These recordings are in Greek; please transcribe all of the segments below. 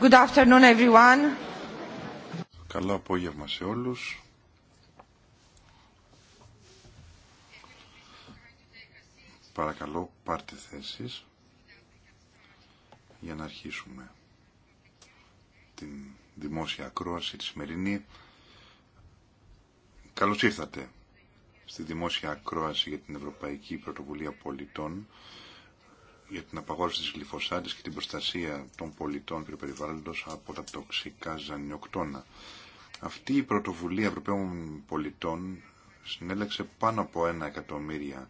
Good afternoon everyone. Καλό απόγευμα σε όλους. Παρακαλώ πάρτε θέσεις για να αρχίσουμε την δημόσια ακρόαση τη σημερινή. Καλώς ήρθατε στη δημόσια ακρόαση για την Ευρωπαϊκή Πρωτοβουλία Πολιτών για την απαγόρευση της γλυφοσάτης και την προστασία των πολιτών και του περιβάλλοντος από τα τοξικά ζανιοκτώνα. Αυτή η πρωτοβουλία Ευρωπαίων πολιτών συνέλεξε πάνω από ένα εκατομμύριο,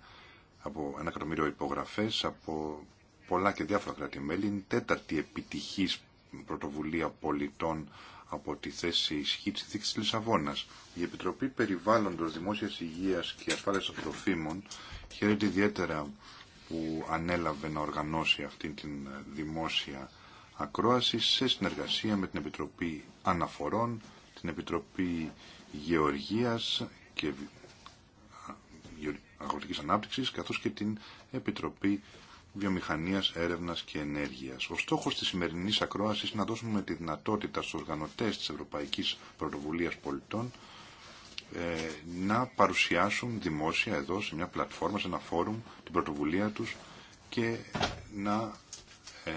από ένα εκατομμύριο υπογραφές από πολλά και διάφορα κράτη-μέλη. Είναι τέταρτη επιτυχής πρωτοβουλία πολιτών από τη θέση ισχύ της Δίκης Λισαβόνας. Η Επιτροπή Περιβάλλοντος Δημόσιας Υγείας και Ασφάλειας των χαίρεται ιδιαίτερα που ανέλαβε να οργανώσει αυτή την ε, δημόσια ακρόαση σε συνεργασία με την Επιτροπή Αναφορών, την Επιτροπή Γεωργίας και Αγροτικής Ανάπτυξης, καθώς και την Επιτροπή Βιομηχανίας, Έρευνας και Ενέργειας. Ο στόχος της σημερινής ακρόασης είναι να δώσουμε τη δυνατότητα στους οργανωτές της Ευρωπαϊκής Πρωτοβουλίας Πολιτών ε, να παρουσιάσουν δημόσια εδώ σε μια πλατφόρμα, σε ένα φόρουμ την πρωτοβουλία τους και να ε,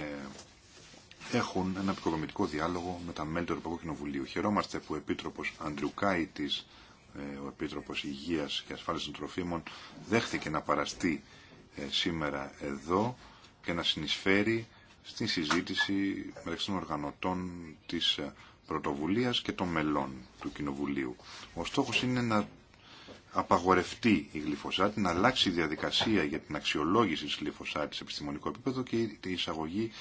έχουν ένα επικοδομητικό διάλογο με τα μέλη του Ευρωπαϊκού Κοινοβουλίου. Χαιρόμαστε που ο Επίτροπος Αντριουκάητης, ε, ο Επίτροπος Υγείας και Ασφάλειας των Τροφίμων, δέχθηκε να παραστεί σήμερα εδώ και να συνεισφέρει στην συζήτηση μεταξύ των οργανωτών της πρωτοβουλίας και των μελών του Κοινοβουλίου. Ο στόχος είναι να απαγορευτεί η γλυφοσάτη, να αλλάξει η διαδικασία για την αξιολόγηση της γλυφοσάτης σε επιστημονικό επίπεδο και η εισαγωγή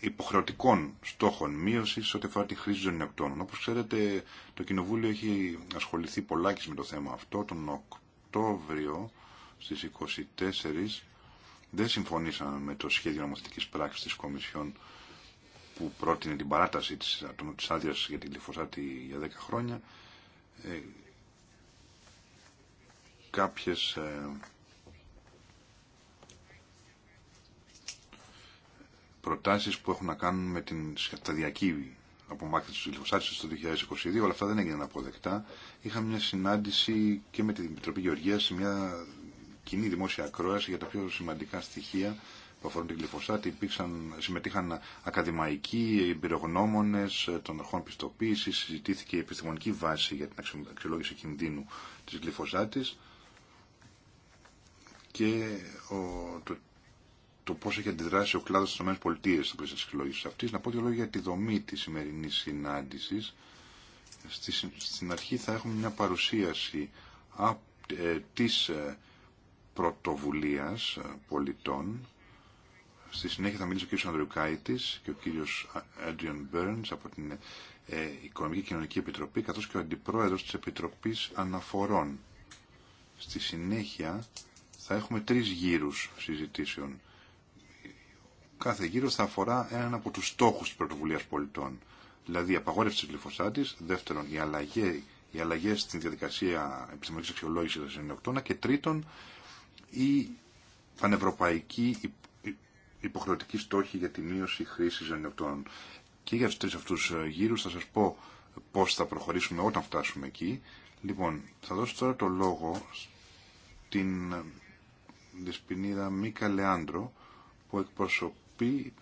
υποχρεωτικών στόχων μείωσης ό,τι αφορά τη χρήση νεοκτώνων. Όπω ξέρετε, το Κοινοβούλιο έχει ασχοληθεί πολλάκις με το θέμα αυτό. Τον Οκτώβριο στις 24 δεν συμφωνήσαμε με το σχέδιο νομοθετικής πράξης της Κομισιόν που πρότεινε την παράταση της, της άδειας για τη Λιφοσάτη για 10 χρόνια ε, κάποιες ε, προτάσεις που έχουν να κάνουν με την σταδιακή απομάκρυνση της γλυφοσάτης το 2022, αλλά αυτά δεν έγιναν αποδεκτά. Είχαμε μια συνάντηση και με την Επιτροπή Γεωργίας, μια κοινή δημόσια ακρόαση για τα πιο σημαντικά στοιχεία που αφορούν την γλυφοσάτη υπήρξαν, συμμετείχαν ακαδημαϊκοί εμπειρογνώμονε ε, των αρχών πιστοποίηση, συζητήθηκε η επιστημονική βάση για την αξιολόγηση κινδύνου τη γλυφοσάτη και ο, το, το πώ έχει αντιδράσει ο κλάδο τη ΗΠΑ στο πλαίσιο τη αξιολόγηση αυτή. Να πω δύο λόγια για τη δομή τη σημερινή συνάντηση. Στη, στην αρχή θα έχουμε μια παρουσίαση ε, τη ε, πρωτοβουλίας ε, πολιτών Στη συνέχεια θα μιλήσει ο κ. Ανδρουκάητης και ο κύριος Adrian Burns από την ε, Οικονομική και Κοινωνική Επιτροπή καθώς και ο Αντιπρόεδρος της Επιτροπής Αναφορών. Στη συνέχεια θα έχουμε τρεις γύρους συζητήσεων. Κάθε γύρο θα αφορά έναν από τους στόχους της πρωτοβουλίας πολιτών. Δηλαδή η απαγόρευση της γλυφωσάτης, δεύτερον η αλλαγή οι αλλαγέ στην διαδικασία επιστημονική αξιολόγηση των συνεκτώνα και τρίτον η πανευρωπαϊκή υποχρεωτικοί στόχοι για τη μείωση χρήσης ζωνιωτών. Και για του τρεις αυτούς ε, γύρους θα σας πω πώς θα προχωρήσουμε όταν φτάσουμε εκεί. Λοιπόν, θα δώσω τώρα το λόγο στην ε, δεσποινίδα Μίκα Λεάντρο που εκπροσωπεί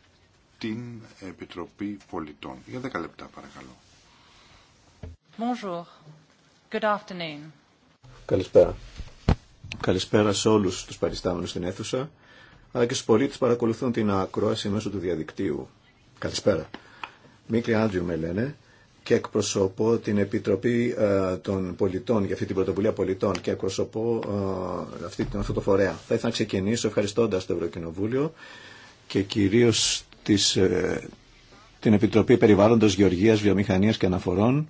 την Επιτροπή Πολιτών. Για 10 λεπτά παρακαλώ. Bonjour. Good afternoon. Καλησπέρα. Καλησπέρα σε όλους τους παριστάμενους στην αίθουσα αλλά και στους πολίτες που παρακολουθούν την ακρόαση μέσω του διαδικτύου. Καλησπέρα. Μίκλη Άντριου με λένε και εκπροσωπώ την Επιτροπή ε, των Πολιτών για αυτή την πρωτοβουλία πολιτών και εκπροσωπώ ε, αυτή, αυτό το φορέα. Θα ήθελα να ξεκινήσω ευχαριστώντας το Ευρωκοινοβούλιο και κυρίως της, ε, την Επιτροπή Περιβάλλοντος Γεωργίας, Βιομηχανίας και Αναφορών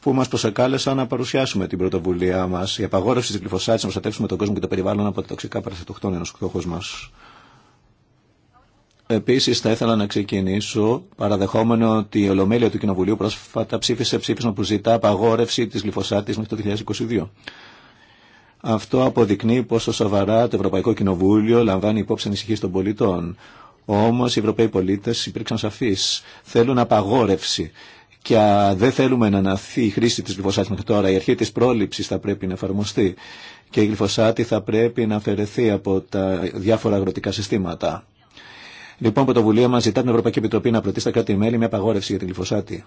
που μα προσεκάλεσαν να παρουσιάσουμε την πρωτοβουλία μα, η απαγόρευση τη γλυφωσάτης να προστατεύσουμε τον κόσμο και το περιβάλλον από τα τοξικά παρασυντοχτών ενός στόχος μας. Επίση, θα ήθελα να ξεκινήσω παραδεχόμενο ότι η Ολομέλεια του Κοινοβουλίου πρόσφατα ψήφισε ψήφισμα που ζητά απαγόρευση τη γλυφωσάτης μέχρι το 2022. Αυτό αποδεικνύει πόσο σοβαρά το Ευρωπαϊκό Κοινοβούλιο λαμβάνει υπόψη ανησυχίε των πολιτών. Όμω οι Ευρωπαίοι πολίτε υπήρξαν σαφεί. Θέλουν απαγόρευση και δεν θέλουμε να αναθεί η χρήση της γλυφοσάτης μέχρι τώρα. Η αρχή της πρόληψης θα πρέπει να εφαρμοστεί και η γλυφοσάτη θα πρέπει να αφαιρεθεί από τα διάφορα αγροτικά συστήματα. Λοιπόν, το πρωτοβουλία μα ζητά την Ευρωπαϊκή Επιτροπή να προτείνει στα κράτη-μέλη μια απαγόρευση για την γλυφοσάτη.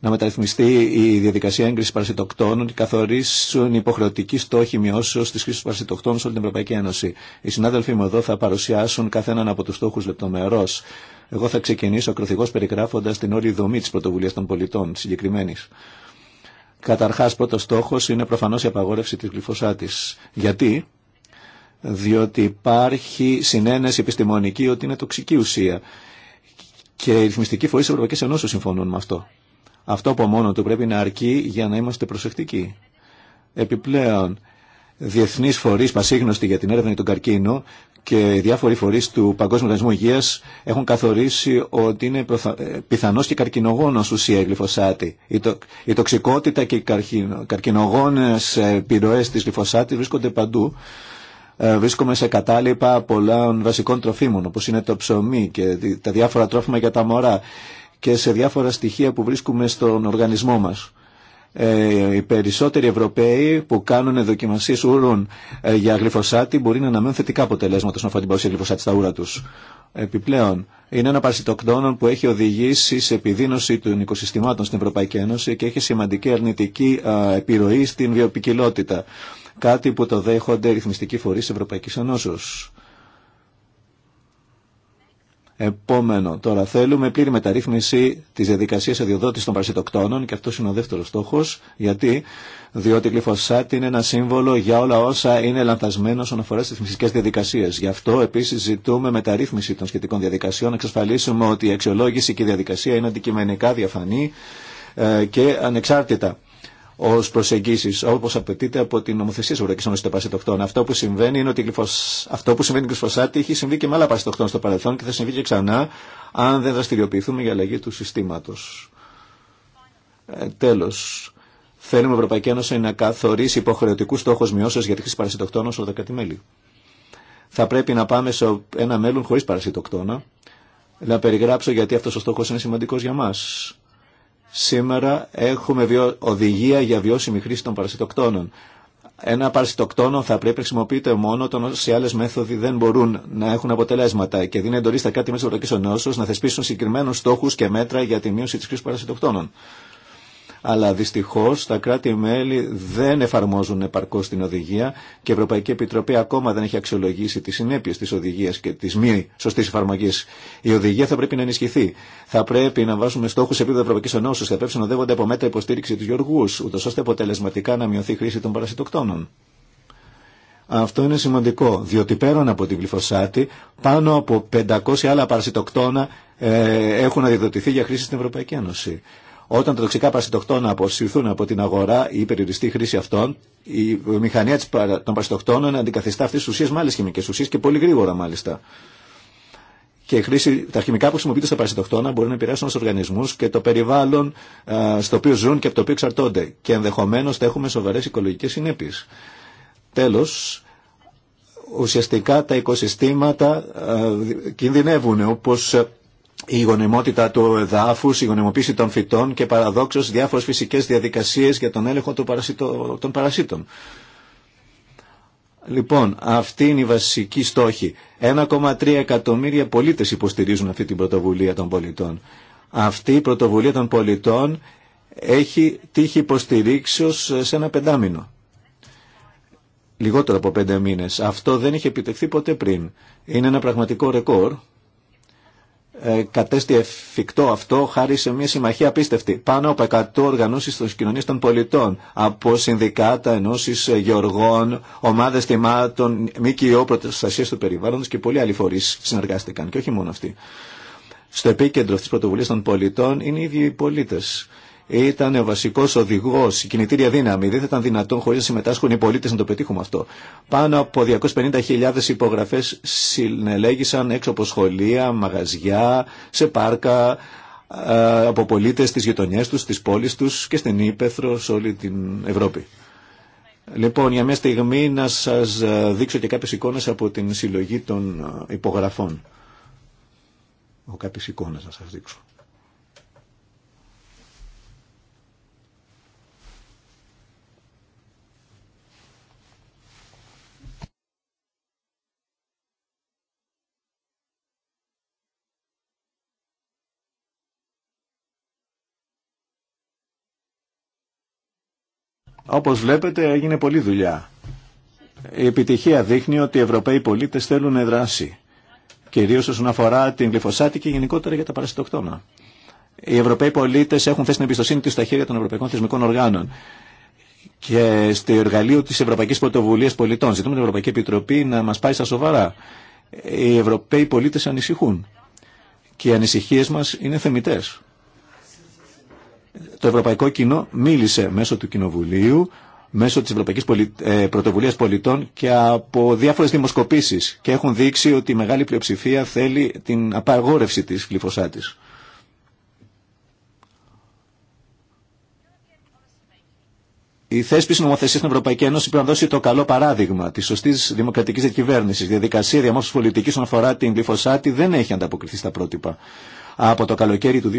Να μεταρρυθμιστεί η διαδικασία έγκριση παρασιτοκτόνων και καθορίσουν υποχρεωτική στόχη μειώσεω τη χρήση παρασιτοκτόνων σε όλη την Ευρωπαϊκή Ένωση. Οι συνάδελφοί μου εδώ θα παρουσιάσουν καθέναν από του στόχου λεπτομερώ. Εγώ θα ξεκινήσω ακροθυγώ περιγράφοντα την όλη δομή τη πρωτοβουλία των πολιτών συγκεκριμένη. Καταρχά, πρώτο στόχο είναι προφανώ η απαγόρευση τη γλυφωσάτη. Γιατί? Διότι υπάρχει συνένεση επιστημονική ότι είναι τοξική ουσία. Και οι ρυθμιστικοί φορεί τη Ευρωπαϊκή Ενώσεω συμφωνούν με αυτό. Αυτό από μόνο του πρέπει να αρκεί για να είμαστε προσεκτικοί. Επιπλέον, διεθνεί φορεί πασίγνωστοι για την έρευνα του τον και οι διάφοροι φορείς του Παγκόσμιου Οργανισμού Υγείας έχουν καθορίσει ότι είναι ε, πιθανός και καρκινογόνος ουσία η γλυφοσάτη. Η, τοξικότητα και οι καρκινογόνε καρκινογόνες ε, επιρροές της γλυφοσάτη βρίσκονται παντού. Ε, βρίσκομαι σε κατάλοιπα πολλών βασικών τροφίμων όπως είναι το ψωμί και τα διάφορα τρόφιμα για τα μωρά και σε διάφορα στοιχεία που βρίσκουμε στον οργανισμό μας. Ε, οι περισσότεροι Ευρωπαίοι που κάνουν δοκιμασίε ούρων ε, για γλυφοσάτη μπορεί να αναμένουν θετικά αποτελέσματα όσον αφορά την παρουσία γλυφοσάτη στα ούρα του. Επιπλέον, είναι ένα παρασιτοκτόνο που έχει οδηγήσει σε επιδείνωση των οικοσυστημάτων στην Ευρωπαϊκή Ένωση και έχει σημαντική αρνητική επιρροή στην βιοπικιλότητα. Κάτι που το δέχονται ρυθμιστικοί φορεί τη Ευρωπαϊκή Ενώσεω. Επόμενο, τώρα θέλουμε πλήρη μεταρρύθμιση της διαδικασία αδειοδότηση των παρασιτοκτόνων και αυτό είναι ο δεύτερος στόχος. Γιατί, διότι η γλυφοσάτη είναι ένα σύμβολο για όλα όσα είναι λανθασμένο όσον αφορά στι φυσικές διαδικασίε. Γι' αυτό επίση ζητούμε μεταρρύθμιση των σχετικών διαδικασιών, να εξασφαλίσουμε ότι η αξιολόγηση και η διαδικασία είναι αντικειμενικά διαφανή ε, και ανεξάρτητα ω προσεγγίσει, όπω απαιτείται από την νομοθεσία τη Ευρωπαϊκή Ένωση των Παρασιτοκτών. Αυτό που συμβαίνει είναι ότι αυτό που συμβαίνει με γλυφοσάτη έχει συμβεί και με άλλα παρασιτοκτών στο παρελθόν και θα συμβεί και ξανά αν δεν δραστηριοποιηθούμε για αλλαγή του συστήματο. Ε, Τέλο. Θέλουμε η Ευρωπαϊκή Ένωση να καθορίσει υποχρεωτικού στόχου μειώσεω για τη χρήση παρασιτοκτών ω μέλη. Θα πρέπει να πάμε σε ένα μέλλον χωρί παρασιτοκτόνα. Να περιγράψω γιατί αυτό ο στόχο είναι σημαντικό για μα. Σήμερα έχουμε οδηγία για βιώσιμη χρήση των παρασιτοκτόνων. Ένα παρασιτοκτόνο θα πρέπει να χρησιμοποιείται μόνο όταν όσοι άλλε μέθοδοι δεν μπορούν να έχουν αποτελέσματα και δίνει εντολή στα κράτη μέσα τη Ευρωπαϊκή Ενώσεω να θεσπίσουν συγκεκριμένου στόχου και μέτρα για τη μείωση τη χρήση παρασιτοκτόνων αλλά δυστυχώς τα κράτη-μέλη δεν εφαρμόζουν επαρκώς την οδηγία και η Ευρωπαϊκή Επιτροπή ακόμα δεν έχει αξιολογήσει τις συνέπειες της οδηγίας και της μη σωστής εφαρμογής. Η οδηγία θα πρέπει να ενισχυθεί. Θα πρέπει να βάζουμε στόχους σε επίπεδο Ευρωπαϊκής Ενώσης, θα πρέπει να οδεύονται από μέτρα υποστήριξη του γεωργούς, ούτως ώστε αποτελεσματικά να μειωθεί η χρήση των παρασιτοκτόνων. Αυτό είναι σημαντικό, διότι πέραν από την γλυφοσάτη, πάνω από 500 άλλα παρασιτοκτόνα ε, έχουν αδειοδοτηθεί για χρήση στην Ευρωπαϊκή Ένωση. Όταν τα τοξικά παρασιτοκτόνα αποσυρθούν από την αγορά ή περιοριστεί χρήση αυτών, η μηχανία η των παρασιτοκτόνων αντικαθιστά αυτέ τι ουσίε με άλλε χημικέ ουσίε και πολύ γρήγορα μάλιστα. Και η τα χημικά που χρησιμοποιείται στα παρασιτοκτόνα μπορεί να επηρεάσουν του οργανισμού και το περιβάλλον στο οποίο ζουν και από το οποίο εξαρτώνται. Και ενδεχομένω θα έχουμε σοβαρέ οικολογικέ συνέπειε. Τέλο, ουσιαστικά τα οικοσυστήματα κινδυνεύουν η γονιμότητα του εδάφους, η γονιμοποίηση των φυτών και παραδόξως διάφορες φυσικές διαδικασίες για τον έλεγχο των παρασίτων. Λοιπόν, αυτή είναι η βασική στόχη. 1,3 εκατομμύρια πολίτες υποστηρίζουν αυτή την πρωτοβουλία των πολιτών. Αυτή η πρωτοβουλία των πολιτών έχει τύχει υποστηρίξεως σε ένα πεντάμινο. Λιγότερο από πέντε μήνες. Αυτό δεν είχε επιτευχθεί ποτέ πριν. Είναι ένα πραγματικό ρεκόρ ε, κατέστη εφικτό αυτό χάρη σε μια συμμαχία απίστευτη. Πάνω από 100 οργανώσει των κοινωνία των πολιτών, από συνδικάτα, ενώσεις ε, γεωργών, ομάδες θυμάτων, ΜΚΟ, προστασία του περιβάλλοντος και πολλοί άλλοι φορεί συνεργάστηκαν και όχι μόνο αυτοί. Στο επίκεντρο αυτή της πρωτοβουλίας των πολιτών είναι οι ίδιοι οι πολίτες ήταν ο βασικό οδηγό, η κινητήρια δύναμη. Δεν θα ήταν δυνατόν χωρί να συμμετάσχουν οι πολίτε να το πετύχουμε αυτό. Πάνω από 250.000 υπογραφέ συνελέγησαν έξω από σχολεία, μαγαζιά, σε πάρκα, από πολίτε στι γειτονιέ του, στι πόλει του και στην Ήπεθρο, σε όλη την Ευρώπη. Λοιπόν, για μια στιγμή να σα δείξω και κάποιε εικόνε από την συλλογή των υπογραφών. Έχω κάποιε εικόνε να σας δείξω. Όπως βλέπετε έγινε πολλή δουλειά. Η επιτυχία δείχνει ότι οι Ευρωπαίοι πολίτες θέλουν δράση. Κυρίως όσον αφορά την γλυφοσάτη και γενικότερα για τα παρασιτοκτόνα. Οι Ευρωπαίοι πολίτες έχουν θέσει την εμπιστοσύνη τους στα χέρια των Ευρωπαϊκών Θεσμικών Οργάνων και στο εργαλείο της Ευρωπαϊκής Πρωτοβουλίας Πολιτών. Ζητούμε την Ευρωπαϊκή Επιτροπή να μας πάει στα σοβαρά. Οι Ευρωπαίοι πολίτες ανησυχούν και οι ανησυχίες μας είναι θεμητές το ευρωπαϊκό κοινό μίλησε μέσω του Κοινοβουλίου, μέσω της Ευρωπαϊκής Πολι... ε, Πρωτοβουλίας Πολιτών και από διάφορες δημοσκοπήσεις και έχουν δείξει ότι η μεγάλη πλειοψηφία θέλει την απαγόρευση της γλυφωσάτης. Η θέσπιση νομοθεσία στην Ευρωπαϊκή Ένωση πρέπει να δώσει το καλό παράδειγμα της σωστή δημοκρατικής διακυβέρνησης. Η διαδικασία διαμόρφωσης πολιτική όσον αφορά την γλυφωσάτη δεν έχει ανταποκριθεί στα πρότυπα από το καλοκαίρι του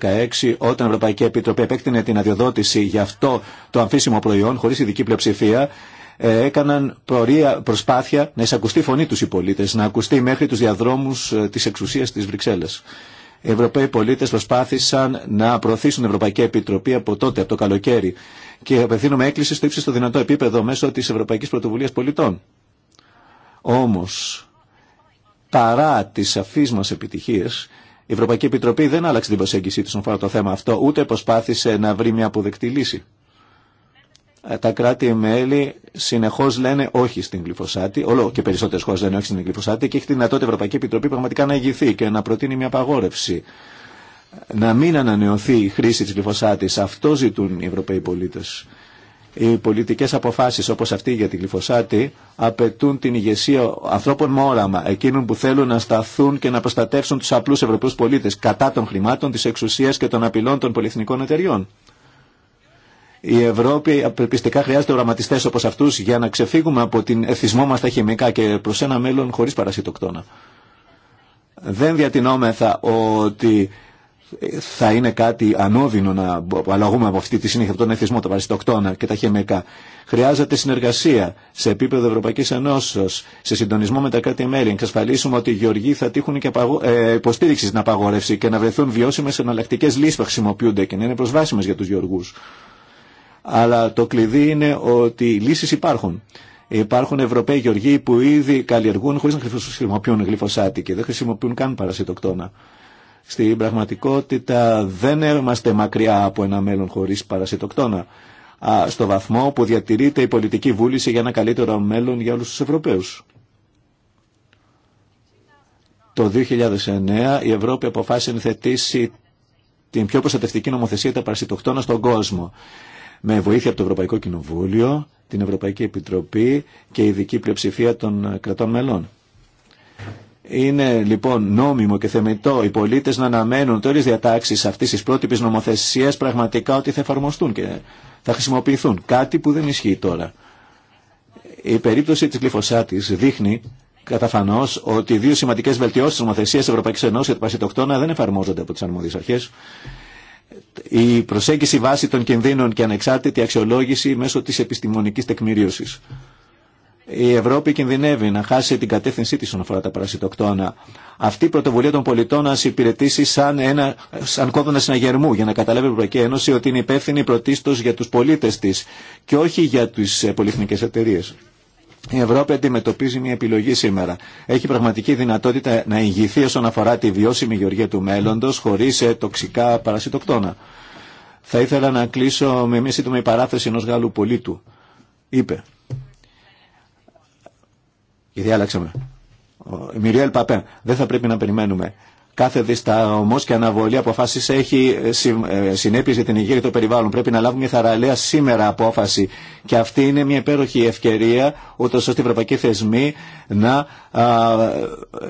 2016 όταν η Ευρωπαϊκή Επιτροπή επέκτηνε την αδειοδότηση για αυτό το αμφίσιμο προϊόν χωρίς ειδική πλειοψηφία ε, έκαναν προρία, προσπάθεια να εισακουστεί φωνή τους οι πολίτες, να ακουστεί μέχρι τους διαδρόμους ε, της εξουσίας της Βρυξέλλες. Οι Ευρωπαίοι πολίτες προσπάθησαν να προωθήσουν την Ευρωπαϊκή Επιτροπή από τότε, από το καλοκαίρι και απευθύνουμε έκκληση στο ύψιστο δυνατό επίπεδο μέσω τη Ευρωπαϊκή Πρωτοβουλίας Πολιτών. Όμως, παρά τις επιτυχίες, η Ευρωπαϊκή Επιτροπή δεν άλλαξε την προσέγγιση της αφορά το θέμα αυτό, ούτε προσπάθησε να βρει μια αποδεκτή λύση. Ε, τα κράτη-μέλη συνεχώ λένε όχι στην γλυφωσάτη, όλο και περισσότερε χώρε λένε όχι στην γλυφωσάτη και έχει τη δυνατότητα η Ευρωπαϊκή Επιτροπή πραγματικά να ηγηθεί και να προτείνει μια απαγόρευση. Να μην ανανεωθεί η χρήση τη γλυφωσάτη. Αυτό ζητούν οι Ευρωπαίοι πολίτε. Οι πολιτικές αποφάσεις όπως αυτή για τη Γλυφωσάτη απαιτούν την ηγεσία ανθρώπων με όραμα, εκείνων που θέλουν να σταθούν και να προστατεύσουν τους απλούς Ευρωπαίους πολίτες κατά των χρημάτων, της εξουσίας και των απειλών των πολυεθνικών εταιριών. Η Ευρώπη απελπιστικά χρειάζεται οραματιστές όπως αυτούς για να ξεφύγουμε από την εθισμό μας στα χημικά και προς ένα μέλλον χωρίς παρασιτοκτόνα. Δεν διατηνόμεθα ότι θα είναι κάτι ανώδυνο να αλλαγούμε από αυτή τη συνέχεια, από τον εθισμό, τα παρασυτοκτόνα και τα χημικά. Χρειάζεται συνεργασία σε επίπεδο Ευρωπαϊκή Ενώσεω, σε συντονισμό με τα κράτη-μέλη. Εξασφαλίσουμε ότι οι γεωργοί θα τύχουν και ε, υποστήριξη στην απαγόρευση και να βρεθούν βιώσιμε εναλλακτικέ λύσει που χρησιμοποιούνται και να είναι προσβάσιμε για του γεωργού. Αλλά το κλειδί είναι ότι λύσει υπάρχουν. Υπάρχουν Ευρωπαίοι γεωργοί που ήδη καλλιεργούν χωρί να χρησιμοποιούν γλυφοσάτη και δεν χρησιμοποιούν καν παρασιτοκτόνα. Στην πραγματικότητα δεν είμαστε μακριά από ένα μέλλον χωρίς παρασιτοκτόνα, στο βαθμό που διατηρείται η πολιτική βούληση για ένα καλύτερο μέλλον για όλους τους Ευρωπαίους. Το 2009 η Ευρώπη αποφάσισε να θετήσει την πιο προστατευτική νομοθεσία τα παρασιτοκτόνα στον κόσμο. Με βοήθεια από το Ευρωπαϊκό Κοινοβούλιο, την Ευρωπαϊκή Επιτροπή και η ειδική πλειοψηφία των κρατών μελών. Είναι λοιπόν νόμιμο και θεμητό οι πολίτε να αναμένουν τέτοιε διατάξει αυτή τη πρότυπη νομοθεσία πραγματικά ότι θα εφαρμοστούν και θα χρησιμοποιηθούν. Κάτι που δεν ισχύει τώρα. Η περίπτωση τη γλυφωσάτη δείχνει καταφανώ ότι οι δύο σημαντικέ βελτιώσει τη νομοθεσία τη Ευρωπαϊκή Ενώση για τα Πασιτοκτόνα δεν εφαρμόζονται από τι αρμόδιε αρχέ. Η προσέγγιση βάσει των κινδύνων και ανεξάρτητη αξιολόγηση μέσω τη επιστημονική τεκμηρίωση η Ευρώπη κινδυνεύει να χάσει την κατεύθυνσή της όσον αφορά τα παρασιτοκτόνα. Αυτή η πρωτοβουλία των πολιτών να υπηρετήσει σαν, ένα, σαν κόδωνα συναγερμού για να καταλάβει η Ευρωπαϊκή Ένωση ότι είναι υπεύθυνη πρωτίστως για τους πολίτες της και όχι για τις ε, πολυεθνικές εταιρείε. Η Ευρώπη αντιμετωπίζει μια επιλογή σήμερα. Έχει πραγματική δυνατότητα να ηγηθεί όσον αφορά τη βιώσιμη γεωργία του μέλλοντος χωρίς ε, τοξικά παρασιτοκτόνα. Θα ήθελα να κλείσω με μια σύντομη παράθεση ενός Γάλλου πολίτου. Είπε, Ήδη άλλαξαμε. Η Μιριέλ Παπέ. Δεν θα πρέπει να περιμένουμε. Κάθε δισταγμό και αναβολή αποφάσει έχει ε, ε, συνέπειε για την υγεία και το περιβάλλον. Πρέπει να λάβουμε μια θαραλέα σήμερα απόφαση. Και αυτή είναι μια υπέροχη ευκαιρία, ούτω ώστε οι ευρωπαϊκοί θεσμοί να, α,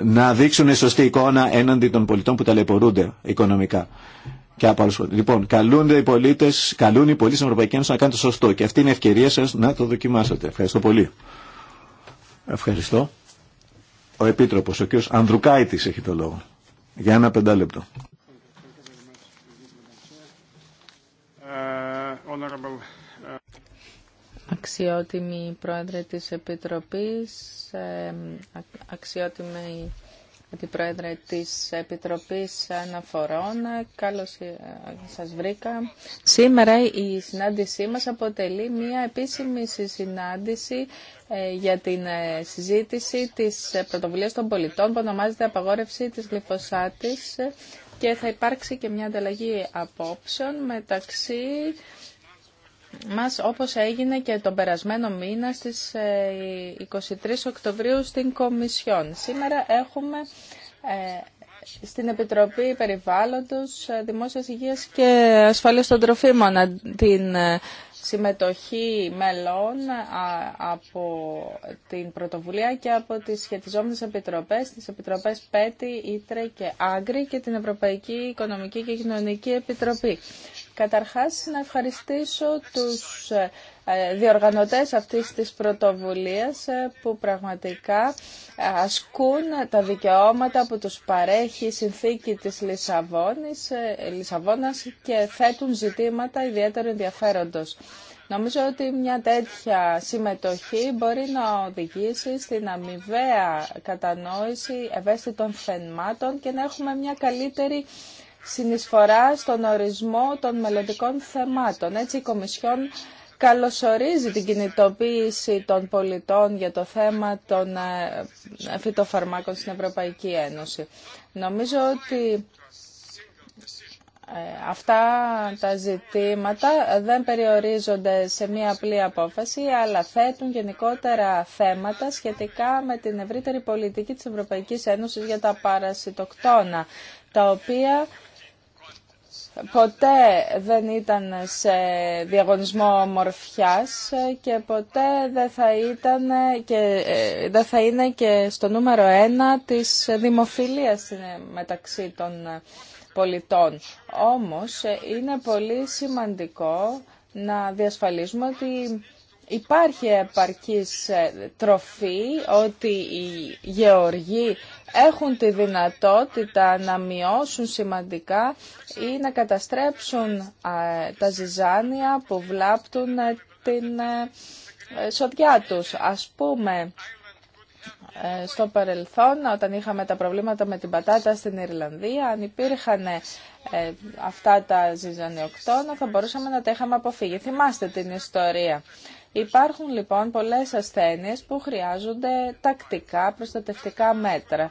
να δείξουν σωστή εικόνα έναντι των πολιτών που ταλαιπωρούνται οικονομικά. Και από άλλους. Λοιπόν, καλούνται οι πολίτε, καλούν οι πολίτε στην Ευρωπαϊκή Ένωση να κάνουν το σωστό. Και αυτή είναι η ευκαιρία σα να το δοκιμάσετε. Ευχαριστώ πολύ. Ευχαριστώ. Ο Επίτροπος, ο κ. Ανδρουκάητης έχει το λόγο. Για ένα πεντάλεπτο. Ε, ε, αξιότιμη Πρόεδρε της Επιτροπής, ε, αξιότιμη Αντιπρόεδρε της Επιτροπής Αναφορών. Καλώς ε, σας βρήκα. Σήμερα η συνάντησή μας αποτελεί μια επίσημη συνάντηση ε, για την ε, συζήτηση της πρωτοβουλίας των πολιτών που ονομάζεται «Απαγόρευση της γλυφοσάτης» και θα υπάρξει και μια ανταλλαγή απόψεων μεταξύ μας όπως έγινε και τον περασμένο μήνα στις 23 ε, Οκτωβρίου στην Κομισιόν. Σήμερα έχουμε ε, στην Επιτροπή Περιβάλλοντος, ε, Δημόσιας Υγείας και Ασφάλειας των Τροφίμων την συμμετοχή μελών από την πρωτοβουλία και από τις σχετιζόμενες επιτροπές, τις επιτροπές ΠΕΤΗ, ΉΤΡΕ και ΆΓΡΙ και την Ευρωπαϊκή Οικονομική και Κοινωνική Επιτροπή. Καταρχάς, να ευχαριστήσω τους ε, διοργανωτές αυτής της πρωτοβουλίας ε, που πραγματικά ε, ασκούν τα δικαιώματα που τους παρέχει η συνθήκη της Λισαβόνης, Λισαβόνας και θέτουν ζητήματα ιδιαίτερου ενδιαφέροντος. Νομίζω ότι μια τέτοια συμμετοχή μπορεί να οδηγήσει στην αμοιβαία κατανόηση ευαίσθητων θεμάτων και να έχουμε μια καλύτερη συνεισφορά στον ορισμό των μελλοντικών θεμάτων. Έτσι η Κομισιόν καλωσορίζει την κινητοποίηση των πολιτών για το θέμα των ε, φυτοφαρμάκων στην Ευρωπαϊκή Ένωση. Νομίζω ότι ε, αυτά τα ζητήματα δεν περιορίζονται σε μία απλή απόφαση, αλλά θέτουν γενικότερα θέματα σχετικά με την ευρύτερη πολιτική της Ευρωπαϊκής Ένωσης για τα παρασιτοκτόνα, τα οποία ποτέ δεν ήταν σε διαγωνισμό μορφιάς και ποτέ δεν θα, ήταν και, ε, δεν θα είναι και στο νούμερο ένα της δημοφιλίας μεταξύ των πολιτών. Όμως ε, είναι πολύ σημαντικό να διασφαλίσουμε ότι υπάρχει επαρκής ε, τροφή, ότι οι γεωργοί έχουν τη δυνατότητα να μειώσουν σημαντικά ή να καταστρέψουν τα ζυζάνια που βλάπτουν ε, την ε, ε, σοδιά τους. Ας πούμε, στο παρελθόν, όταν είχαμε τα προβλήματα με την πατάτα στην Ιρλανδία, αν υπήρχαν αυτά τα ζυζανιοκτώνα θα μπορούσαμε να τα είχαμε αποφύγει. Θυμάστε την ιστορία. Υπάρχουν λοιπόν πολλές ασθένειες που χρειάζονται τακτικά προστατευτικά μέτρα.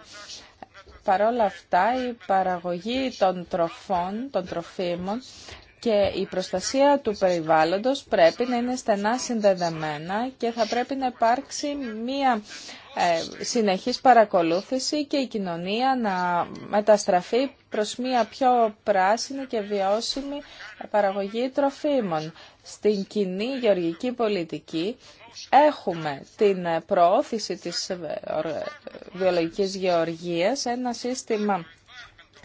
Παρ' όλα αυτά η παραγωγή των τροφών, των τροφίμων και η προστασία του περιβάλλοντος πρέπει να είναι στενά συνδεδεμένα και θα πρέπει να υπάρξει μία ε, συνεχής παρακολούθηση και η κοινωνία να μεταστραφεί προς μία πιο πράσινη και βιώσιμη παραγωγή τροφίμων. Στην κοινή γεωργική πολιτική έχουμε την προώθηση της ε, ε, βιολογικής γεωργίας, ένα σύστημα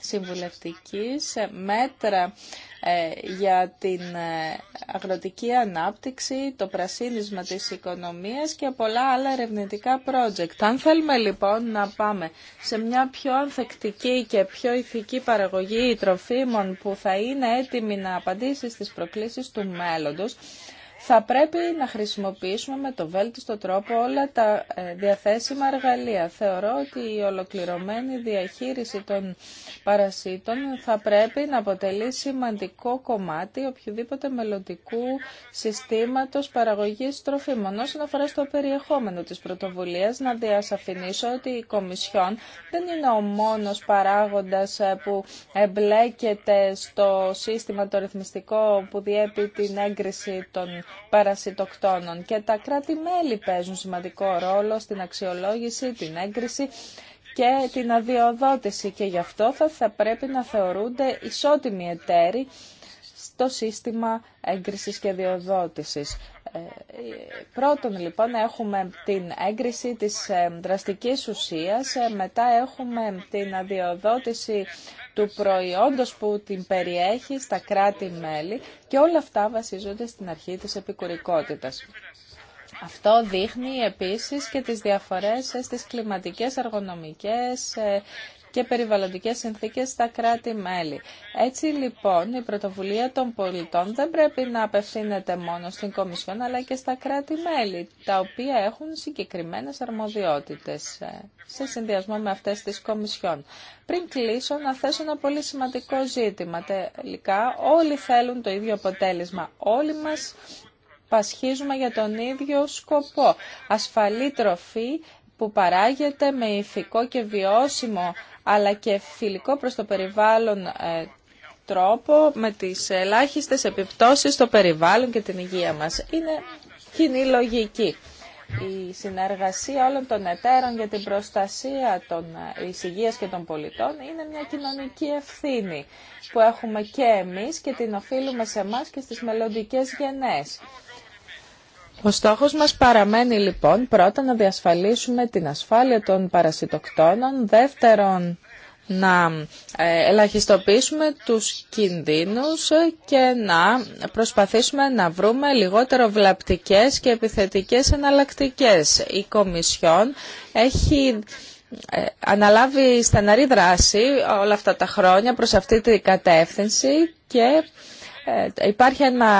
συμβουλευτικής ε, μέτρα ε, για την ε, αγροτική ανάπτυξη, το πρασίνισμα της οικονομίας και πολλά άλλα ερευνητικά project. Αν θέλουμε λοιπόν να πάμε σε μια πιο ανθεκτική και πιο ηθική παραγωγή τροφίμων που θα είναι έτοιμη να απαντήσει στις προκλήσεις του μέλλοντος, θα πρέπει να χρησιμοποιήσουμε με το βέλτιστο τρόπο όλα τα ε, διαθέσιμα εργαλεία. Θεωρώ ότι η ολοκληρωμένη διαχείριση των παρασύτων θα πρέπει να αποτελεί σημαντικό κομμάτι οποιοδήποτε μελλοντικού συστήματος παραγωγής τροφίμων. Όσον αφορά στο περιεχόμενο της πρωτοβουλίας, να διασαφηνίσω ότι η Κομισιόν δεν είναι ο μόνος παράγοντας ε, που εμπλέκεται στο σύστημα το ρυθμιστικό που διέπει την έγκριση των παρασιτοκτόνων και τα κράτη-μέλη παίζουν σημαντικό ρόλο στην αξιολόγηση, την έγκριση και την αδειοδότηση και γι' αυτό θα, θα πρέπει να θεωρούνται ισότιμοι εταίροι στο σύστημα έγκρισης και αδειοδότησης. Ε, πρώτον λοιπόν έχουμε την έγκριση της ε, δραστικής ουσίας, ε, μετά έχουμε την αδειοδότηση του προϊόντος που την περιέχει στα κράτη-μέλη και όλα αυτά βασίζονται στην αρχή της επικουρικότητας. Αυτό δείχνει επίσης και τις διαφορές στις κλιματικές, αργονομικές και περιβαλλοντικές συνθήκες στα κράτη-μέλη. Έτσι λοιπόν η πρωτοβουλία των πολιτών δεν πρέπει να απευθύνεται μόνο στην Κομισιόν αλλά και στα κράτη-μέλη τα οποία έχουν συγκεκριμένες αρμοδιότητες ε, σε συνδυασμό με αυτές τις Κομισιόν. Πριν κλείσω να θέσω ένα πολύ σημαντικό ζήτημα. Τελικά όλοι θέλουν το ίδιο αποτέλεσμα. Όλοι μας πασχίζουμε για τον ίδιο σκοπό. Ασφαλή τροφή που παράγεται με ηθικό και βιώσιμο αλλά και φιλικό προς το περιβάλλον ε, τρόπο με τις ελάχιστες επιπτώσεις στο περιβάλλον και την υγεία μας. Είναι κοινή λογική. Η συνεργασία όλων των εταίρων για την προστασία των, ε, της υγείας και των πολιτών είναι μια κοινωνική ευθύνη που έχουμε και εμείς και την οφείλουμε σε εμά και στις μελλοντικέ γενές. Ο στόχος μας παραμένει λοιπόν πρώτα να διασφαλίσουμε την ασφάλεια των παρασιτοκτόνων, δεύτερον να ε, ελαχιστοποιήσουμε τους κινδύνους και να προσπαθήσουμε να βρούμε λιγότερο βλαπτικές και επιθετικές εναλλακτικές. Η Κομισιόν έχει ε, αναλάβει στεναρή δράση όλα αυτά τα χρόνια προς αυτή την κατεύθυνση και ε, υπάρχει ένα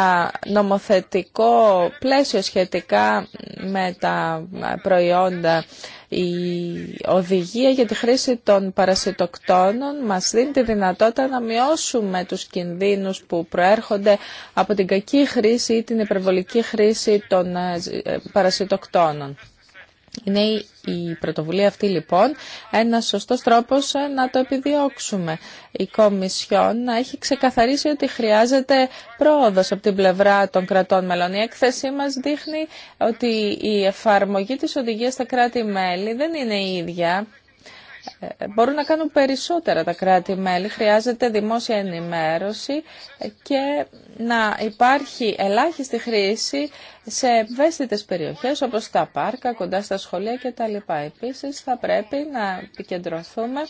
νομοθετικό πλαίσιο σχετικά με τα προϊόντα. Η οδηγία για τη χρήση των παρασιτοκτόνων μας δίνει τη δυνατότητα να μειώσουμε τους κινδύνους που προέρχονται από την κακή χρήση ή την υπερβολική χρήση των ε, παρασιτοκτόνων. Είναι η πρωτοβουλία αυτή λοιπόν ένα σωστό τρόπο ε, να το επιδιώξουμε. Η Κομισιόν έχει ξεκαθαρίσει ότι χρειάζεται πρόοδο από την πλευρά των κρατών μελών. Η έκθεσή μα δείχνει ότι η εφαρμογή τη οδηγία στα κράτη-μέλη δεν είναι η ίδια ε, μπορούν να κάνουν περισσότερα τα κράτη-μέλη. Χρειάζεται δημόσια ενημέρωση και να υπάρχει ελάχιστη χρήση σε ευαίσθητες περιοχές όπως τα πάρκα, κοντά στα σχολεία κτλ. Επίσης θα πρέπει να επικεντρωθούμε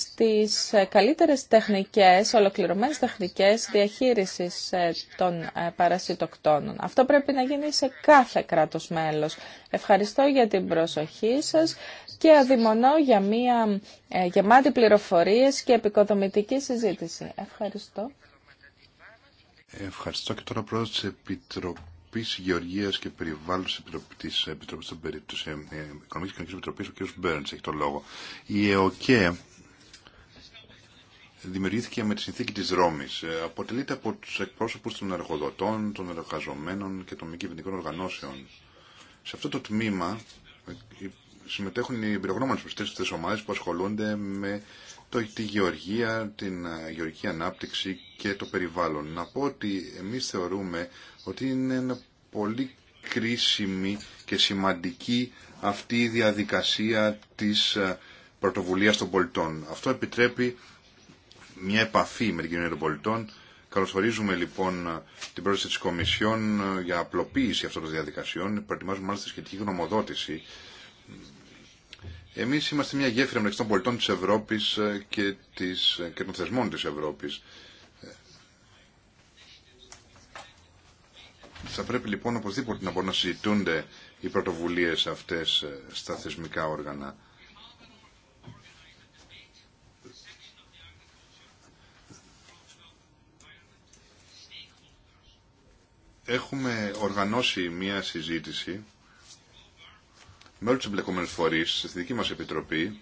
στις ε, καλύτερες τεχνικές, ολοκληρωμένες τεχνικές διαχείρισης ε, των ε, παρασιτοκτόνων. Αυτό πρέπει να γίνει σε κάθε κράτος μέλος. Ευχαριστώ για την προσοχή σας και αδειμονώ για μια γεμάτη πληροφορίες και επικοδομητική συζήτηση. Ευχαριστώ. Ευχαριστώ και τώρα πρόεδρο τη Επιτροπή Γεωργία και Περιβάλλοντο τη Επιτροπή των Περίπτωσεων Οικονομική και Κοινωνική Επιτροπή, ο κ. Μπέρντ, έχει το λόγο δημιουργήθηκε με τη συνθήκη της Ρώμης. Ε, αποτελείται από τους εκπρόσωπους των εργοδοτών, των εργαζομένων και των μη κυβερνητικών οργανώσεων. Σε αυτό το τμήμα ε, συμμετέχουν οι εμπειρογνώμονες προσθέσεις ομάδες που ασχολούνται με το, τη γεωργία, την ε, γεωργική ανάπτυξη και το περιβάλλον. Να πω ότι εμείς θεωρούμε ότι είναι πολύ κρίσιμη και σημαντική αυτή η διαδικασία της πρωτοβουλίας των πολιτών. Αυτό επιτρέπει μια επαφή με την κοινωνία των πολιτών. Καλωσορίζουμε λοιπόν την πρόσθεση της Κομισιόν ε, για απλοποίηση αυτών των διαδικασιών. Προετοιμάζουμε μάλιστα σχετική γνωμοδότηση. Εμείς είμαστε μια γέφυρα μεταξύ των πολιτών της Ευρώπης ε, και, της, ε, και των θεσμών της Ευρώπης. Θα πρέπει λοιπόν οπωσδήποτε να μπορούν να συζητούνται οι πρωτοβουλίες αυτές στα θεσμικά όργανα. έχουμε οργανώσει μία συζήτηση με όλους τους εμπλεκομένους φορεί στη δική μας επιτροπή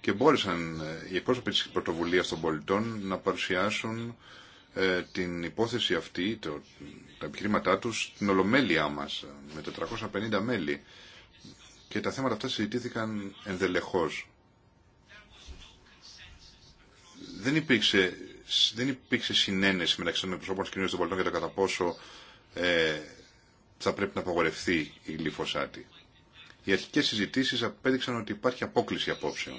και μπόρεσαν ε, οι εκπρόσωποι της πρωτοβουλία των πολιτών να παρουσιάσουν ε, την υπόθεση αυτή, το, τα επιχειρήματά τους στην ολομέλειά μας ε, με 450 μέλη. Και τα θέματα αυτά συζητήθηκαν ενδελεχώς. Δεν υπήρξε, δεν υπήρξε συνένεση μεταξύ των εκπροσώπων της Κοινωνίας των πολιτών για το κατά πόσο ε, θα πρέπει να απαγορευτεί η γλυφοσάτη. Οι αρχικές συζητήσεις απέδειξαν ότι υπάρχει απόκληση απόψεων.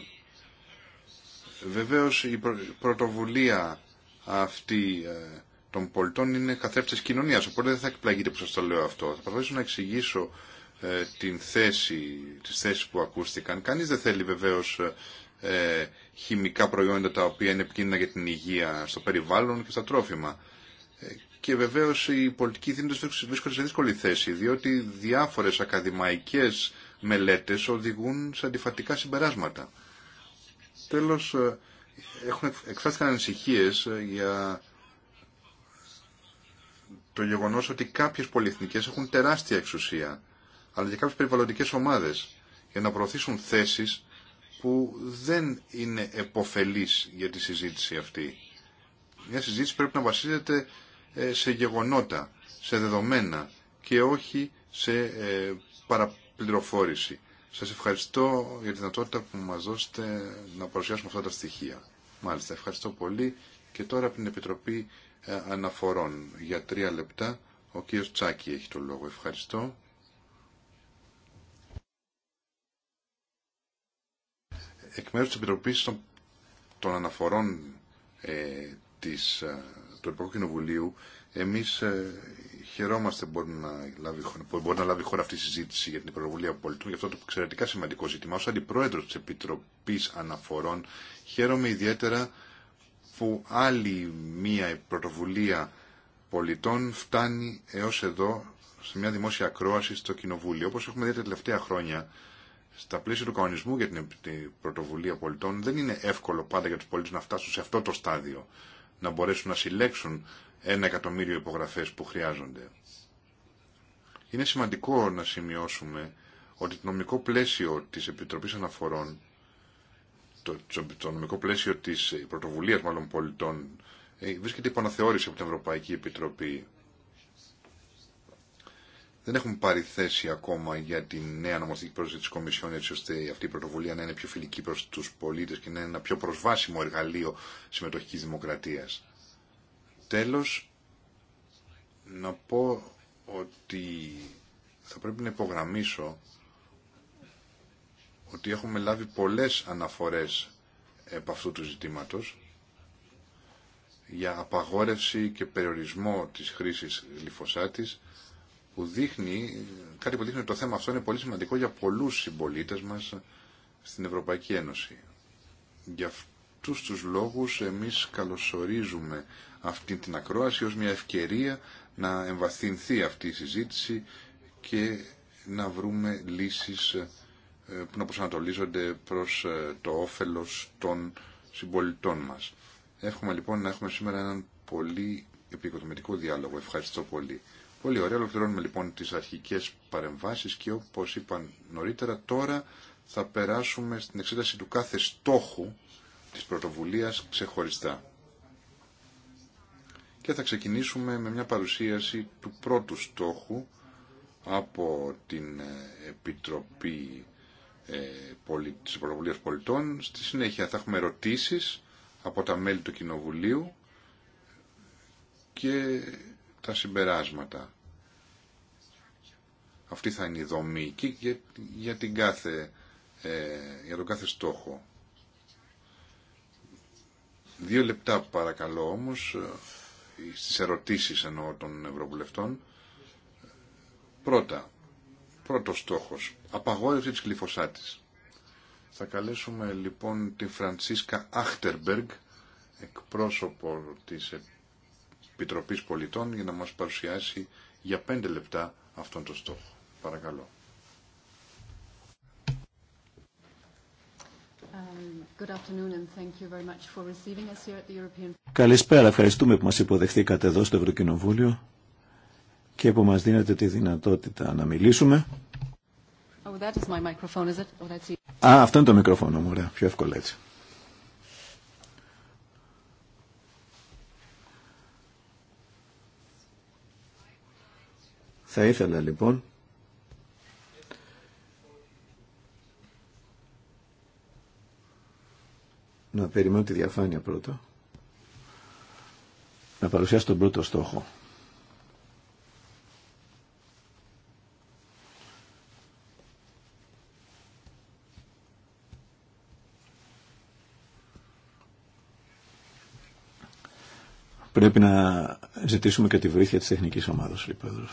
Βεβαίως η πρωτοβουλία αυτή ε, των πολιτών είναι καθρέφτης κοινωνίας, οπότε δεν θα εκπλαγείτε που σας το λέω αυτό. Θα προσπαθήσω να εξηγήσω ε, την θέση, τις θέσεις που ακούστηκαν. Κανείς δεν θέλει βεβαίως ε, χημικά προϊόντα τα οποία είναι επικίνδυνα για την υγεία στο περιβάλλον και στα τρόφιμα. Ε, και βεβαίω οι πολιτικοί δίνοντε βρίσκονται σε δύσκολη θέση, διότι διάφορε ακαδημαϊκές μελέτες οδηγούν σε αντιφατικά συμπεράσματα. Τέλος, ε, έχουν εκφράστηκαν ανησυχίες ε, για το γεγονός ότι κάποιες πολυεθνικέ έχουν τεράστια εξουσία, αλλά και κάποιες περιβαλλοντικές ομάδες, για να προωθήσουν θέσει που δεν είναι επωφελείς για τη συζήτηση αυτή. Μια συζήτηση πρέπει να βασίζεται ε, σε γεγονότα, σε δεδομένα και όχι σε ε, παραπληροφόρηση. Σας ευχαριστώ για τη δυνατότητα που μας δώσετε να παρουσιάσουμε αυτά τα στοιχεία. Μάλιστα, ευχαριστώ πολύ. Και τώρα από την Επιτροπή ε, Αναφορών για τρία λεπτά ο κύριος Τσάκη έχει το λόγο. Ευχαριστώ. Εκ μέρους της Επιτροπής των Αναφορών ε, της του Ευρωπαϊκού Κοινοβουλίου, εμείς ε, χαιρόμαστε που μπορεί να λάβει, μπορεί χώρα αυτή η συζήτηση για την πρωτοβουλία πολιτών, για αυτό το εξαιρετικά σημαντικό ζήτημα. Ω αντιπρόεδρο τη επιτροπή Αναφορών, χαίρομαι ιδιαίτερα που άλλη μία πρωτοβουλία πολιτών φτάνει έω εδώ σε μια δημόσια ακρόαση στο Κοινοβούλιο. Όπω έχουμε δει τα τελευταία χρόνια, στα πλαίσια του κανονισμού για την πρωτοβουλία πολιτών, δεν είναι εύκολο πάντα για του πολιτέ να φτάσουν σε αυτό το στάδιο να μπορέσουν να συλλέξουν ένα εκατομμύριο υπογραφές που χρειάζονται. Είναι σημαντικό να σημειώσουμε ότι το νομικό πλαίσιο της Επιτροπής Αναφορών, το, το νομικό πλαίσιο της πρωτοβουλίας μάλλον πολιτών, ε, βρίσκεται υπό αναθεώρηση από την Ευρωπαϊκή Επιτροπή δεν έχουμε πάρει θέση ακόμα για τη νέα νομοθετική πρόταση της Κομισιόν έτσι ώστε αυτή η πρωτοβουλία να είναι πιο φιλική προς τους πολίτες και να είναι ένα πιο προσβάσιμο εργαλείο συμμετοχικής δημοκρατίας. Τέλος, να πω ότι θα πρέπει να υπογραμμίσω ότι έχουμε λάβει πολλές αναφορές από αυτού του ζητήματος για απαγόρευση και περιορισμό της χρήσης γλυφοσάτης που δείχνει, κάτι που δείχνει ότι το θέμα αυτό είναι πολύ σημαντικό για πολλούς συμπολίτες μας στην Ευρωπαϊκή Ένωση. Γι' αυτούς τους λόγους εμείς καλωσορίζουμε αυτή την ακρόαση ως μια ευκαιρία να εμβαθυνθεί αυτή η συζήτηση και να βρούμε λύσεις ε, που να προσανατολίζονται προς ε, το όφελος των συμπολιτών μας. Εύχομαι λοιπόν να έχουμε σήμερα έναν πολύ επικοδομητικό διάλογο. Ευχαριστώ πολύ. Πολύ ωραία. Ολοκληρώνουμε λοιπόν τις αρχικές παρεμβάσεις και όπως είπαν νωρίτερα, τώρα θα περάσουμε στην εξέταση του κάθε στόχου της πρωτοβουλίας ξεχωριστά. Και θα ξεκινήσουμε με μια παρουσίαση του πρώτου στόχου από την ε, Επιτροπή ε, της Πρωτοβουλίας Πολιτών. Στη συνέχεια θα έχουμε ερωτήσεις από τα μέλη του Κοινοβουλίου και τα συμπεράσματα. Αυτή θα είναι η δομή και για, την κάθε, ε, για τον κάθε στόχο. Δύο λεπτά παρακαλώ όμως ε, στις ερωτήσεις εννοώ των Ευρωβουλευτών. Πρώτα, πρώτος στόχος, απαγόρευση της κλειφωσάτης. Θα καλέσουμε λοιπόν τη Φραντσίσκα Αχτερμπεργκ, εκπρόσωπο της Επιτροπής Πολιτών για να μας παρουσιάσει για πέντε λεπτά αυτόν τον στόχο. Παρακαλώ. Καλησπέρα, ευχαριστούμε που μας υποδεχθήκατε εδώ στο Ευρωκοινοβούλιο και που μας δίνετε τη δυνατότητα να μιλήσουμε. Oh, oh, Α, αυτό είναι το μικρόφωνο μου, ωραία, πιο εύκολα έτσι. Θα ήθελα λοιπόν να περιμένω τη διαφάνεια πρώτα. Να παρουσιάσω τον πρώτο στόχο. Πρέπει να ζητήσουμε και τη βοήθεια της τεχνικής ομάδας, λοιπόν.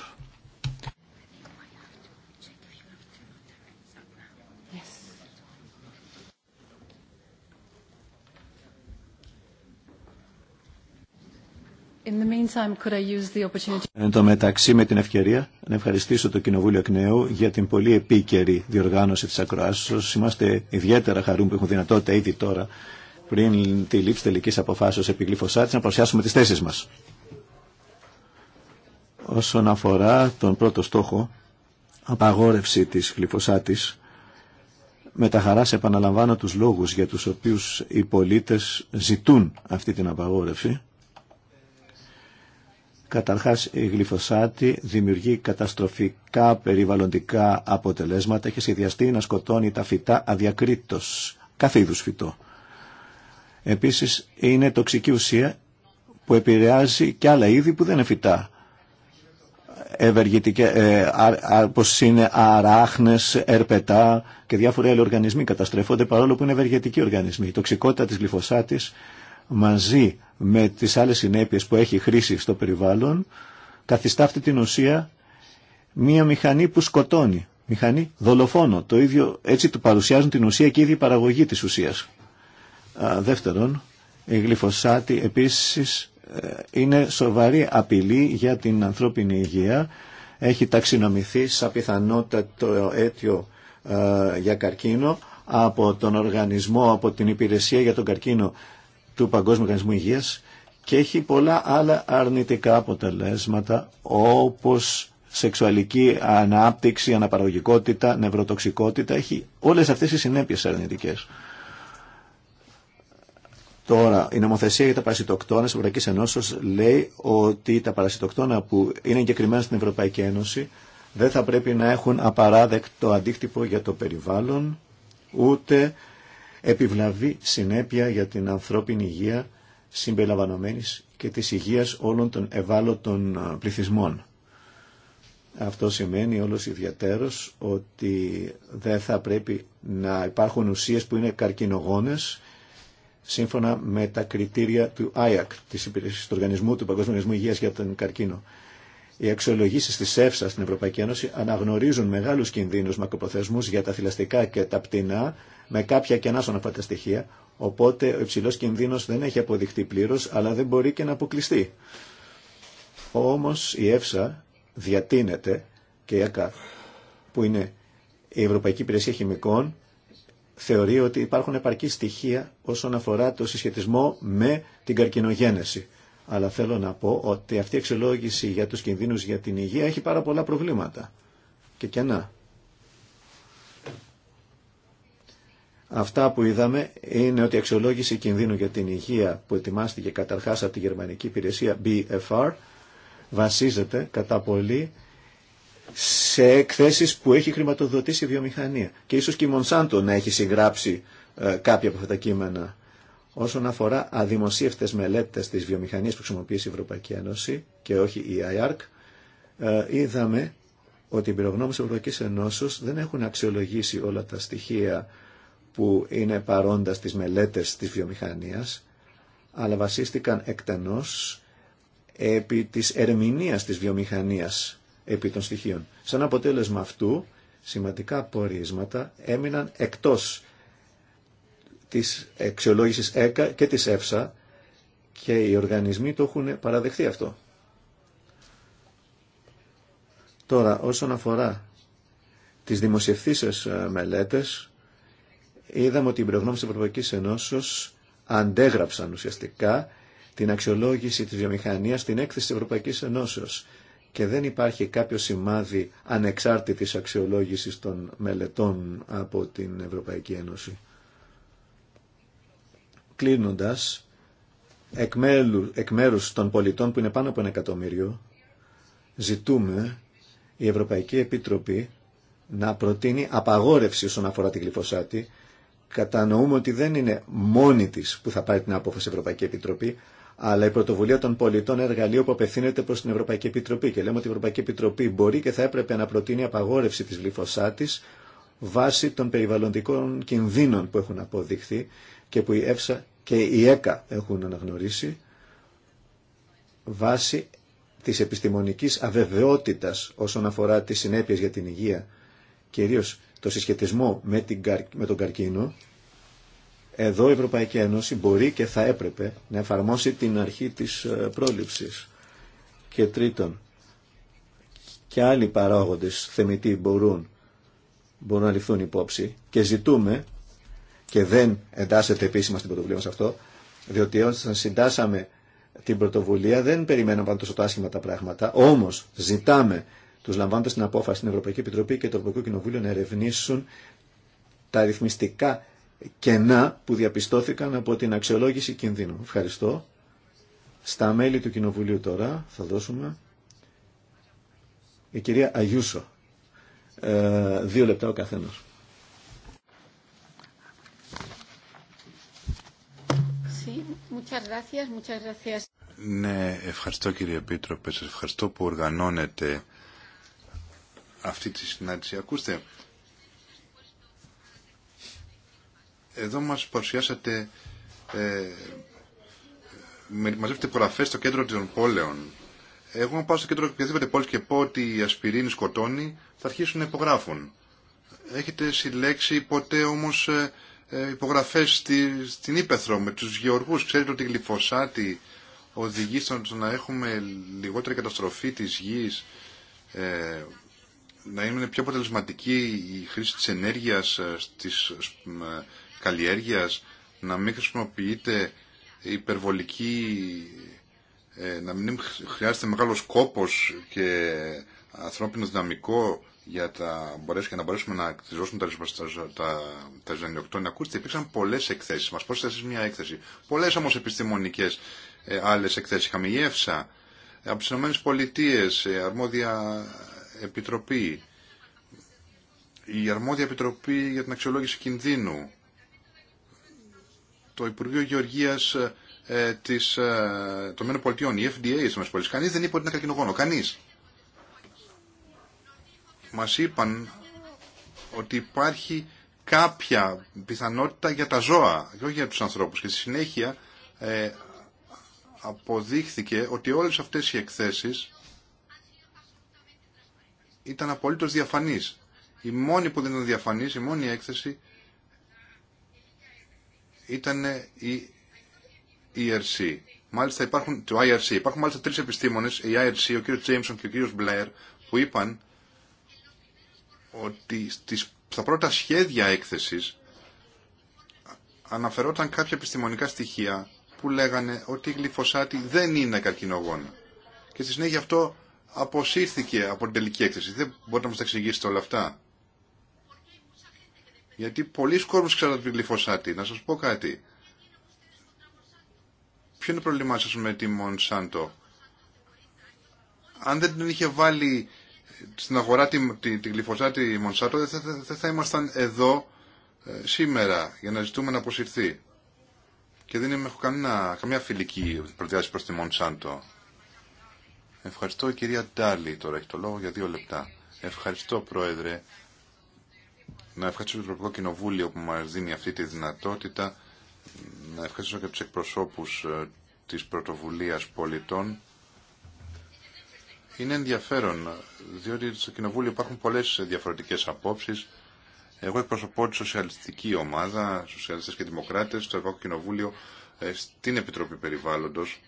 Εν τω μεταξύ με την ευκαιρία να ευχαριστήσω το Κοινοβούλιο εκ για την πολύ επίκαιρη διοργάνωση της ακροάσεως. Είμαστε ιδιαίτερα χαρούμενοι που έχουν δυνατότητα ήδη τώρα πριν τη λήψη τελικής αποφάσεως επί γλυφωσάτης να παρουσιάσουμε τις θέσεις μας. Όσον αφορά τον πρώτο στόχο, απαγόρευση της γλυφωσάτης, με τα χαρά σε επαναλαμβάνω τους λόγους για τους οποίους οι πολίτες ζητούν αυτή την απαγόρευση Καταρχάς η γλυφοσάτη δημιουργεί καταστροφικά περιβαλλοντικά αποτελέσματα και σχεδιαστεί να σκοτώνει τα φυτά αδιακρίτως, κάθε είδους φυτό. Επίσης είναι τοξική ουσία που επηρεάζει και άλλα είδη που δεν είναι φυτά. Ε, όπως είναι αράχνες, ερπετά και διάφοροι άλλοι οργανισμοί καταστρέφονται παρόλο που είναι ευεργετικοί οργανισμοί. Η τοξικότητα της γλυφοσάτης μαζί με τις άλλες συνέπειες που έχει χρήση στο περιβάλλον καθιστά αυτή την ουσία μία μηχανή που σκοτώνει, μηχανή δολοφόνο. Το ίδιο έτσι του παρουσιάζουν την ουσία και η ίδια παραγωγή της ουσίας. δεύτερον, η γλυφοσάτη επίσης ε, είναι σοβαρή απειλή για την ανθρώπινη υγεία. Έχει ταξινομηθεί σαν πιθανότατο αίτιο ε, για καρκίνο από τον οργανισμό, από την υπηρεσία για τον καρκίνο του Παγκόσμιου Οργανισμού Υγείας και έχει πολλά άλλα αρνητικά αποτελέσματα όπως σεξουαλική ανάπτυξη, αναπαραγωγικότητα, νευροτοξικότητα. Έχει όλες αυτές οι συνέπειες αρνητικές. Τώρα, η νομοθεσία για τα παρασιτοκτόνα τη Ευρωπαϊκή Ένωση λέει ότι τα παρασιτοκτόνα που είναι εγκεκριμένα στην Ευρωπαϊκή Ένωση δεν θα πρέπει να έχουν απαράδεκτο αντίκτυπο για το περιβάλλον, ούτε επιβλαβή συνέπεια για την ανθρώπινη υγεία συμπεριλαμβανομένης και της υγείας όλων των ευάλωτων ε, πληθυσμών. Αυτό σημαίνει όλος ιδιαίτερος ότι δεν θα πρέπει να υπάρχουν ουσίες που είναι καρκινογόνες σύμφωνα με τα κριτήρια του ΆΙΑΚ, της Υπηρεσίας του Οργανισμού του Παγκόσμιου Οργανισμού Υγείας για τον καρκίνο. Οι αξιολογήσεις της ΕΦΣΑ στην Ευρωπαϊκή Ένωση αναγνωρίζουν μεγάλους κινδύνους μακροπροθεσμού για τα θηλαστικά και τα πτηνά με κάποια κενά στον αυτά τα στοιχεία, οπότε ο υψηλό κινδύνο δεν έχει αποδειχτεί πλήρω, αλλά δεν μπορεί και να αποκλειστεί. Όμω η ΕΦΣΑ διατείνεται και η ΕΚΑ, που είναι η Ευρωπαϊκή Υπηρεσία Χημικών, θεωρεί ότι υπάρχουν επαρκή στοιχεία όσον αφορά το συσχετισμό με την καρκινογένεση. Αλλά θέλω να πω ότι αυτή η εξολόγηση για τους κινδύνους για την υγεία έχει πάρα πολλά προβλήματα και κενά. Αυτά που είδαμε είναι ότι η αξιολόγηση κινδύνου για την υγεία που ετοιμάστηκε καταρχάς από τη γερμανική υπηρεσία BFR βασίζεται κατά πολύ σε εκθέσεις που έχει χρηματοδοτήσει η βιομηχανία. Και ίσως και η Μονσάντο να έχει συγγράψει ε, κάποια από αυτά τα κείμενα. Όσον αφορά αδημοσίευτες μελέτες της βιομηχανίας που χρησιμοποιεί η Ευρωπαϊκή Ένωση και όχι η IARC, ε, είδαμε ότι οι πυρογνώμες Ευρωπαϊκής Ενώσεως δεν έχουν αξιολογήσει όλα τα στοιχεία που είναι παρόντα στις μελέτες της βιομηχανίας, αλλά βασίστηκαν εκτενώς επί της ερμηνείας της βιομηχανίας επί των στοιχείων. Σαν αποτέλεσμα αυτού, σημαντικά πορίσματα έμειναν εκτός της αξιολόγησης ΕΚΑ και της ΕΦΣΑ και οι οργανισμοί το έχουν παραδεχθεί αυτό. Τώρα, όσον αφορά τις δημοσιευθήσεις ε, μελέτες, είδαμε ότι οι προγνώμε της Ευρωπαϊκής Ενώσεως αντέγραψαν ουσιαστικά την αξιολόγηση της βιομηχανίας στην έκθεση της Ευρωπαϊκής Ενώσεως και δεν υπάρχει κάποιο σημάδι ανεξάρτητης αξιολόγησης των μελετών από την Ευρωπαϊκή Ένωση. Κλείνοντας, εκ, μέρου των πολιτών που είναι πάνω από ένα εκατομμύριο, ζητούμε η Ευρωπαϊκή Επιτροπή να προτείνει απαγόρευση όσον αφορά τη γλυφωσάτη κατανοούμε ότι δεν είναι μόνη τη που θα πάρει την απόφαση η Ευρωπαϊκή Επιτροπή, αλλά η πρωτοβουλία των πολιτών εργαλείο που απευθύνεται προ την Ευρωπαϊκή Επιτροπή. Και λέμε ότι η Ευρωπαϊκή Επιτροπή μπορεί και θα έπρεπε να προτείνει απαγόρευση της γλυφωσάτη βάσει των περιβαλλοντικών κινδύνων που έχουν αποδειχθεί και που η ΕΦΣΑ και η ΕΚΑ έχουν αναγνωρίσει βάσει της επιστημονικής αβεβαιότητας όσον αφορά τις συνέπειες για την υγεία, κυρίως το συσχετισμό με, την, με τον καρκίνο, εδώ η Ευρωπαϊκή Ένωση μπορεί και θα έπρεπε να εφαρμόσει την αρχή της ε, πρόληψης. Και τρίτον, και άλλοι παράγοντες θεμητοί μπορούν, μπορούν να ληφθούν υπόψη και ζητούμε, και δεν εντάσσεται επίσημα στην πρωτοβουλία μας αυτό, διότι όταν συντάσαμε την πρωτοβουλία δεν περιμέναμε πάνω τόσο άσχημα τα πράγματα, όμως ζητάμε τους λαμβάνοντας την απόφαση στην Ευρωπαϊκή Επιτροπή και το Ευρωπαϊκό Κοινοβούλιο να ερευνήσουν τα ρυθμιστικά κενά που διαπιστώθηκαν από την αξιολόγηση κινδύνου. Ευχαριστώ. Στα μέλη του Κοινοβουλίου τώρα θα δώσουμε η κυρία Αγιούσο. Ε, δύο λεπτά ο καθένας. Ναι, ευχαριστώ κύριε Επίτροπε, σας ευχαριστώ που οργανώνετε αυτή τη συνάντηση. Ακούστε, εδώ μας παρουσιάσατε, ε, μαζεύετε υπογραφές στο κέντρο των πόλεων. Εγώ αν πάω στο κέντρο οποιαδήποτε πόλη και πω ότι η ασπιρίνη σκοτώνει, θα αρχίσουν να υπογράφουν. Έχετε συλλέξει ποτέ όμως ε, ε, υπογραφές στη, στην Ήπεθρο με τους γεωργούς. Ξέρετε ότι η γλυφοσάτη οδηγεί στο να έχουμε λιγότερη καταστροφή της γης. Ε, να είναι πιο αποτελεσματική η χρήση της ενέργειας, ε, της ε, καλλιέργειας, να μην χρησιμοποιείται υπερβολική, ε, να μην χρειάζεται μεγάλος κόπος και ανθρώπινο δυναμικό για, τα, για να μπορέσουμε να εκτιζώσουμε τα, τα, τα ζωνιοκτώνια. Ακούστε, υπήρξαν πολλέ εκθέσει. Μα πρόσθεσε μια έκθεση. Πολλές όμως επιστημονικές άλλες άλλε εκθέσει. Είχαμε η ΕΦΣΑ, από τι ΗΠΑ, αρμόδια Επιτροπή, η αρμόδια Επιτροπή για την Αξιολόγηση Κινδύνου, το Υπουργείο Γεωργίας ε, της, ε, των ΗΠΑ, η FDA στις ΗΠΑ. Κανείς δεν είπε ότι είναι καρκινογόνο. Κανείς. Μας είπαν ότι υπάρχει κάποια πιθανότητα για τα ζώα και όχι για τους ανθρώπους. Και στη συνέχεια ε, αποδείχθηκε ότι όλες αυτές οι εκθέσεις ήταν απολύτως διαφανής. Η μόνη που δεν ήταν διαφανής, η μόνη έκθεση ήταν η ERC. Μάλιστα υπάρχουν, το IRC, υπάρχουν μάλιστα τρεις επιστήμονες, η IRC, ο κύριος Τζέιμσον και ο κύριος Μπλερ, που είπαν ότι στις, στα πρώτα σχέδια έκθεσης αναφερόταν κάποια επιστημονικά στοιχεία που λέγανε ότι η γλυφοσάτη δεν είναι καρκινογόνα. Και στη συνέχεια αυτό αποσύρθηκε από την τελική έκθεση. Δεν μπορείτε να μας τα εξηγήσετε όλα αυτά. Γιατί πολλοί κόσμοι ξέρουν τη γλυφοσάτη. Να σας πω κάτι. Ποιο είναι το πρόβλημά σας με τη Μονσάντο. Αν δεν την είχε βάλει στην αγορά τη, τη, τη Μονσάντο δεν θα, ήμασταν εδώ ε, σήμερα για να ζητούμε να αποσυρθεί. Και δεν είμαι, έχω καμία, καμία φιλική προτιάση προς τη Μονσάντο. Ευχαριστώ η κυρία Ντάλι, τώρα έχει το λόγο για δύο λεπτά. Ευχαριστώ Πρόεδρε. Να ευχαριστήσω το Ευρωπαϊκό Κοινοβούλιο που μας δίνει αυτή τη δυνατότητα. Να ευχαριστήσω και τους εκπροσώπους ε, της πρωτοβουλίας πολιτών. Είναι ενδιαφέρον, διότι στο Κοινοβούλιο υπάρχουν πολλές διαφορετικές απόψεις. Εγώ εκπροσωπώ τη σοσιαλιστική ομάδα, σοσιαλιστές και δημοκράτες, στο Ευρωπαϊκό Κοινοβούλιο, ε, στην Επιτροπή Περιβάλλοντος.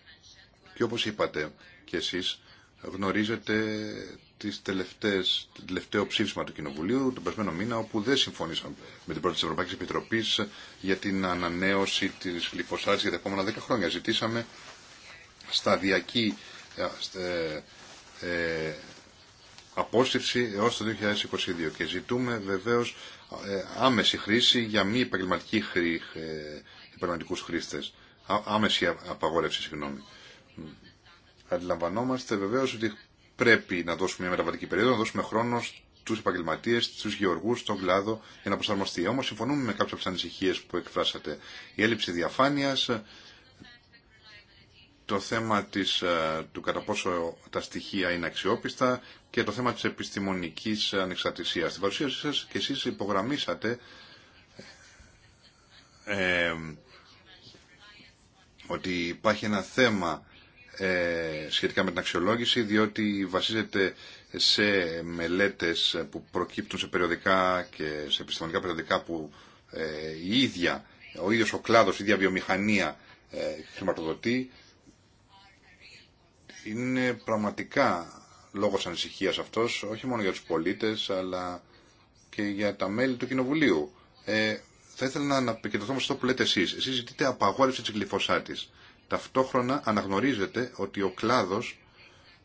Και όπως είπατε, και εσείς γνωρίζετε τις τελευταίες, το τελευταίο ψήφισμα του Κοινοβουλίου τον περσμένο μήνα όπου δεν συμφωνήσαμε με την πρώτη της Ευρωπαϊκής Επιτροπής για την ανανέωση της γλυφοσάρης για τα επόμενα 10 χρόνια. Ζητήσαμε σταδιακή ε, ε, απόσυρση έως το 2022 και ζητούμε βεβαίως ε, άμεση χρήση για μη ε, επαγγελματικούς χρήστες. Άμεση απαγόρευση, συγγνώμη. Αντιλαμβανόμαστε βεβαίω ότι πρέπει να δώσουμε μια μεταβατική περίοδο, να δώσουμε χρόνο στους επαγγελματίε, στους γεωργού στον κλάδο για να προσαρμοστεί. Όμως συμφωνούμε με κάποιε από τις ανησυχίε που εκφράσατε. Η έλλειψη διαφάνειας, το θέμα της, ε, του κατά πόσο τα στοιχεία είναι αξιόπιστα και το θέμα της επιστημονικής ανεξαρτησίας. Στην παρουσίαση σας και εσείς υπογραμμίσατε ε, ότι υπάρχει ένα θέμα ε, σχετικά με την αξιολόγηση, διότι βασίζεται σε μελέτες που προκύπτουν σε περιοδικά και σε επιστημονικά περιοδικά που ε, η ίδια, ο ίδιος ο κλάδος, η ίδια βιομηχανία ε, χρηματοδοτεί. Είναι πραγματικά λόγος ανησυχίας αυτός, όχι μόνο για τους πολίτες, αλλά και για τα μέλη του Κοινοβουλίου. Ε, θα ήθελα να επικεντρωθώ αυτό που λέτε εσείς. Εσείς ζητείτε απαγόρευση της Ταυτόχρονα αναγνωρίζεται ότι ο κλάδος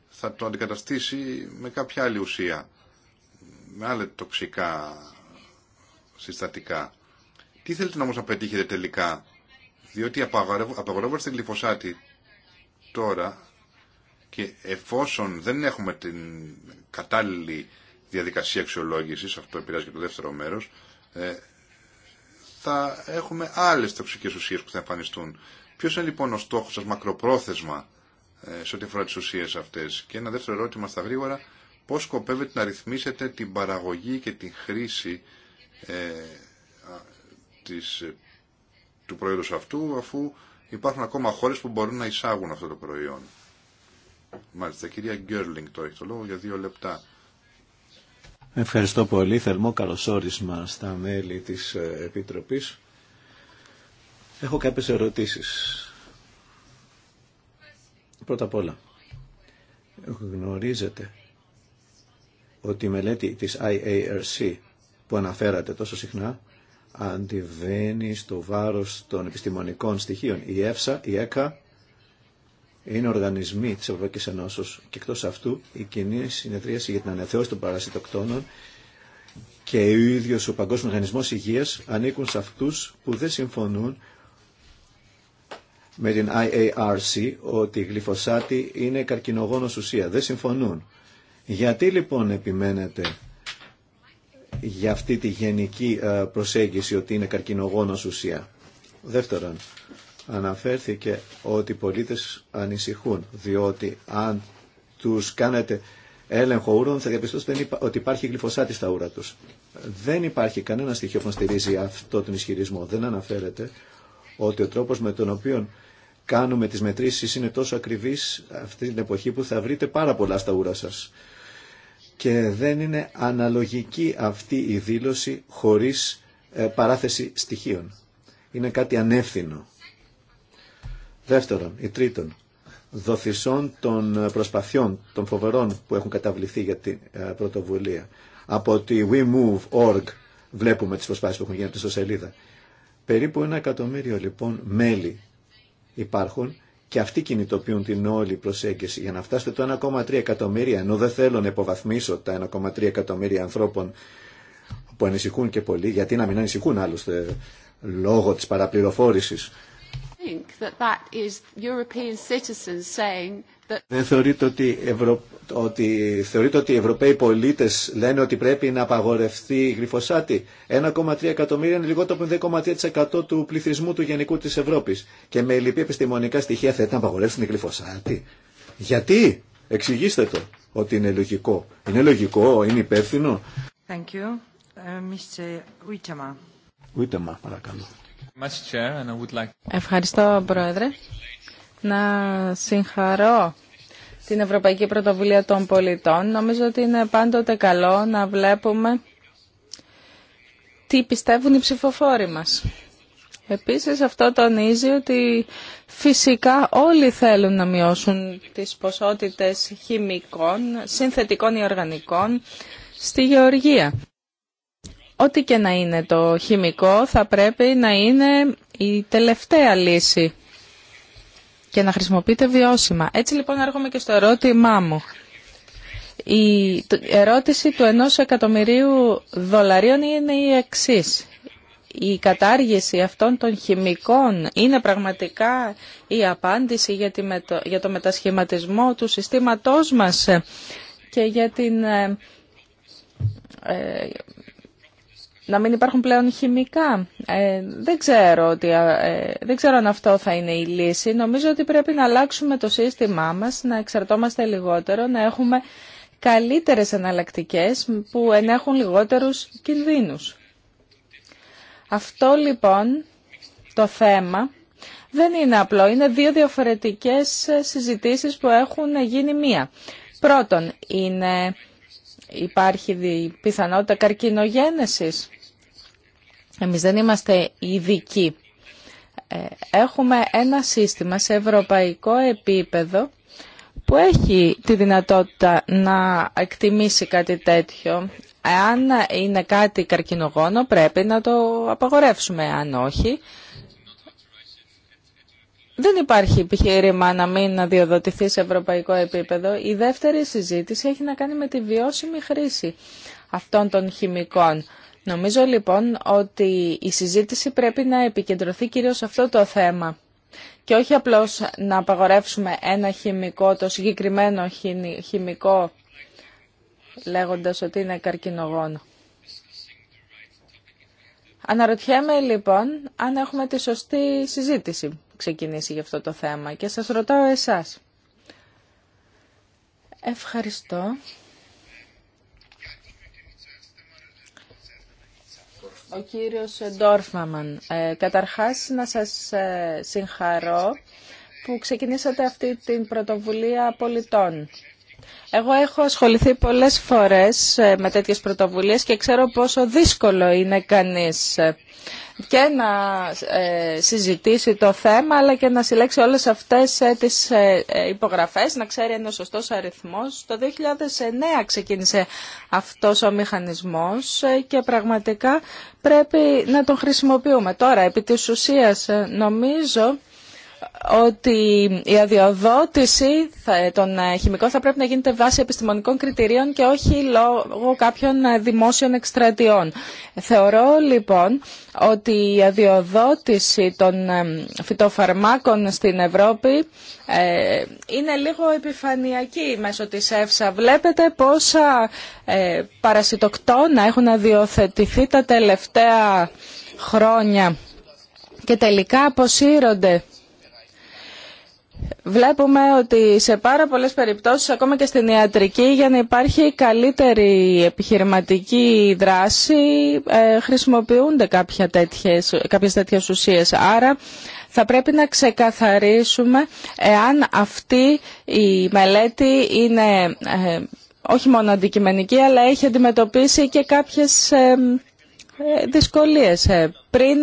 θα το αντικαταστήσει με κάποια άλλη ουσία, με άλλα τοξικά συστατικά. Τι θέλετε όμως να πετύχετε τελικά, διότι απαγορεύοντας την γλυφοσάτη τώρα και εφόσον δεν έχουμε την κατάλληλη διαδικασία αξιολόγησης, αυτό επηρεάζει και το δεύτερο μέρος, ε, θα έχουμε άλλες τοξικές ουσίες που θα εμφανιστούν. Ποιο είναι λοιπόν ο στόχο σα, μακροπρόθεσμα ε, σε ό,τι αφορά τι ουσίε αυτέ. Και ένα δεύτερο ερώτημα στα γρήγορα, πώς σκοπεύετε να ρυθμίσετε την παραγωγή και την χρήση ε, της, ε, του προϊόντος αυτού, αφού υπάρχουν ακόμα χώρες που μπορούν να εισάγουν αυτό το προϊόν. Μάλιστα, κυρία Γκέρλινγκ το έχει το λόγο για δύο λεπτά. Ευχαριστώ πολύ. Θερμό καλωσόρισμα στα μέλη της Επιτροπής. Έχω κάποιες ερωτήσεις. Πρώτα απ' όλα, γνωρίζετε ότι η μελέτη της IARC που αναφέρατε τόσο συχνά αντιβαίνει στο βάρος των επιστημονικών στοιχείων. Η ΕΦΣΑ, η ΕΚΑ είναι οργανισμοί της Ευρωπαϊκής Ενώσεως και εκτός αυτού η κοινή συνεδρίαση για την Ανεθεώση των παρασιτοκτόνων και ο ίδιος ο Παγκόσμιος Μηχανισμός Υγείας ανήκουν σε αυτούς που δεν συμφωνούν με την IARC ότι η γλυφοσάτη είναι καρκινογόνος ουσία. Δεν συμφωνούν. Γιατί λοιπόν επιμένετε για αυτή τη γενική ε, προσέγγιση ότι είναι καρκινογόνος ουσία. Δεύτερον, αναφέρθηκε ότι οι πολίτες ανησυχούν, διότι αν τους κάνετε έλεγχο ούρων θα διαπιστώσετε ότι υπάρχει γλυφοσάτη στα ούρα τους. Δεν υπάρχει κανένα στοιχείο που στηρίζει αυτό τον ισχυρισμό. Δεν αναφέρεται ότι ο τρόπος με τον οποίο κάνουμε τις μετρήσεις είναι τόσο ακριβείς αυτή την εποχή που θα βρείτε πάρα πολλά στα ούρα σας. Και δεν είναι αναλογική αυτή η δήλωση χωρίς ε, παράθεση στοιχείων. Είναι κάτι ανεύθυνο. Δεύτερον ή τρίτον, δοθησών των προσπαθειών, των φοβερών που έχουν καταβληθεί για την ε, πρωτοβουλία. Από τη WeMove.org βλέπουμε τις προσπάθειες που έχουν γίνει από τη σελίδα. Περίπου ένα εκατομμύριο λοιπόν μέλη υπάρχουν και αυτοί κινητοποιούν την όλη προσέγγιση για να φτάσετε το 1,3 εκατομμύρια ενώ δεν θέλω να υποβαθμίσω τα 1,3 εκατομμύρια ανθρώπων που ανησυχούν και πολύ γιατί να μην ανησυχούν άλλωστε λόγω της παραπληροφόρησης δεν θεωρείτε ότι, Ευρω... ότι... θεωρείτε ότι οι Ευρωπαίοι πολίτε λένε ότι πρέπει να απαγορευτεί η γλυφοσάτη. 1,3 εκατομμύρια είναι λιγότερο από 0,3% του πληθυσμού του γενικού τη Ευρώπη Και με λυπή επιστημονικά στοιχεία θέλετε να απαγορεύσουν η γλυφοσάτη. Γιατί, εξηγήστε το ότι είναι λογικό. Είναι λογικό, είναι υπεύθυνο. Thank you. Uh, ε, Mr. παρακαλώ. Ευχαριστώ, Πρόεδρε. Να συγχαρώ την Ευρωπαϊκή Πρωτοβουλία των Πολιτών. Νομίζω ότι είναι πάντοτε καλό να βλέπουμε τι πιστεύουν οι ψηφοφόροι μας. Επίσης αυτό τονίζει ότι φυσικά όλοι θέλουν να μειώσουν τις ποσότητες χημικών, συνθετικών ή οργανικών στη γεωργία. Ό,τι και να είναι το χημικό θα πρέπει να είναι η τελευταία λύση και να χρησιμοποιείται βιώσιμα. Έτσι λοιπόν έρχομαι και στο ερώτημά μου. Η ερώτηση του ενός εκατομμυρίου δολαρίων είναι η εξής. Η κατάργηση αυτών των χημικών είναι πραγματικά η απάντηση για το μετασχηματισμό του συστήματός μας και για την ε, ε, να μην υπάρχουν πλέον χημικά. Ε, δεν, ξέρω ότι, ε, δεν ξέρω αν αυτό θα είναι η λύση. Νομίζω ότι πρέπει να αλλάξουμε το σύστημά μας, να εξαρτώμαστε λιγότερο, να έχουμε καλύτερες εναλλακτικέ που ενέχουν λιγότερους κινδύνους. Αυτό λοιπόν το θέμα δεν είναι απλό. Είναι δύο διαφορετικές συζητήσεις που έχουν γίνει μία. Πρώτον, είναι, υπάρχει πιθανότητα καρκινογένεσης. Εμείς δεν είμαστε ειδικοί. Ε, έχουμε ένα σύστημα σε ευρωπαϊκό επίπεδο που έχει τη δυνατότητα να εκτιμήσει κάτι τέτοιο. Αν είναι κάτι καρκινογόνο πρέπει να το απαγορεύσουμε, αν όχι. Δεν υπάρχει επιχείρημα να μην διοδοτηθεί σε ευρωπαϊκό επίπεδο. Η δεύτερη συζήτηση έχει να κάνει με τη βιώσιμη χρήση αυτών των χημικών. Νομίζω λοιπόν ότι η συζήτηση πρέπει να επικεντρωθεί κυρίως σε αυτό το θέμα και όχι απλώς να απαγορεύσουμε ένα χημικό, το συγκεκριμένο χημικό λέγοντας ότι είναι καρκινογόνο. Αναρωτιέμαι λοιπόν αν έχουμε τη σωστή συζήτηση ξεκινήσει για αυτό το θέμα και σας ρωτάω εσάς. Ευχαριστώ. Ο κύριος Ντόρφμαμαν, ε, καταρχάς να σας ε, συγχαρώ που ξεκινήσατε αυτή την πρωτοβουλία πολιτών. Εγώ έχω ασχοληθεί πολλές φορές ε, με τέτοιες πρωτοβουλίες και ξέρω πόσο δύσκολο είναι κανείς ε, και να ε, συζητήσει το θέμα αλλά και να συλλέξει όλες αυτές ε, τις ε, υπογραφές, να ξέρει ένα σωστός αριθμός. Το 2009 ξεκίνησε αυτός ο μηχανισμός και πραγματικά πρέπει να τον χρησιμοποιούμε. Τώρα, επί της ουσίας, νομίζω ότι η αδειοδότηση των ε, χημικών θα πρέπει να γίνεται βάσει επιστημονικών κριτηρίων και όχι λόγω κάποιων ε, δημόσιων εκστρατιών. Θεωρώ λοιπόν ότι η αδειοδότηση των ε, φυτοφαρμάκων στην Ευρώπη είναι λίγο επιφανειακή μέσω της ΕΦΣΑ. Βλέπετε πόσα παρασιτοκτόνα έχουν αδειοθετηθεί τα τελευταία χρόνια και τελικά αποσύρονται Βλέπουμε ότι σε πάρα πολλές περιπτώσεις, ακόμα και στην ιατρική, για να υπάρχει καλύτερη επιχειρηματική δράση, ε, χρησιμοποιούνται κάποια τέτοιες, κάποιες τέτοιες ουσίες. Άρα θα πρέπει να ξεκαθαρίσουμε εάν αυτή η μελέτη είναι ε, όχι μόνο αντικειμενική, αλλά έχει αντιμετωπίσει και κάποιες ε, δυσκολίες. Πριν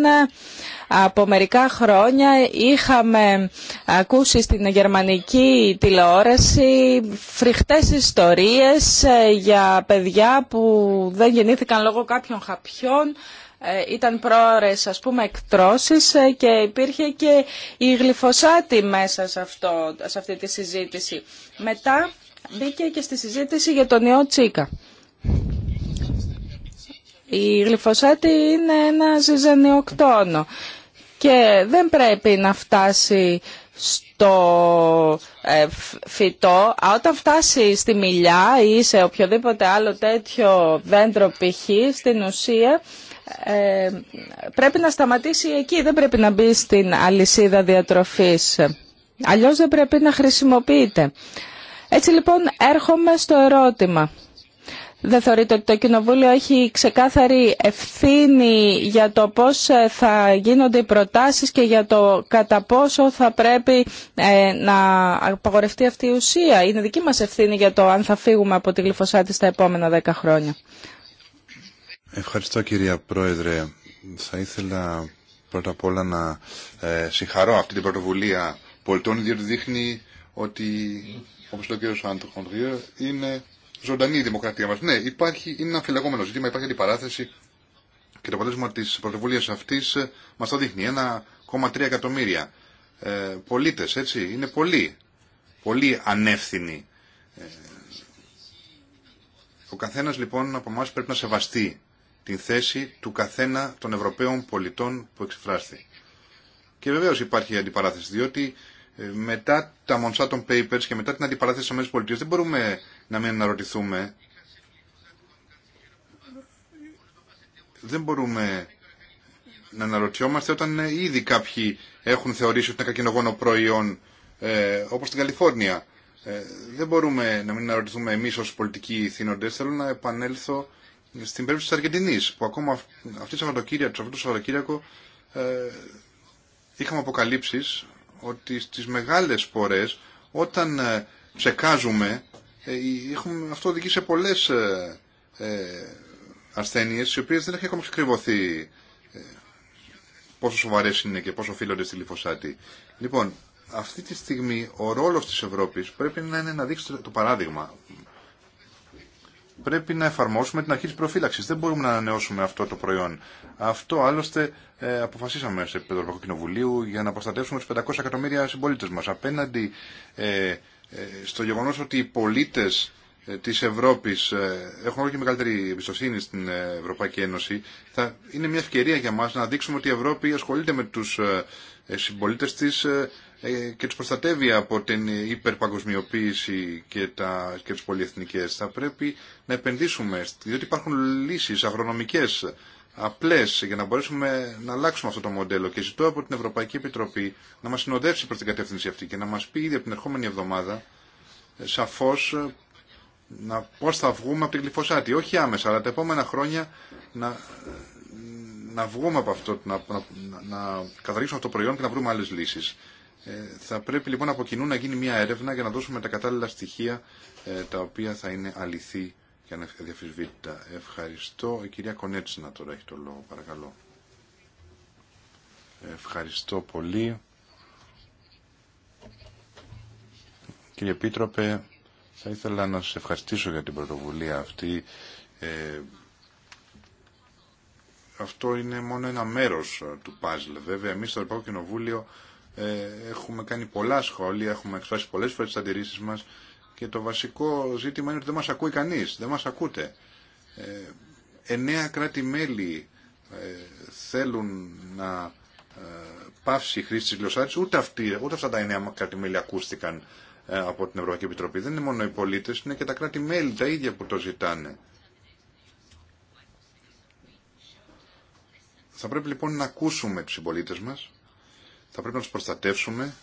από μερικά χρόνια είχαμε ακούσει στην γερμανική τηλεόραση φρικτές ιστορίες ε, για παιδιά που δεν γεννήθηκαν λόγω κάποιων χαπιών ε, ήταν πρόορες ας πούμε εκτρώσεις ε, και υπήρχε και η γλυφοσάτη μέσα σε, αυτό, σε αυτή τη συζήτηση. Μετά μπήκε και στη συζήτηση για τον ιό Τσίκα. Η γλυφοσάτη είναι ένα ζυζανιοκτόνο και δεν πρέπει να φτάσει στο ε, φυτό. Όταν φτάσει στη μιλιά ή σε οποιοδήποτε άλλο τέτοιο δέντρο π.χ. στην ουσία ε, πρέπει να σταματήσει εκεί, δεν πρέπει να μπει στην αλυσίδα διατροφής. Αλλιώς δεν πρέπει να χρησιμοποιείται. Έτσι λοιπόν έρχομαι στο ερώτημα δεν θεωρείτε ότι το Κοινοβούλιο έχει ξεκάθαρη ευθύνη για το πώς ε, θα γίνονται οι προτάσεις και για το κατά πόσο θα πρέπει ε, να απαγορευτεί αυτή η ουσία. Είναι δική μας ευθύνη για το αν θα φύγουμε από τη γλυφοσάτη στα επόμενα δέκα χρόνια. Ευχαριστώ κυρία Πρόεδρε. Θα ήθελα πρώτα απ' όλα να ε, συγχαρώ αυτή την πρωτοβουλία πολιτών διότι δείχνει ότι όπως το κύριο κ. είναι ζωντανή η δημοκρατία μα. Ναι, υπάρχει, είναι ένα αμφιλεγόμενο ζήτημα, υπάρχει αντιπαράθεση και το αποτέλεσμα τη πρωτοβουλία αυτή ε, μα το δείχνει. 1,3 εκατομμύρια ε, πολίτες, έτσι, είναι πολύ, πολύ ανεύθυνοι. Ε, ο καθένα λοιπόν από εμά πρέπει να σεβαστεί την θέση του καθένα των Ευρωπαίων πολιτών που εξεφράστηκε. Και βεβαίω υπάρχει αντιπαράθεση, διότι ε, μετά τα Monsanto Papers και μετά την αντιπαράθεση στι ΗΠΑ δεν μπορούμε να μην αναρωτηθούμε δεν μπορούμε να αναρωτιόμαστε όταν ε, ήδη κάποιοι έχουν θεωρήσει ότι είναι κακινογόνο προϊόν ε, όπως στην Καλιφόρνια. Ε, δεν μπορούμε να μην αναρωτηθούμε εμείς ως πολιτικοί θύνοντες. Θέλω να επανέλθω στην περίπτωση της Αργεντινής που ακόμα αυτή τη Σαββατοκύριακο, αυτό το Σαββατοκύριακο ε, είχαμε αποκαλύψεις ότι στις μεγάλες πορές όταν ε, ε, έχουμε, αυτό οδηγεί σε πολλέ ε, ε, ασθένειες οι οποίε δεν έχει ακόμα ξεκριβωθεί ε, πόσο σοβαρέ είναι και πόσο οφείλονται στη λιφοσάτη. Λοιπόν, αυτή τη στιγμή ο ρόλο τη Ευρώπη πρέπει να είναι να δείξει το παράδειγμα. Πρέπει να εφαρμόσουμε την αρχή τη προφύλαξη. Δεν μπορούμε να ανανεώσουμε αυτό το προϊόν. Αυτό άλλωστε αποφασίσαμε σε επίπεδο Ευρωπαϊκού Κοινοβουλίου για να προστατεύσουμε του 500 εκατομμύρια συμπολίτε μα. Απέναντι ε, ε, στο γεγονό ότι οι πολίτε ε, της Ευρώπη, ε, έχουν όλο και μεγαλύτερη εμπιστοσύνη στην Ευρωπαϊκή Ένωση, θα είναι μια ευκαιρία για μας να δείξουμε ότι η Ευρώπη ασχολείται με τους συμπολίτε της και του προστατεύει από την υπερπαγκοσμιοποίηση και, τα, και τις πολυεθνικές. Θα πρέπει να επενδύσουμε, διότι υπάρχουν λύσει αγρονομικέ απλές για να μπορέσουμε να αλλάξουμε αυτό το μοντέλο και ζητώ από την Ευρωπαϊκή Επιτροπή να μας συνοδεύσει προς την κατεύθυνση αυτή και να μας πει ήδη από την ερχόμενη εβδομάδα ε, σαφώς ε, να, πώς θα βγούμε από την κλειφωσάτη. Όχι άμεσα, αλλά τα επόμενα χρόνια να, ε, να βγούμε από αυτό, να, να, να καταργήσουμε αυτό το προϊόν και να βρούμε άλλες λύσεις. θα πρέπει λοιπόν από κοινού να γίνει μια έρευνα για να δώσουμε τα κατάλληλα στοιχεία τα οποία θα είναι αληθή και αδιαφυσβήτητα. Ευχαριστώ. Η κυρία Κονέτσινα τώρα έχει το λόγο, παρακαλώ. Ευχαριστώ πολύ. Κύριε Πίτροπε, θα ήθελα να σας ευχαριστήσω για την πρωτοβουλία αυτή. Ε, αυτό είναι μόνο ένα μέρος του παζλ. Βέβαια, εμείς στο Ευρωπαϊκό Κοινοβούλιο ε, έχουμε κάνει πολλά σχόλια, έχουμε εκφράσει πολλές φορές τις αντιρρήσεις μας και το βασικό ζήτημα είναι ότι δεν μας ακούει κανείς, δεν μας ακούτε. Ε, εννέα κράτη-μέλη ε, θέλουν να ε, πάυσει η χρήση της ούτε, ούτε αυτά τα εννέα κράτη-μέλη ακούστηκαν ε, από την Ευρωπαϊκή Επιτροπή. Δεν είναι μόνο οι πολίτες, είναι και τα κράτη-μέλη τα ίδια που το ζητάνε. Θα πρέπει λοιπόν να ακούσουμε τους συμπολίτε μας, θα πρέπει να τους προστατεύσουμε,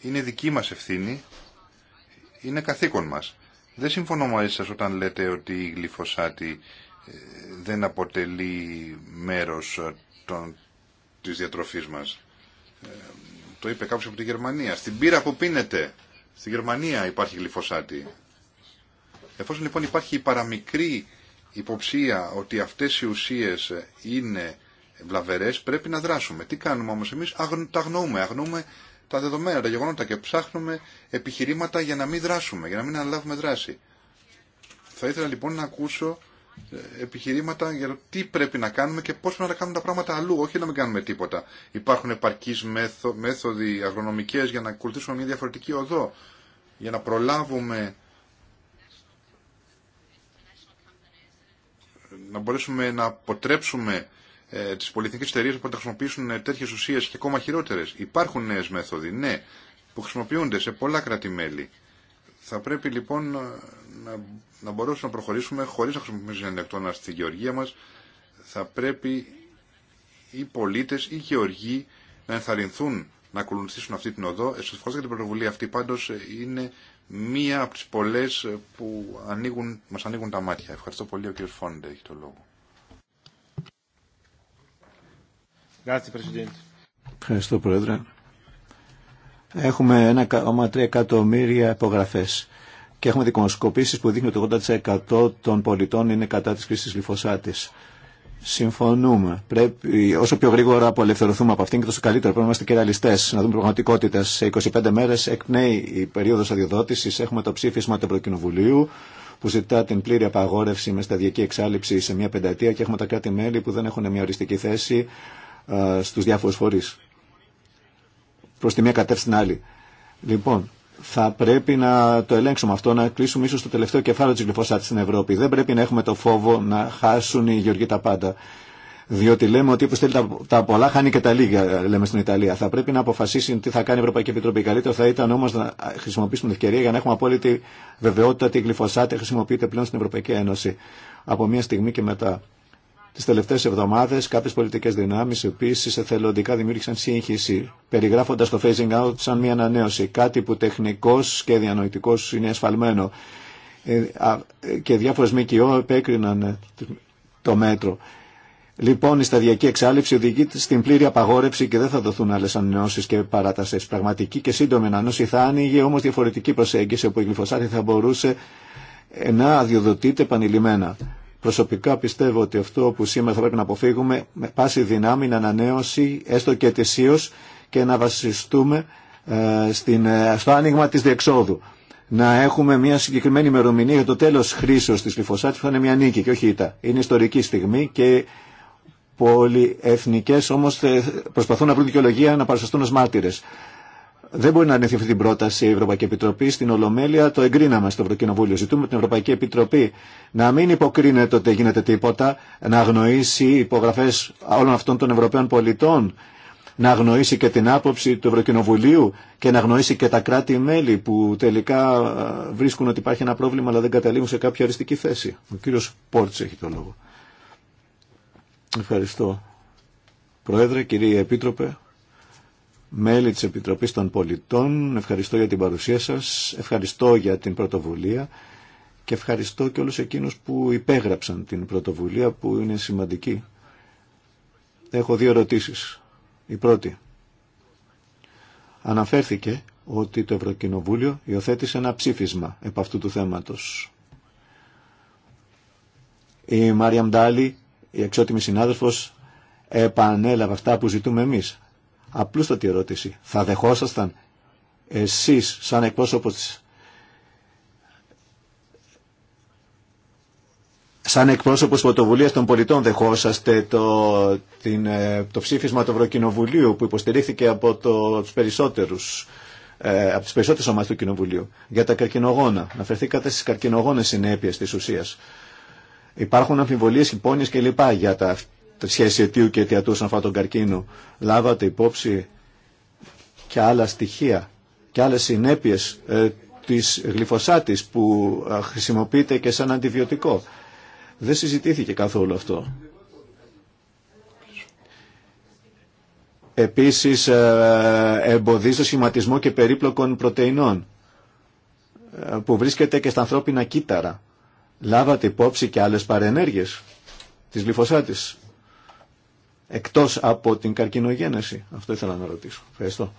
είναι δική μας ευθύνη είναι καθήκον μας. Δεν συμφωνώ μαζί σας όταν λέτε ότι η γλυφοσάτη ε, δεν αποτελεί μέρος ε, των, της διατροφής μας. Ε, το είπε κάποιος από τη Γερμανία. Στην πύρα που πίνετε, στη Γερμανία υπάρχει γλυφοσάτη. Εφόσον λοιπόν υπάρχει η παραμικρή υποψία ότι αυτές οι ουσίες είναι βλαβερές, πρέπει να δράσουμε. Τι κάνουμε όμως εμείς, τα αγνοούμε τα δεδομένα, τα γεγονότα και ψάχνουμε επιχειρήματα για να μην δράσουμε, για να μην αναλάβουμε δράση. Θα ήθελα λοιπόν να ακούσω ε, επιχειρήματα για το τι πρέπει να κάνουμε και πώς πρέπει να κάνουμε τα πράγματα αλλού, όχι να μην κάνουμε τίποτα. Υπάρχουν επαρκείς μέθοδοι αγρονομικές για να ακολουθήσουμε μια διαφορετική οδό, για να προλάβουμε να μπορέσουμε να αποτρέψουμε ε, τι πολυεθνικέ εταιρείε που θα χρησιμοποιήσουν ε, τέτοιε ουσίε και ακόμα χειρότερε. Υπάρχουν νέε μέθοδοι, ναι, που χρησιμοποιούνται σε πολλά κράτη-μέλη. Θα πρέπει λοιπόν να, να μπορέσουμε να προχωρήσουμε χωρί να χρησιμοποιήσουμε ενδεκτόνα στη γεωργία μα. Θα πρέπει οι πολίτε, οι γεωργοί να ενθαρρυνθούν να ακολουθήσουν αυτή την οδό. Σα ευχαριστώ για την πρωτοβουλία αυτή. Πάντω ε, είναι μία από τι πολλέ ε, που ανοίγουν, μα ανοίγουν τα μάτια. Ευχαριστώ πολύ. Ο κ. Φόντε έχει το λόγο. Ευχαριστώ, Πρόεδρε. Έχουμε 1,3 εκατομμύρια υπογραφέ και έχουμε δικονοσκοπήσεις που δείχνουν ότι το 80% των πολιτών είναι κατά τη χρήσης τη. Συμφωνούμε. Πρέπει, όσο πιο γρήγορα απολευθερωθούμε από αυτήν και τόσο καλύτερα. Πρέπει να είμαστε και ρεαλιστέ, να δούμε πραγματικότητα. Σε 25 μέρε εκπνέει η περίοδο αδειοδότηση. Έχουμε το ψήφισμα του Ευρωκοινοβουλίου που ζητά την πλήρη απαγόρευση με σταδιακή εξάλληψη σε μια πενταετία και έχουμε τα κράτη-μέλη που δεν έχουν μια οριστική θέση ε, στους διάφορους φορείς. Προς τη μία κατεύθυνση στην άλλη. Λοιπόν, θα πρέπει να το ελέγξουμε αυτό, να κλείσουμε ίσως το τελευταίο κεφάλαιο της γλυφωσάτης στην Ευρώπη. Δεν πρέπει να έχουμε το φόβο να χάσουν οι γεωργοί τα πάντα. Διότι λέμε ότι όπω θέλει τα, τα πολλά χάνει και τα λίγα, λέμε στην Ιταλία. Θα πρέπει να αποφασίσει τι θα κάνει η Ευρωπαϊκή Επιτροπή. Καλύτερο θα ήταν όμω να χρησιμοποιήσουμε την ευκαιρία για να έχουμε απόλυτη βεβαιότητα ότι η γλυφωσάτη χρησιμοποιείται πλέον στην Ευρωπαϊκή Ένωση από μια στιγμή και μετά. Τις τελευταίες εβδομάδες κάποιες πολιτικές δυνάμεις επίσης εθελοντικά δημιούργησαν σύγχυση περιγράφοντα το phasing out σαν μια ανανέωση, κάτι που τεχνικός και διανοητικός είναι ασφαλμένο ε, και διάφορε ΜΚΟ επέκριναν το μέτρο. Λοιπόν, η σταδιακή εξάλληψη οδηγεί στην πλήρη απαγόρευση και δεν θα δοθούν άλλε ανανεώσει και παράτασε. Πραγματική και σύντομη ανανέωση θα άνοιγε όμω διαφορετική προσέγγιση όπου η γλυφοσάτη θα μπορούσε να αδειοδοτείται επανειλημμένα. Προσωπικά πιστεύω ότι αυτό που σήμερα θα πρέπει να αποφύγουμε με πάση δυνάμει είναι ανανέωση έστω και ετησίω και να βασιστούμε ε, στην, ε, στο άνοιγμα της διεξόδου. Να έχουμε μια συγκεκριμένη ημερομηνία για το τέλος χρήσεως της λιφοσάτης που θα είναι μια νίκη και όχι ήττα. Είναι ιστορική στιγμή και πολυεθνικές όμως ε, προσπαθούν να βρουν δικαιολογία να παρουσιαστούν ως μάρτυρες δεν μπορεί να αρνηθεί αυτή την πρόταση η Ευρωπαϊκή Επιτροπή. Στην Ολομέλεια το εγκρίναμε στο Ευρωκοινοβούλιο. Ζητούμε την Ευρωπαϊκή Επιτροπή να μην υποκρίνεται ότι γίνεται τίποτα, να αγνοήσει υπογραφέ όλων αυτών των Ευρωπαίων πολιτών, να αγνοήσει και την άποψη του Ευρωκοινοβουλίου και να αγνοήσει και τα κράτη-μέλη που τελικά βρίσκουν ότι υπάρχει ένα πρόβλημα αλλά δεν καταλήγουν σε κάποια οριστική θέση. Ο κύριο Πόρτς έχει το λόγο. Ευχαριστώ. Πρόεδρε, κύριε Επίτροπε, μέλη της Επιτροπής των Πολιτών. Ευχαριστώ για την παρουσία σας, ευχαριστώ για την πρωτοβουλία και ευχαριστώ και όλους εκείνους που υπέγραψαν την πρωτοβουλία που είναι σημαντική. Έχω δύο ερωτήσεις. Η πρώτη. Αναφέρθηκε ότι το Ευρωκοινοβούλιο υιοθέτησε ένα ψήφισμα επ' αυτού του θέματος. Η Μάρια Μντάλη, η εξότιμη συνάδελφος, επανέλαβε αυτά που ζητούμε εμείς Απλούστατη ερώτηση. Θα δεχόσασταν εσείς σαν εκπρόσωπος της Σαν εκπρόσωπο πρωτοβουλία των πολιτών δεχόσαστε το, την, ε, το ψήφισμα του Ευρωκοινοβουλίου που υποστηρίχθηκε από το, τους περισσότερους ε, από τις περισσότερες ομάδες του Κοινοβουλίου για τα καρκινογόνα. Αναφερθήκατε στις καρκινογόνες συνέπειες της ουσίας. Υπάρχουν αμφιβολίες, υπόνοιες κλπ. για τα, τη σχέση αιτίου και αιτιατού σαν φάτον τον καρκίνο. Λάβατε υπόψη και άλλα στοιχεία και άλλες συνέπειες ε, της γλυφοσάτης που ε, χρησιμοποιείται και σαν αντιβιωτικό. Δεν συζητήθηκε καθόλου αυτό. Επίσης ε, εμποδίζει το σχηματισμό και περίπλοκων πρωτεϊνών που βρίσκεται και στα ανθρώπινα κύτταρα. Λάβατε υπόψη και άλλες παρενέργειες της γλυφοσάτης εκτός από την καρκινογένεση. Αυτό ήθελα να ρωτήσω. Ευχαριστώ.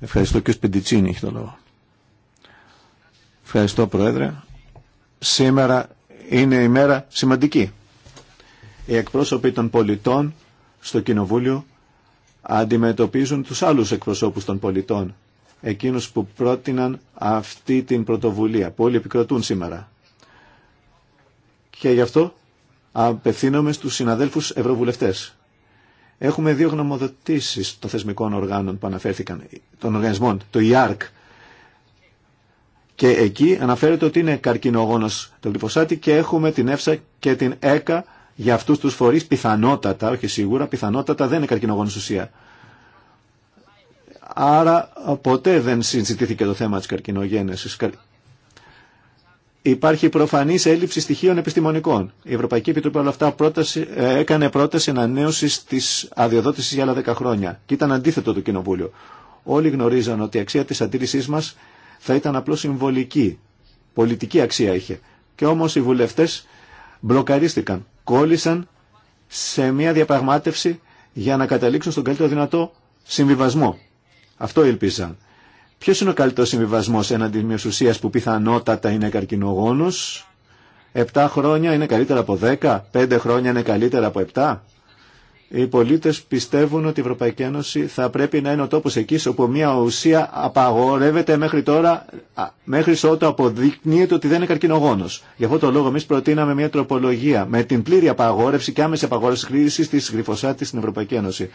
Ευχαριστώ και ο Σπεντιτσίνη έχει το λόγο. Ευχαριστώ Πρόεδρε. Σήμερα είναι η μέρα σημαντική. Οι εκπρόσωποι των πολιτών στο Κοινοβούλιο αντιμετωπίζουν τους άλλους εκπροσώπους των πολιτών εκείνους που πρότειναν αυτή την πρωτοβουλία που όλοι επικροτούν σήμερα. Και γι' αυτό απευθύνομαι στους συναδέλφους ευρωβουλευτές. Έχουμε δύο γνωμοδοτήσεις των θεσμικών οργάνων που αναφέρθηκαν, των οργανισμών, το ΙΑΡΚ. E και εκεί αναφέρεται ότι είναι καρκινογόνος το γλυφωσάτι και έχουμε την ΕΦΣΑ και την ΕΚΑ για αυτούς τους φορείς πιθανότατα, όχι σίγουρα, πιθανότατα δεν είναι καρκινογόνος ουσία. Άρα ποτέ δεν συζητήθηκε το θέμα της καρκινογένεσης. Υπάρχει προφανή έλλειψη στοιχείων επιστημονικών. Η Ευρωπαϊκή Επιτροπή όλα αυτά πρόταση, ε, έκανε πρόταση ανανέωση τη αδειοδότηση για άλλα 10 χρόνια. Και ήταν αντίθετο το Κοινοβούλιο. Όλοι γνωρίζαν ότι η αξία τη αντίρρησή μα θα ήταν απλώ συμβολική. Πολιτική αξία είχε. Και όμω οι βουλευτέ μπλοκαρίστηκαν. Κόλλησαν σε μια διαπραγμάτευση για να καταλήξουν στον καλύτερο δυνατό συμβιβασμό. Αυτό ελπίζαν. Ποιο είναι ο καλύτερο συμβιβασμό έναντι μια ουσία που πιθανότατα είναι καρκινογόνο, Επτά χρόνια είναι καλύτερα από δέκα. Πέντε χρόνια είναι καλύτερα από επτά. Οι πολίτε πιστεύουν ότι η Ευρωπαϊκή Ένωση θα πρέπει να είναι ο τόπο εκεί όπου μια ουσία απαγορεύεται μέχρι τώρα, μέχρι ότου αποδεικνύεται ότι δεν είναι καρκινογόνο. Γι' αυτό το λόγο εμεί προτείναμε μια τροπολογία με την πλήρη απαγόρευση και άμεση απαγόρευση χρήση τη γλυφοσάτη στην Ευρωπαϊκή Ένωση.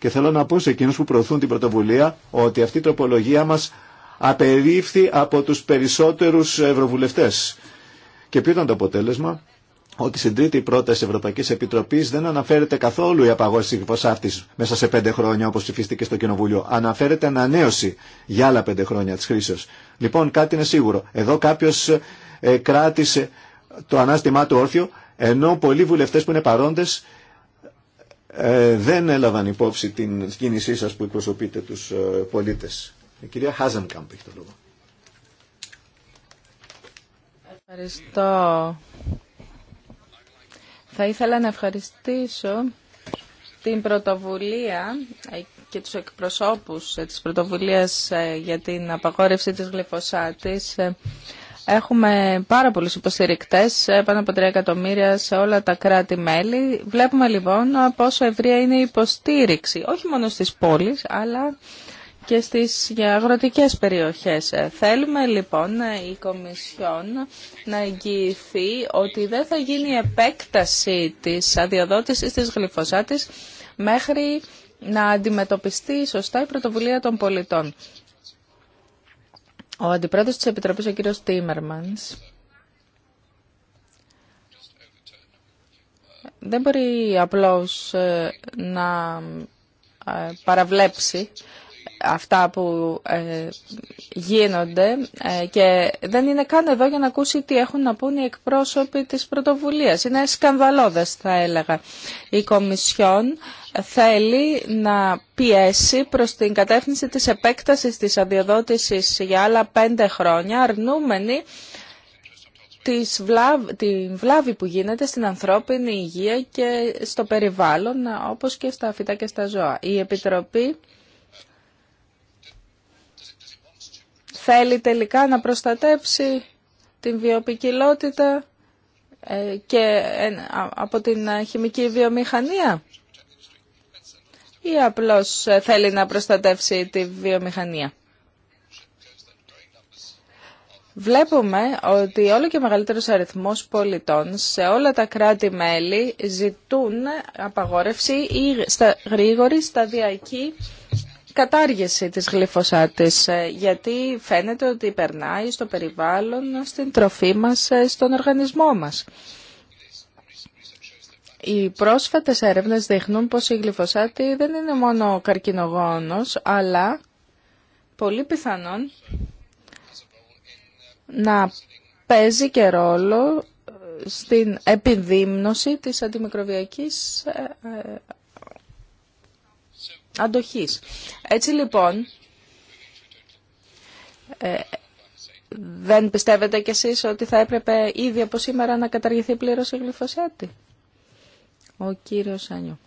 Και θέλω να πω σε εκείνους που προωθούν την πρωτοβουλία ότι αυτή η τροπολογία μας απερίφθη από τους περισσότερους ευρωβουλευτές. Και ποιο ήταν το αποτέλεσμα ότι στην τρίτη πρόταση Ευρωπαϊκής Επιτροπής δεν αναφέρεται καθόλου η απαγόρευση τη μέσα σε πέντε χρόνια όπως ψηφίστηκε στο Κοινοβούλιο. Αναφέρεται ανανέωση για άλλα πέντε χρόνια της χρήσεως. Λοιπόν, κάτι είναι σίγουρο. Εδώ κάποιο ε, κράτησε το ανάστημά του όρθιο, ενώ πολλοί βουλευτέ που είναι παρόντε ε, δεν έλαβαν υπόψη την κίνησή σας που εκπροσωπείτε τους ε, πολίτες. Η κυρία Χάζενκαμπ έχει το λόγο. Ευχαριστώ. Θα ήθελα να ευχαριστήσω την πρωτοβουλία ε, και τους εκπροσώπους της πρωτοβουλίας για την απαγόρευση της γλυφοσάτης Έχουμε πάρα πολλούς υποστηρικτές, ε, πάνω από 3 εκατομμύρια σε όλα τα κράτη-μέλη. Βλέπουμε λοιπόν πόσο ευρεία είναι η υποστήριξη, όχι μόνο στις πόλεις, αλλά και στις αγροτικές περιοχές. Ε, θέλουμε λοιπόν ε, η Κομισιόν να εγγυηθεί ότι δεν θα γίνει επέκταση της αδειοδότησης της γλυφοσάτης μέχρι να αντιμετωπιστεί σωστά η πρωτοβουλία των πολιτών. Ο αντιπρόεδρος της Επιτροπής, ο κύριος Τίμερμανς, δεν μπορεί απλώς ε, να ε, παραβλέψει αυτά που ε, γίνονται ε, και δεν είναι καν εδώ για να ακούσει τι έχουν να πούν οι εκπρόσωποι της πρωτοβουλίας. Είναι σκανδαλώδες θα έλεγα. Η Κομισιόν θέλει να πιέσει προς την κατεύθυνση της επέκτασης της αδειοδότησης για άλλα πέντε χρόνια αρνούμενη της βλάβ, την βλάβη που γίνεται στην ανθρώπινη υγεία και στο περιβάλλον όπως και στα φυτά και στα ζώα. Η Επιτροπή θέλει τελικά να προστατέψει την βιοπικιλότητα ε, και ε, από την χημική βιομηχανία ή απλώς ε, θέλει να προστατεύσει τη βιομηχανία. Βλέπουμε ότι όλο και μεγαλύτερος αριθμός πολιτών σε όλα τα κράτη-μέλη ζητούν απαγόρευση ή στα γρήγορη σταδιακή κατάργηση της γλυφοσάτης, ε, γιατί φαίνεται ότι περνάει στο περιβάλλον, στην τροφή μας, ε, στον οργανισμό μας. Οι πρόσφατες έρευνες δείχνουν πως η γλυφοσάτη δεν είναι μόνο καρκινογόνος, αλλά πολύ πιθανόν να παίζει και ρόλο ε, στην επιδείμνωση της αντιμικροβιακής αντοχής. Έτσι λοιπόν, ε, δεν πιστεύετε κι εσείς ότι θα έπρεπε ήδη από σήμερα να καταργηθεί πλήρως η γλυφοσέτη. Ο κύριος Άνιου.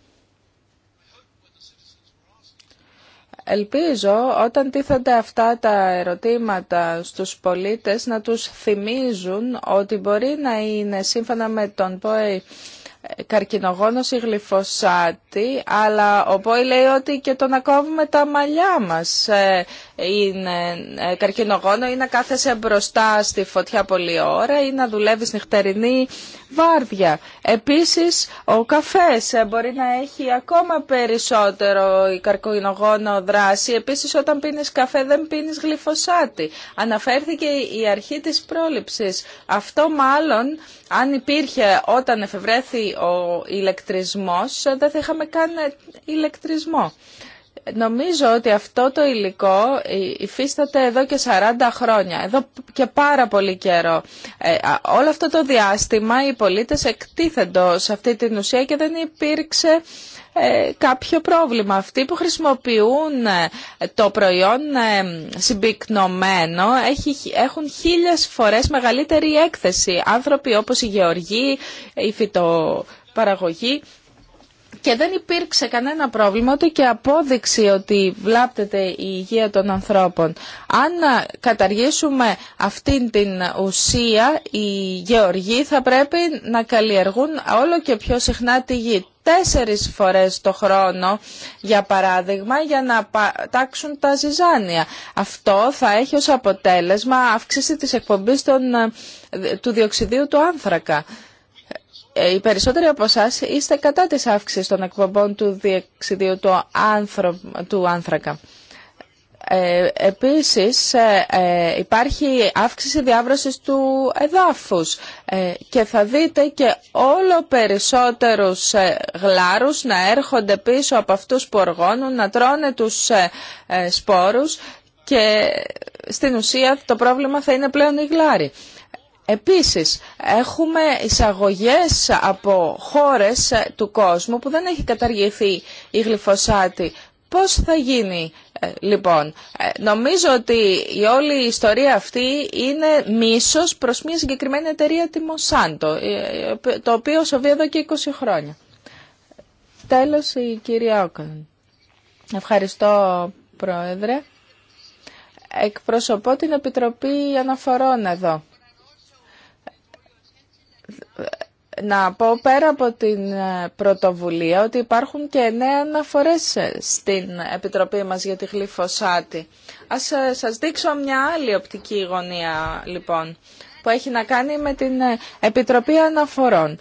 Ελπίζω όταν τίθενται αυτά τα ερωτήματα στους πολίτες να τους θυμίζουν ότι μπορεί να είναι σύμφωνα με τον ΠΟΕ καρκινογόνος ή γλυφοσάτη, αλλά ο Πόη λέει ότι και το να κόβουμε τα μαλλιά μας ε, είναι ε, καρκινογόνο ή να κάθεσαι μπροστά στη φωτιά πολλή ώρα ή να δουλεύεις νυχτερινή βάρδια. Επίσης, ο καφές ε, μπορεί να έχει ακόμα περισσότερο η καρκινογόνο δράση. Επίσης, όταν πίνεις καφέ δεν πίνεις γλυφοσάτη. Αναφέρθηκε η αρχή της πρόληψης. Αυτό μάλλον αν υπήρχε όταν εφευρέθη ο ηλεκτρισμός, δεν θα είχαμε καν ηλεκτρισμό. Νομίζω ότι αυτό το υλικό υφίσταται εδώ και 40 χρόνια, εδώ και πάρα πολύ καιρό. Ε, όλο αυτό το διάστημα οι πολίτες εκτίθεντο σε αυτή την ουσία και δεν υπήρξε ε, κάποιο πρόβλημα. Αυτοί που χρησιμοποιούν ε, το προϊόν ε, συμπυκνωμένο έχουν χίλιες φορές μεγαλύτερη έκθεση. Άνθρωποι όπως η γεωργή, η φυτοπαραγωγή και δεν υπήρξε κανένα πρόβλημα ούτε και απόδειξη ότι βλάπτεται η υγεία των ανθρώπων. Αν καταργήσουμε αυτήν την ουσία, οι γεωργοί θα πρέπει να καλλιεργούν όλο και πιο συχνά τη γη. Τέσσερις φορές το χρόνο, για παράδειγμα, για να τάξουν τα ζυζάνια. Αυτό θα έχει ως αποτέλεσμα αύξηση της εκπομπής του διοξιδίου του άνθρακα. Ε, οι περισσότεροι από εσά είστε κατά της αύξησης των εκπομπών του διεξιδίου του, του άνθρακα. Ε, επίσης ε, ε, υπάρχει αύξηση διάβρωσης του εδάφους και θα δείτε και όλο περισσότερους γλάρους να έρχονται πίσω από αυτούς που οργώνουν, να τρώνε τους σπόρους και στην ουσία το πρόβλημα θα είναι πλέον οι γλάροι. Επίσης, έχουμε εισαγωγές από χώρες του κόσμου που δεν έχει καταργηθεί η γλυφοσάτη. Πώς θα γίνει ε, λοιπόν. Ε, νομίζω ότι η όλη η ιστορία αυτή είναι μίσος προς μια συγκεκριμένη εταιρεία τη μοσάντο ε, το οποίο σοβεί εδώ και 20 χρόνια. Τέλος η κυρία Όκαν. Ευχαριστώ Πρόεδρε. Εκπροσωπώ την Επιτροπή Αναφορών εδώ. να πω πέρα από την ε, πρωτοβουλία ότι υπάρχουν και νέα αναφορές ε, στην Επιτροπή μας για τη Γλυφοσάτη. Ας ε, σας δείξω μια άλλη οπτική γωνία λοιπόν που έχει να κάνει με την Επιτροπή Αναφορών.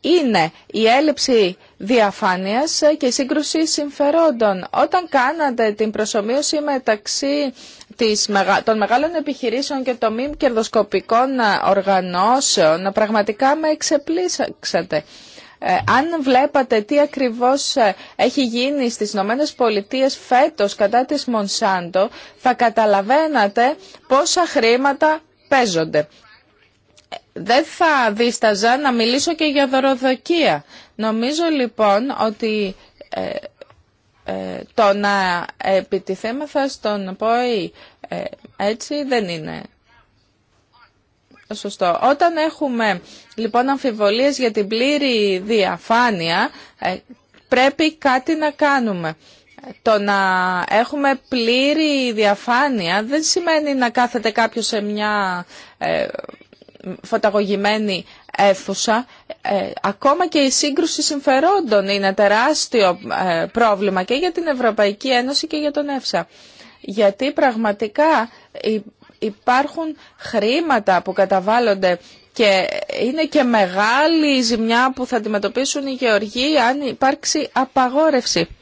Είναι η έλλειψη διαφάνειας και σύγκρουση συμφερόντων. Όταν κάνατε την προσωμείωση μεταξύ των μεγάλων επιχειρήσεων και των μη κερδοσκοπικών ε, οργανώσεων πραγματικά με εξεπλήσαξατε. Ε, αν βλέπατε τι ακριβώς ε, έχει γίνει στις Ηνωμένες Πολιτείες φέτος κατά της Μονσάντο, θα καταλαβαίνατε πόσα χρήματα παίζονται. Δεν θα δίσταζα να μιλήσω και για δωροδοκία. Νομίζω λοιπόν ότι το να επιτιθέμεθα στον ΠΟΗ ε, έτσι δεν είναι Σωστό. Όταν έχουμε λοιπόν αμφιβολίες για την πλήρη διαφάνεια, ε, πρέπει κάτι να κάνουμε. Το να έχουμε πλήρη διαφάνεια δεν σημαίνει να κάθεται κάποιος σε μια ε, φωταγωγημένη αίθουσα, ε, ακόμα και η σύγκρουση συμφερόντων είναι τεράστιο ε, πρόβλημα και για την Ευρωπαϊκή Ένωση και για τον ΕΦΣΑ. Γιατί πραγματικά υπάρχουν χρήματα που καταβάλλονται και είναι και μεγάλη η ζημιά που θα αντιμετωπίσουν οι γεωργοί αν υπάρξει απαγόρευση.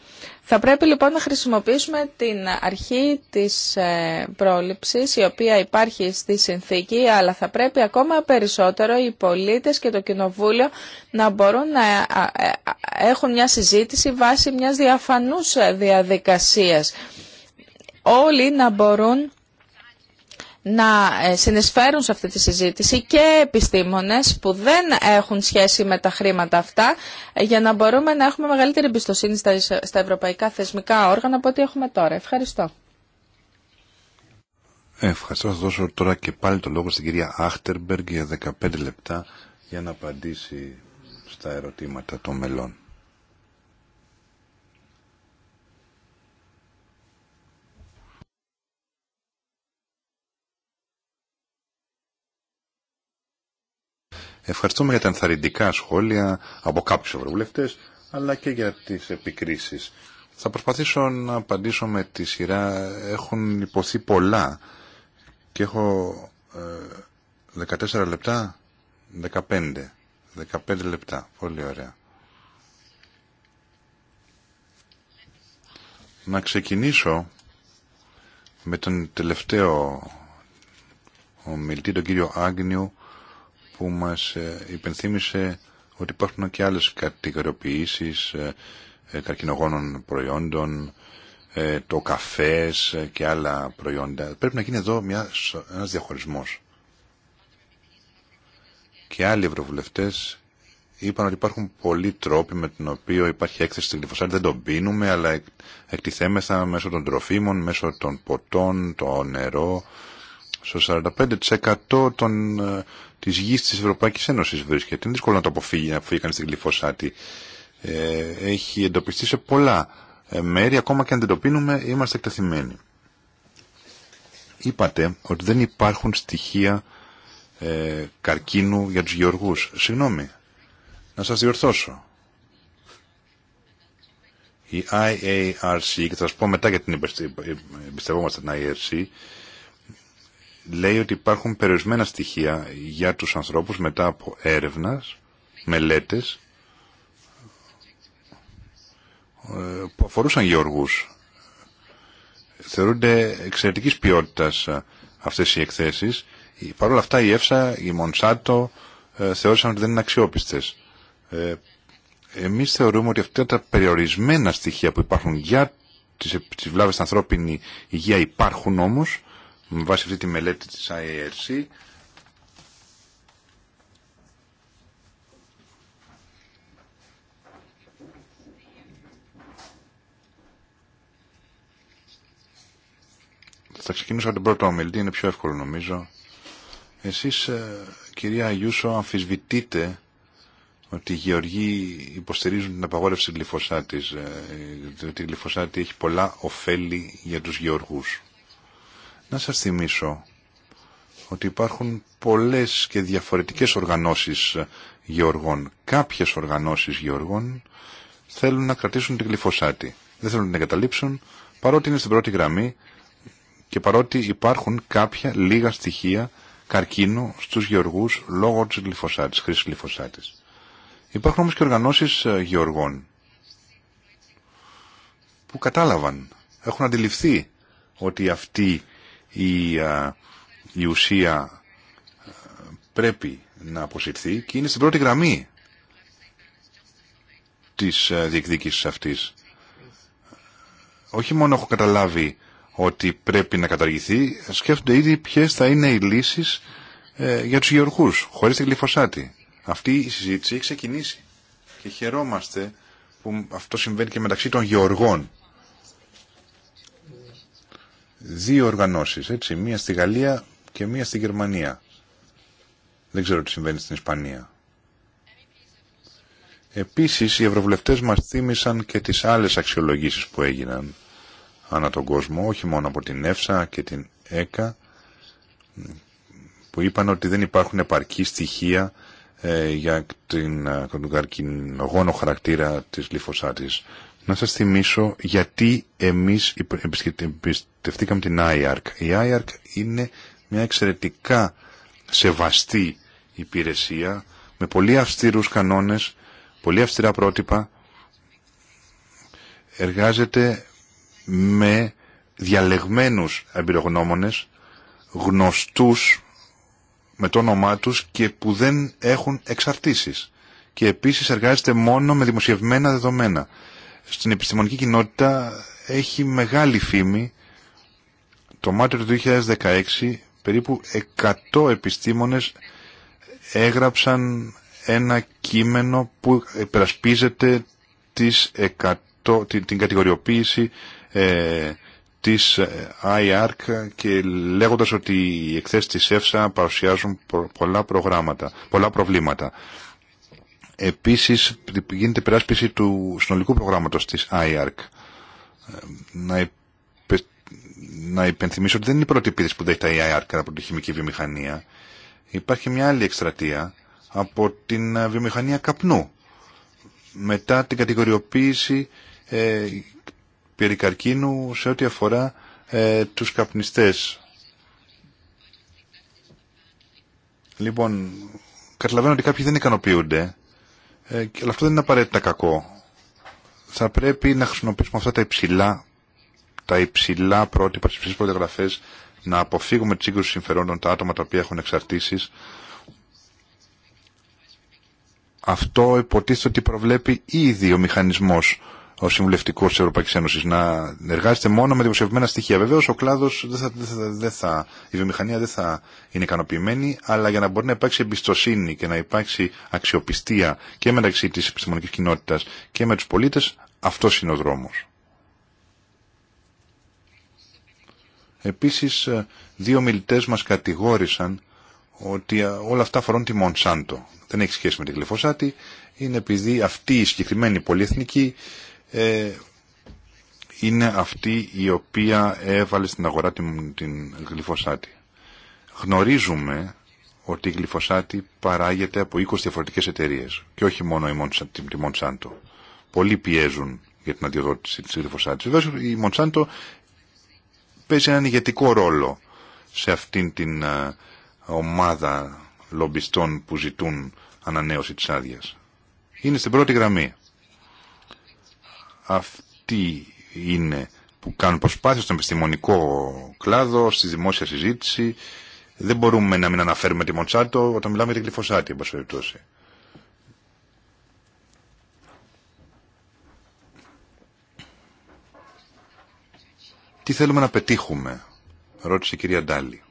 Θα πρέπει λοιπόν να χρησιμοποιήσουμε την αρχή της ε, πρόληψης η οποία υπάρχει στη συνθήκη αλλά θα πρέπει ακόμα περισσότερο οι πολίτες και το κοινοβούλιο να μπορούν να ε, ε, έχουν μια συζήτηση βάσει μιας διαφανούς διαδικασίας. Όλοι να μπορούν να ε, συνεισφέρουν σε αυτή τη συζήτηση και επιστήμονες που δεν έχουν σχέση με τα χρήματα αυτά ε, για να μπορούμε να έχουμε μεγαλύτερη εμπιστοσύνη στα ευρωπαϊκά θεσμικά όργανα από ό,τι έχουμε τώρα. Ευχαριστώ. Ε, ευχαριστώ. Θα δώσω τώρα και πάλι το λόγο στην κυρία Άχτερμπεργκ για 15 λεπτά για να απαντήσει στα ερωτήματα των μελών. Ευχαριστούμε για τα ενθαρρυντικά σχόλια από κάποιους ευρωβουλευτές, αλλά και για τις επικρίσεις. Θα προσπαθήσω να απαντήσω με τη σειρά. Έχουν υποθεί πολλά και έχω 14 ε, λεπτά, 15, 15 λεπτά. Πολύ ωραία. Να ξεκινήσω με τον τελευταίο ομιλητή, τον κύριο Άγνιου, που μας ε, υπενθύμησε ότι υπάρχουν και άλλες κατηγοριοποιήσεις ε, ε, καρκινογόνων προϊόντων, το καφές και άλλα προϊόντα. Πρέπει να γίνει εδώ μια, ένας διαχωρισμός. Και άλλοι ευρωβουλευτές είπαν ότι υπάρχουν πολλοί τρόποι με τον οποίο υπάρχει έκθεση στην γλυφοσάρη. Δεν τον πίνουμε, αλλά εκτιθέμεθα μέσω των τροφίμων, μέσω των ποτών, το νερό. Στο 45% των τη γη τη Ευρωπαϊκή Ένωση βρίσκεται. Είναι δύσκολο να το αποφύγει, να αποφύγει κανεί την γλυφωσάτη. Ε, έχει εντοπιστεί σε πολλά ε, μέρη, ακόμα και αν δεν το πίνουμε, είμαστε εκτεθειμένοι. Είπατε ότι δεν υπάρχουν στοιχεία ε, καρκίνου για τους γεωργούς. Συγγνώμη, να σας διορθώσω. Η IARC, και θα σας πω μετά για την εμπιστευόμαστε την IARC, λέει ότι υπάρχουν περιορισμένα στοιχεία για τους ανθρώπους μετά από έρευνας, μελέτες, που αφορούσαν γεωργούς. Θεωρούνται εξαιρετικής ποιότητας ε, αυτές οι εκθέσεις. Ε, παρ' όλα αυτά η ΕΦΣΑ, η Μονσάτο ε, θεώρησαν ότι δεν είναι αξιόπιστες. Εμείς θεωρούμε ότι αυτά τα περιορισμένα στοιχεία που υπάρχουν για τις, τις βλάβες στην ανθρώπινη υγεία υπάρχουν όμως με βάση αυτή τη μελέτη της IARC Θα ξεκινήσω από την πρώτη ομιλητή, είναι πιο εύκολο νομίζω. Εσείς, ε, κυρία Αγιούσο, αμφισβητείτε ότι οι γεωργοί υποστηρίζουν την απαγόρευση γλυφωσάτης, διότι ε, η γλυφωσάτη έχει πολλά ωφέλη για τους γεωργούς. Να σας θυμίσω ότι υπάρχουν πολλές και διαφορετικές οργανώσεις γεωργών. Κάποιες οργανώσεις γεωργών θέλουν να κρατήσουν την γλυφοσάτη. Δεν θέλουν να την εγκαταλείψουν, παρότι είναι στην πρώτη γραμμή και παρότι υπάρχουν κάποια λίγα στοιχεία καρκίνου στους γεωργούς λόγω της γλυφοσάτης, χρήσης γλυφοσάτης. Υπάρχουν όμως και οργανώσεις ε, γεωργών που κατάλαβαν, έχουν αντιληφθεί ότι αυτή η, ουσία πρέπει να αποσυρθεί και είναι στην πρώτη γραμμή της διεκδίκησης αυτής. Όχι μόνο έχω καταλάβει ότι πρέπει να καταργηθεί, σκέφτονται ήδη ποιες θα είναι οι λύσεις ε, για τους γεωργούς, χωρίς την γλυφοσάτη. Αυτή η συζήτηση έχει ξεκινήσει και χαιρόμαστε που αυτό συμβαίνει και μεταξύ των γεωργών δύο οργανώσεις, έτσι, μία στη Γαλλία και μία στη Γερμανία. Δεν ξέρω τι συμβαίνει στην Ισπανία. Επίσης, οι ευρωβουλευτές μας θύμισαν και τις άλλες αξιολογήσεις που έγιναν ανά τον κόσμο, όχι μόνο από την ΕΦΣΑ και την ΕΚΑ, που είπαν ότι δεν υπάρχουν επαρκή στοιχεία ε, για την, ε, τον καρκινογόνο χαρακτήρα της λιφοσάτης να σας θυμίσω γιατί εμείς επισκεφτήκαμε την IARC. Η IARC είναι μια εξαιρετικά σεβαστή υπηρεσία με πολύ αυστηρούς κανόνες, πολύ αυστηρά πρότυπα. Εργάζεται με διαλεγμένους εμπειρογνώμονες, γνωστούς με το όνομά τους και που δεν έχουν εξαρτήσεις. Και επίσης εργάζεται μόνο με δημοσιευμένα δεδομένα στην επιστημονική κοινότητα έχει μεγάλη φήμη. Το Μάρτιο του 2016 περίπου 100 επιστήμονες έγραψαν ένα κείμενο που υπερασπίζεται τις 100, την, κατηγοριοποίηση ε, της ε, IARC και λέγοντας ότι οι εκθέσεις της ΕΦΣΑ παρουσιάζουν πολλά, προγράμματα, πολλά προβλήματα. Επίσης γίνεται περάσπιση του συνολικού προγράμματος της IARC. Ε, να, να υπενθυμίσω ότι δεν είναι η πρώτη επίθεση που δέχεται η IARC από τη χημική βιομηχανία. Υπάρχει μια άλλη εκστρατεία από την ε, βιομηχανία καπνού. Μετά την κατηγοριοποίηση ε, περικαρκίνου σε ό,τι αφορά ε, τους καπνιστές. Λοιπόν, καταλαβαίνω ότι κάποιοι δεν ικανοποιούνται ε, αλλά αυτό δεν είναι απαραίτητα κακό. Θα πρέπει να χρησιμοποιήσουμε αυτά τα υψηλά, τα υψηλά πρότυπα, τι υψηλέ προδιαγραφέ, να αποφύγουμε τη σύγκρουση συμφερόντων τα άτομα τα οποία έχουν εξαρτήσει. Αυτό υποτίθεται ότι προβλέπει ήδη ο μηχανισμός ο συμβουλευτικό τη Ευρωπαϊκή Ένωση να εργάζεται μόνο με δημοσιευμένα στοιχεία. Βεβαίω ο κλάδο, δεν, δεν, δεν θα, η βιομηχανία δεν θα είναι ικανοποιημένη, αλλά για να μπορεί να υπάρξει εμπιστοσύνη και να υπάρξει αξιοπιστία και μεταξύ τη επιστημονική κοινότητα και με του πολίτε, αυτό είναι ο δρόμο. Επίση, δύο μιλητέ μα κατηγόρησαν ότι όλα αυτά αφορούν τη Μονσάντο. Δεν έχει σχέση με την κλειφωσάτη. Είναι επειδή αυτή η συγκεκριμένη πολυεθνική ε, είναι αυτή η οποία έβαλε στην αγορά την, την γλυφοσάτη. Γνωρίζουμε ότι η γλυφοσάτη παράγεται από 20 διαφορετικές εταιρείες και όχι μόνο η Μοντσάντο. Πολλοί πιέζουν για την αντιδότηση της γλυφοσάτης. Βέβαια η Μονσάντο παίζει έναν ηγετικό ρόλο σε αυτήν την ε, ομάδα λομπιστών που ζητούν ανανέωση της άδειας. Είναι στην πρώτη γραμμή αυτοί είναι που κάνουν προσπάθειες στον επιστημονικό κλάδο, στη δημόσια συζήτηση. Δεν μπορούμε να μην αναφέρουμε τη Μοντσάτο όταν μιλάμε για τη γλυφοσάτη, εν περιπτώσει. Τι θέλουμε να πετύχουμε, ρώτησε η κυρία Ντάλη.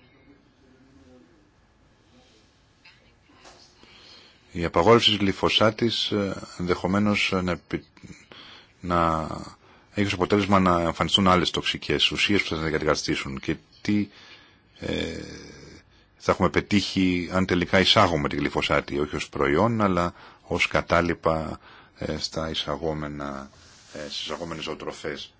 Η απαγόρευση της γλυφοσάτης ε, ενδεχομένως να, να έχει ως αποτέλεσμα να εμφανιστούν άλλες τοξικές ουσίες που θα την και τι ε, θα έχουμε πετύχει αν τελικά εισάγουμε τη γλυφοσάτη όχι ως προϊόν αλλά ως κατάλοιπα ε, στα εισαγόμενα, ε, στις εισαγόμενες οτροφές.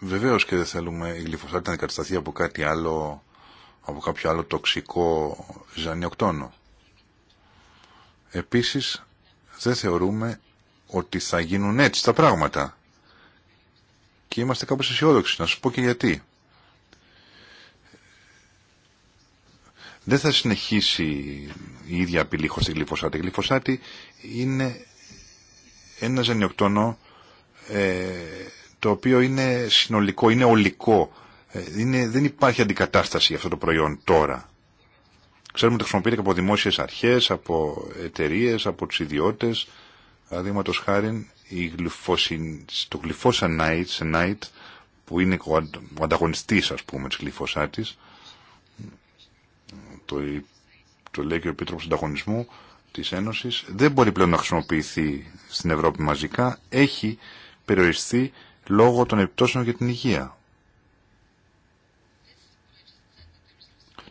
Βεβαίως και δεν θέλουμε η γλυφοσάτη να κατασταθεί από κάτι άλλο από κάποιο άλλο τοξικό ζανιοκτόνο. Επίσης, δεν θεωρούμε ότι θα γίνουν έτσι τα πράγματα. Και είμαστε κάπως αισιόδοξοι, να σου πω και γιατί. Δεν θα συνεχίσει η ίδια απειλή χωρίς τη γλυφωσάτη. Η γλυφοσάτη είναι ένα ζενιοκτόνο ε, το οποίο είναι συνολικό, είναι ολικό. Ε, είναι, δεν υπάρχει αντικατάσταση για αυτό το προϊόν τώρα. Ξέρουμε ότι χρησιμοποιείται και από δημόσιες αρχές, από εταιρείε, από τους ιδιώτες. Αδείγματος χάρη, το γλυφόσανάιτ, που είναι ο ανταγωνιστής, ας πούμε, της γλυφοσάτης, το, το λέει και ο Επίτροπος Ανταγωνισμού της Ένωσης, δεν μπορεί πλέον να χρησιμοποιηθεί στην Ευρώπη μαζικά, έχει περιοριστεί λόγω των επιπτώσεων για την υγεία.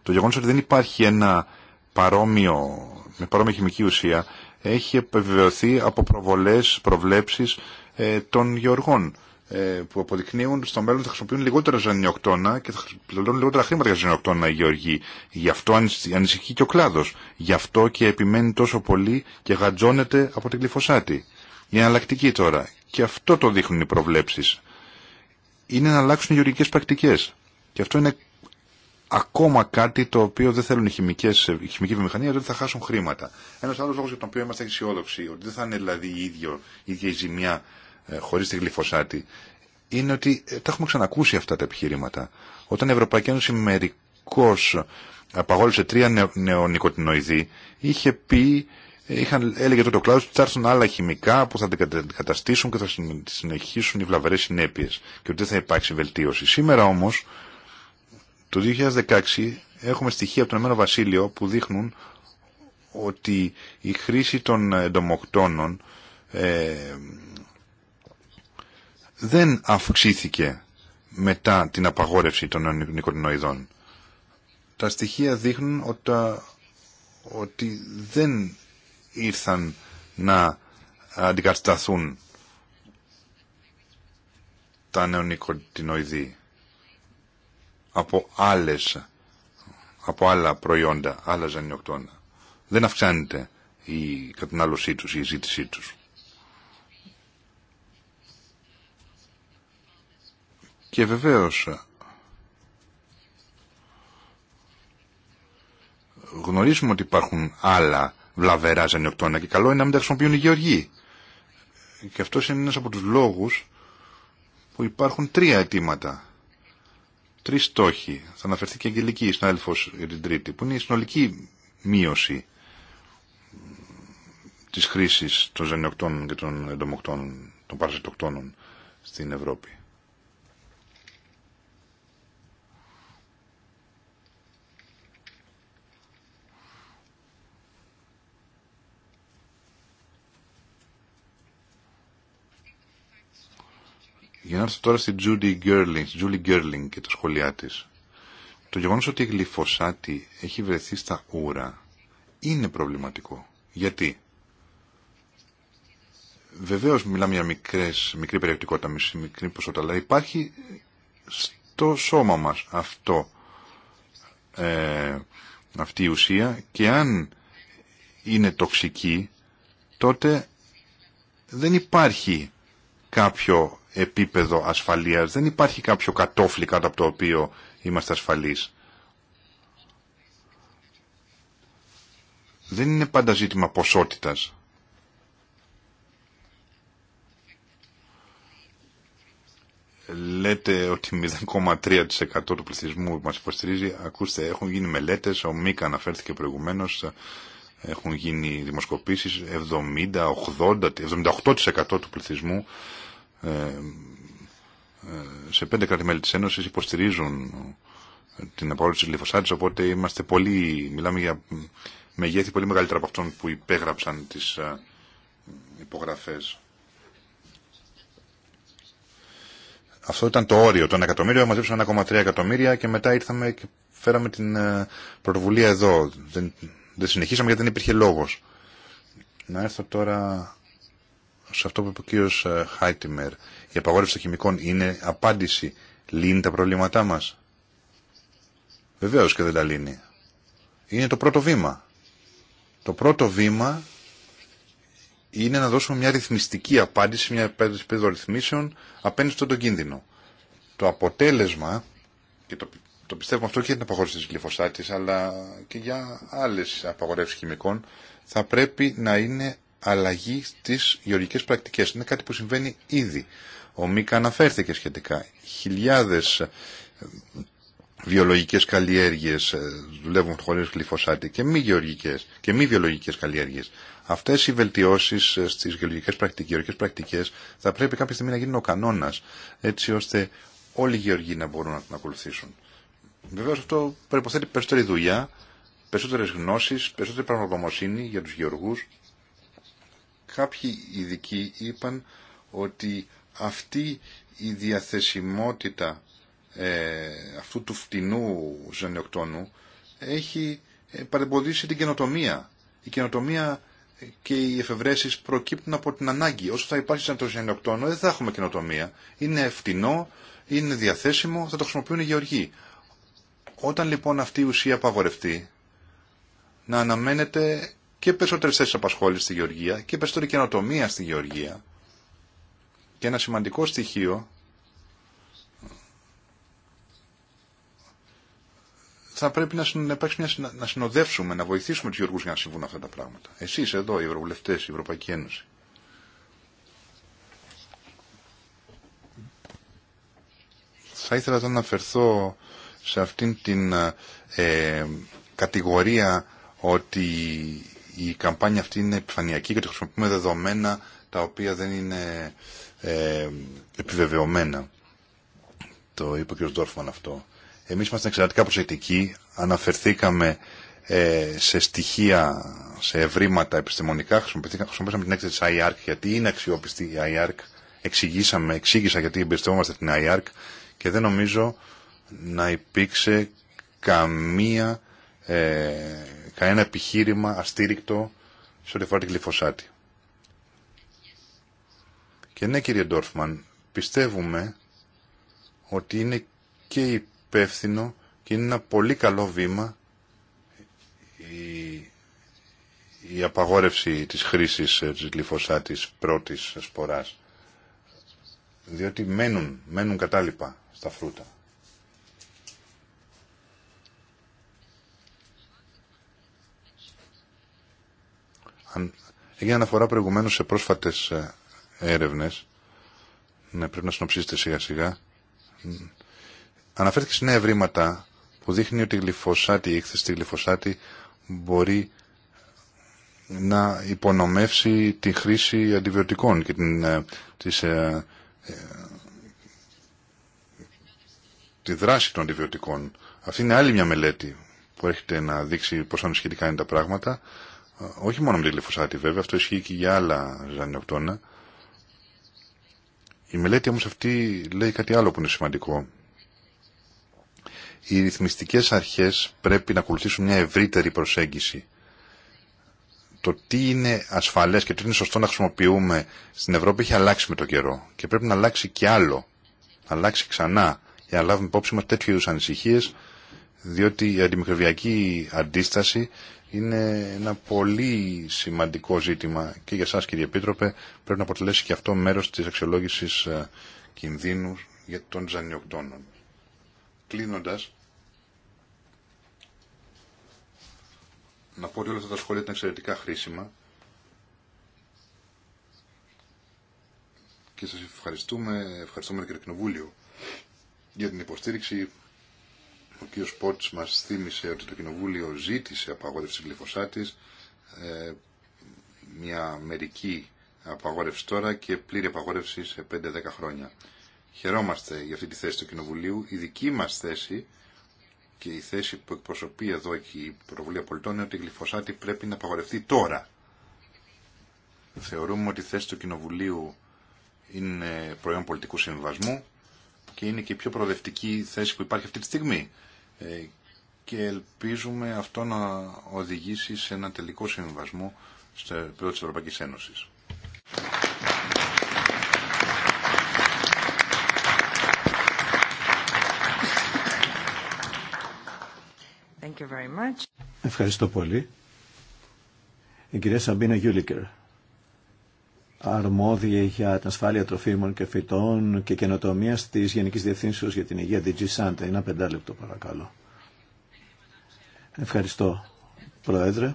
Το γεγονός ότι δεν υπάρχει ένα παρόμοιο, με παρόμοια χημική ουσία έχει επιβεβαιωθεί από προβολές, προβλέψεις ε, των γεωργών ε, που αποδεικνύουν στο μέλλον θα χρησιμοποιούν λιγότερα ζανιοκτώνα και θα πληρώνουν λιγότερα χρήματα για ζανιοκτώνα οι γεωργοί. Γι' αυτό ανησυχεί και ο κλάδος. Γι' αυτό και επιμένει τόσο πολύ και γαντζώνεται από την κλειφωσάτη. Η εναλλακτική τώρα. Και αυτό το δείχνουν οι προβλέψεις. Είναι να αλλάξουν οι γεωργικές πρακτικές. Και αυτό είναι ακόμα κάτι το οποίο δεν θέλουν οι χημικές, η χημική βιομηχανία, διότι θα χάσουν χρήματα. Ένα άλλο λόγο για τον οποίο είμαστε αισιόδοξοι, ότι δεν θα είναι δηλαδή η ίδια η, ίδια η ζημιά ε, χωρί τη γλυφωσάτη, είναι ότι ε, τα έχουμε ξανακούσει αυτά τα επιχειρήματα. Όταν η Ευρωπαϊκή Ένωση μερικώ απαγόλησε τρία νε, νεονικοτινοειδή, είχε πει, ε, είχαν, έλεγε τότε ο κλάδο ότι θα έρθουν άλλα χημικά που θα την καταστήσουν και θα συνεχίσουν οι βλαβερέ συνέπειε και ότι δεν θα υπάρξει βελτίωση. Σήμερα όμω, το 2016 έχουμε στοιχεία από τον Εμένο Βασίλειο που δείχνουν ότι η χρήση των εντομοκτώνων ε, δεν αυξήθηκε μετά την απαγόρευση των νοικοτινοειδών. Τα στοιχεία δείχνουν ότι, ότι δεν ήρθαν να αντικατασταθούν τα νεονικοτινοειδή από, άλλες, από άλλα προϊόντα, άλλα ζανιοκτώνα. Δεν αυξάνεται η κατανάλωσή τους, η ζήτησή τους. Και βεβαίως γνωρίζουμε ότι υπάρχουν άλλα βλαβερά ζανιοκτώνα και καλό είναι να μην τα χρησιμοποιούν οι γεωργοί. Και αυτός είναι ένας από τους λόγους που υπάρχουν τρία αιτήματα τρει στόχοι. Θα αναφερθεί και η Αγγελική συνάδελφο την Τρίτη, που είναι η συνολική μείωση τη χρήση των ζενιοκτώνων και των εντομοκτώνων, των παρασιτοκτώνων στην Ευρώπη. Για να έρθω τώρα στη Judy Girling, Julie Gerling και τα σχολιά τη. Το γεγονός ότι η γλυφωσάτη έχει βρεθεί στα ούρα είναι προβληματικό. Γιατί? βεβαίω μιλάμε για μικρές, μικρή περιεκτικότητα, μικρή ποσότητα, αλλά υπάρχει στο σώμα μας αυτό, ε, αυτή η ουσία και αν είναι τοξική τότε δεν υπάρχει κάποιο επίπεδο ασφαλείας, δεν υπάρχει κάποιο κατόφλι κάτω από το οποίο είμαστε ασφαλείς. Δεν είναι πάντα ζήτημα ποσότητας. λέτε ότι 0,3% του πληθυσμού μας υποστηρίζει, ακούστε, έχουν γίνει μελέτες, ο Μίκα αναφέρθηκε προηγουμένως, έχουν γίνει δημοσκοπήσεις 70, 80, 78% του πληθυσμού ε, ε, σε πέντε κράτη-μέλη της Ένωσης υποστηρίζουν ε, την απαγόρευση της γλυφοσάτης, οπότε είμαστε πολύ, μιλάμε για μεγέθη πολύ μεγαλύτερα από αυτών που υπέγραψαν τις υπογραφές. Αυτό ήταν το όριο, το 1 εκατομμύριο, μαζέψαμε 1,3 εκατομμύρια και μετά ήρθαμε και φέραμε την πρωτοβουλία εδώ. Δεν, δεν συνεχίσαμε γιατί δεν υπήρχε λόγος. Να έρθω τώρα σε αυτό που είπε ο κύριο ε, Χάιτιμερ. Η απαγόρευση των χημικών είναι απάντηση. Λύνει τα προβλήματά μας. Βεβαίως και δεν τα λύνει. Είναι το πρώτο βήμα. Το πρώτο βήμα είναι να δώσουμε μια ρυθμιστική απάντηση, μια επίπεδο ρυθμίσεων απέναντι στον κίνδυνο. Το αποτέλεσμα και το το πιστεύουμε αυτό και για την απαγόρευση της γλυφοσάτης, αλλά και για άλλες απαγορεύσεις χημικών. Θα πρέπει να είναι αλλαγή στις γεωργικές πρακτικές. Είναι κάτι που συμβαίνει ήδη. Ο Μίκα αναφέρθηκε σχετικά. Χιλιάδες ε, βιολογικές καλλιέργειες ε, δουλεύουν χωρίς γλυφοσάτη και μη, γεωργικές, και μη βιολογικές καλλιέργειες. Αυτές οι βελτιώσεις ε, στις γεωργικές πρακτικές, πρακτικές θα πρέπει κάποια στιγμή να γίνουν ο κανόνας, έτσι ώστε όλοι οι γεωργοί να μπορούν να την ακολουθήσουν. Βεβαίω αυτό προποθέτει περισσότερη δουλειά, περισσότερε γνώσει, περισσότερη πραγματομοσύνη για του γεωργού. Κάποιοι ειδικοί είπαν ότι αυτή η διαθεσιμότητα ε, αυτού του φτηνού ζανιοκτώνου έχει ε, παρεμποδίσει την καινοτομία. Η καινοτομία ε, και οι εφευρέσεις προκύπτουν από την ανάγκη. Όσο θα υπάρχει σαν το δεν θα έχουμε καινοτομία. Είναι φτηνό, είναι διαθέσιμο, θα το χρησιμοποιούν οι γεωργοί. Όταν λοιπόν αυτή η ουσία απαγορευτεί, να αναμένεται και περισσότερες θέσεις απασχόλησης στη Γεωργία και περισσότερη καινοτομία στη Γεωργία. Και ένα σημαντικό στοιχείο θα πρέπει να, μια, να συνοδεύσουμε, να βοηθήσουμε τους Γεωργούς για να συμβούν αυτά τα πράγματα. Εσείς εδώ, οι ευρωβουλευτές, η Ευρωπαϊκή Ένωση. Θα ήθελα να αναφερθώ σε αυτήν την ε, κατηγορία ότι η καμπάνια αυτή είναι επιφανειακή και ότι χρησιμοποιούμε δεδομένα τα οποία δεν είναι ε, επιβεβαιωμένα. Το είπε ο κ. Ντόρφμαν αυτό. Εμείς είμαστε εξαιρετικά προσεκτικοί, αναφερθήκαμε ε, σε στοιχεία, σε ευρήματα επιστημονικά, χρησιμοποιήσαμε την έκθεση της IARC, γιατί είναι αξιόπιστη η IARC, εξηγήσαμε, εξήγησα γιατί εμπιστευόμαστε την IARC και δεν νομίζω να υπήρξε καμία, ε, κανένα επιχείρημα αστήρικτο σε ό,τι αφορά τη Και ναι κύριε Ντόρφμαν, πιστεύουμε ότι είναι και υπεύθυνο και είναι ένα πολύ καλό βήμα η, η απαγόρευση της χρήσης ε, της γλυφοσάτης πρώτης σποράς. Διότι μένουν, μένουν κατάλοιπα στα φρούτα. Έγινε αναφορά προηγουμένω σε πρόσφατες ε, έρευνες. Ναι, πρέπει να συνοψίσετε σιγά σιγά. Αναφέρθηκε σε νέα ευρήματα που δείχνει ότι η γλυφοσάτη, η έκθεση στη γλυφοσάτη μπορεί να υπονομεύσει τη χρήση αντιβιωτικών και την, ε, της, ε, τη δράση των αντιβιωτικών. Αυτή είναι άλλη μια μελέτη που έχετε να δείξει πώς ανησυχητικά είναι τα πράγματα όχι μόνο με τη γλυφοσάτη βέβαια, αυτό ισχύει και για άλλα ζανιοκτώνα. Η μελέτη όμως αυτή λέει κάτι άλλο που είναι σημαντικό. Οι ρυθμιστικές αρχές πρέπει να ακολουθήσουν μια ευρύτερη προσέγγιση. Το τι είναι ασφαλές και τι είναι σωστό να χρησιμοποιούμε στην Ευρώπη έχει αλλάξει με το καιρό και πρέπει να αλλάξει και άλλο. Να αλλάξει ξανά για να λάβουμε υπόψη μας τέτοιου είδους ανησυχίες διότι η αντιμικροβιακή αντίσταση είναι ένα πολύ σημαντικό ζήτημα και για σας κύριε Επίτροπε πρέπει να αποτελέσει και αυτό μέρος της αξιολόγησης ε, κινδύνου για τον ζανιοκτώνων. Κλείνοντας, να πω ότι όλα αυτά τα σχόλια ήταν εξαιρετικά χρήσιμα και σας ευχαριστούμε, ευχαριστούμε και το Κοινοβούλιο για την υποστήριξη ο κ. Πότς μας θύμισε ότι το Κοινοβούλιο ζήτησε απαγόρευση γλυφοσάτης, ε, μια μερική απαγόρευση τώρα και πλήρη απαγόρευση σε 5-10 χρόνια. Χαιρόμαστε για αυτή τη θέση του Κοινοβουλίου. Η δική μας θέση και η θέση που εκπροσωπεί εδώ και η Πρωτοβουλία Πολιτών είναι ότι η γλυφοσάτη πρέπει να απαγορευτεί τώρα. Θεωρούμε ότι η θέση του Κοινοβουλίου είναι προϊόν πολιτικού συμβασμού και είναι και η πιο προοδευτική θέση που υπάρχει αυτή τη στιγμή. Ε, και ελπίζουμε αυτό να οδηγήσει σε ένα τελικό συμβασμό στο επίπεδο της Ευρωπαϊκής Ένωσης. Ευχαριστώ πολύ. Η κυρία Σαμπίνα Γιούλικερ αρμόδια για την ασφάλεια τροφίμων και φυτών και καινοτομία τη Γενική Διευθύνσεω για την Υγεία DG Santa. Ένα πεντάλεπτο παρακαλώ. Ευχαριστώ, Πρόεδρε.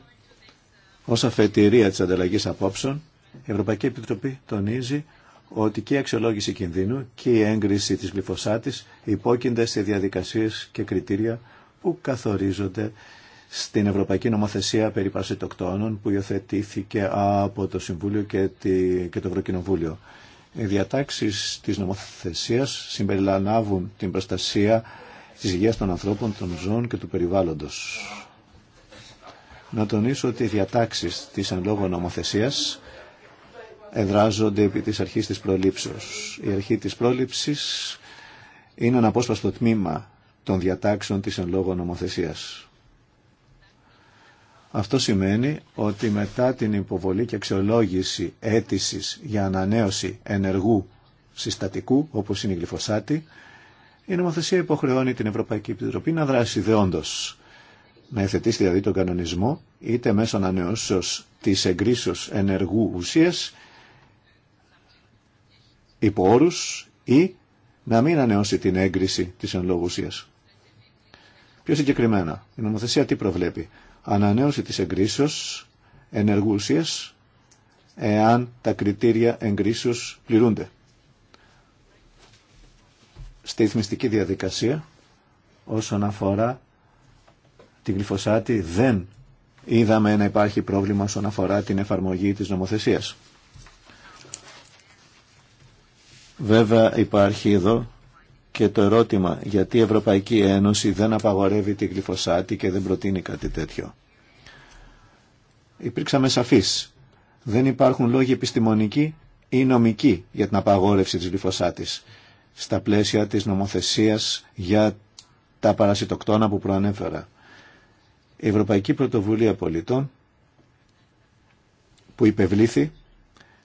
Ω αφετηρία τη ανταλλαγή απόψεων, η Ευρωπαϊκή Επιτροπή τονίζει ότι και η αξιολόγηση κινδύνου και η έγκριση της γλυφοσάτης υπόκεινται σε διαδικασίες και κριτήρια που καθορίζονται στην Ευρωπαϊκή Νομοθεσία περί παρασιτοκτόνων που υιοθετήθηκε από το Συμβούλιο και, το Ευρωκοινοβούλιο. Οι διατάξεις της νομοθεσίας συμπεριλαμβάνουν την προστασία της υγείας των ανθρώπων, των ζώων και του περιβάλλοντος. Να τονίσω ότι οι διατάξεις της εν λόγω νομοθεσίας εδράζονται επί της αρχής της προλήψεως. Η αρχή της πρόληψης είναι ένα απόσπαστο τμήμα των διατάξεων της εν λόγω νομοθεσίας. Αυτό σημαίνει ότι μετά την υποβολή και αξιολόγηση αίτηση για ανανέωση ενεργού συστατικού, όπως είναι η γλυφοσάτη, η νομοθεσία υποχρεώνει την Ευρωπαϊκή Επιτροπή να δράσει δεόντως. Να εθετήσει δηλαδή τον κανονισμό είτε μέσω ανανεώσεως της εγκρίσεως ενεργού ουσίας υπό όρους ή να μην ανανεώσει την έγκριση της εν λόγω ουσίας. Πιο συγκεκριμένα, η νομοθεσία τι προβλέπει ανανέωση της εγκρίσεως ενεργούσιας εάν τα κριτήρια εγκρίσεως πληρούνται. Στη ρυθμιστική διαδικασία όσον αφορά την γλυφοσάτη δεν είδαμε να υπάρχει πρόβλημα όσον αφορά την εφαρμογή της νομοθεσίας. Βέβαια υπάρχει εδώ και το ερώτημα γιατί η Ευρωπαϊκή Ένωση δεν απαγορεύει τη γλυφοσάτη και δεν προτείνει κάτι τέτοιο. Υπήρξαμε σαφείς. Δεν υπάρχουν λόγοι επιστημονικοί ή νομικοί για την απαγόρευση της γλυφοσάτης στα πλαίσια της νομοθεσίας για τα παρασιτοκτόνα που προανέφερα. Η Ευρωπαϊκή Πρωτοβουλία Πολιτών που υπευλήθη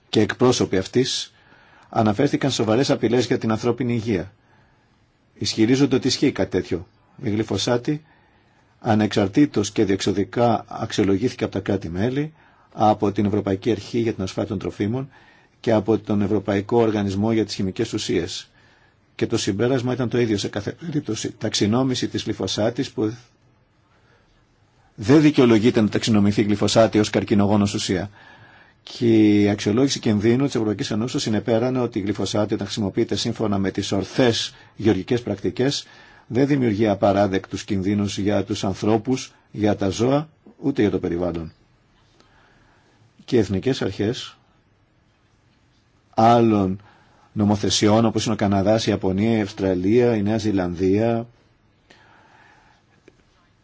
και εκπρόσωποι αυτής αναφέρθηκαν σοβαρές απειλές για την ανθρώπινη υγεία ισχυρίζονται ότι ισχύει κάτι τέτοιο. Η γλυφοσάτη ανεξαρτήτως και διεξοδικά αξιολογήθηκε από τα κράτη-μέλη, από την Ευρωπαϊκή Αρχή για την Ασφάλεια των Τροφίμων και από τον Ευρωπαϊκό Οργανισμό για τις Χημικές Ουσίες. Και το συμπέρασμα ήταν το ίδιο σε κάθε περίπτωση. Ταξινόμηση της γλυφοσάτης που δεν δικαιολογείται να ταξινομηθεί γλυφοσάτη ως καρκινογόνος ουσία και η αξιολόγηση κινδύνου τη Ευρωπαϊκή Ένωση συνεπέρανε ότι η γλυφοσάτη, όταν χρησιμοποιείται σύμφωνα με τι ορθέ γεωργικέ πρακτικέ, δεν δημιουργεί απαράδεκτου κινδύνου για του ανθρώπου, για τα ζώα, ούτε για το περιβάλλον. Και οι εθνικέ αρχέ άλλων νομοθεσιών, όπω είναι ο Καναδά, η Ιαπωνία, η Αυστραλία, η Νέα Ζηλανδία,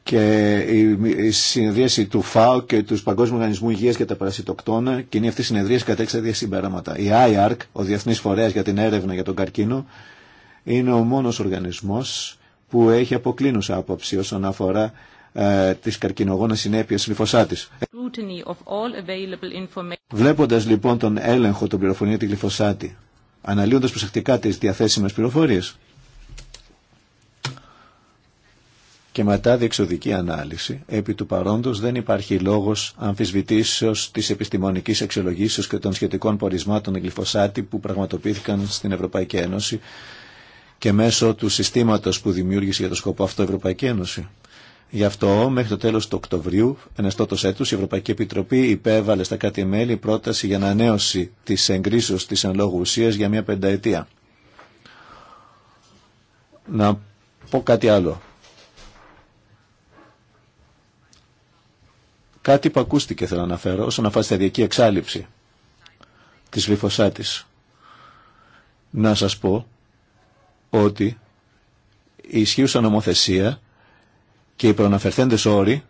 και η συνεδρίαση του ΦΑΟ και του Παγκόσμιου Οργανισμού Υγεία για τα Παρασυτοκτόνα και είναι αυτή η συνεδρίαση κατά συμπεράματα. Η IARC, ο Διεθνή Φορέα για την Έρευνα για τον Καρκίνο, είναι ο μόνο οργανισμό που έχει αποκλίνουσα άποψη όσον αφορά ε, καρκίνογόνε συνέπειε τη γλυφοσάτη. Βλέποντα λοιπόν τον έλεγχο των πληροφοριών για τη γλυφοσάτη, αναλύοντα προσεκτικά τι διαθέσιμε πληροφορίε. και μετά διεξοδική ανάλυση. Επί του παρόντος δεν υπάρχει λόγος αμφισβητήσεως της επιστημονικής εξολογήσεως και των σχετικών πορισμάτων γλυφοσάτη που πραγματοποιήθηκαν στην Ευρωπαϊκή Ένωση και μέσω του συστήματος που δημιούργησε για το σκοπό αυτό η Ευρωπαϊκή Ένωση. Γι' αυτό μέχρι το τέλος του Οκτωβρίου, ενεστώτος έτους, η Ευρωπαϊκή Επιτροπή υπέβαλε στα κάτι μέλη πρόταση για ανανέωση τη εγκρίσεως της εν λόγω για μια πενταετία. Να πω κάτι άλλο Κάτι που ακούστηκε θέλω να αναφέρω όσον αφορά τη σταδιακή εξάλληψη της γλυφοσάτης. Να σας πω ότι η ισχύουσα νομοθεσία και οι προναφερθέντες όροι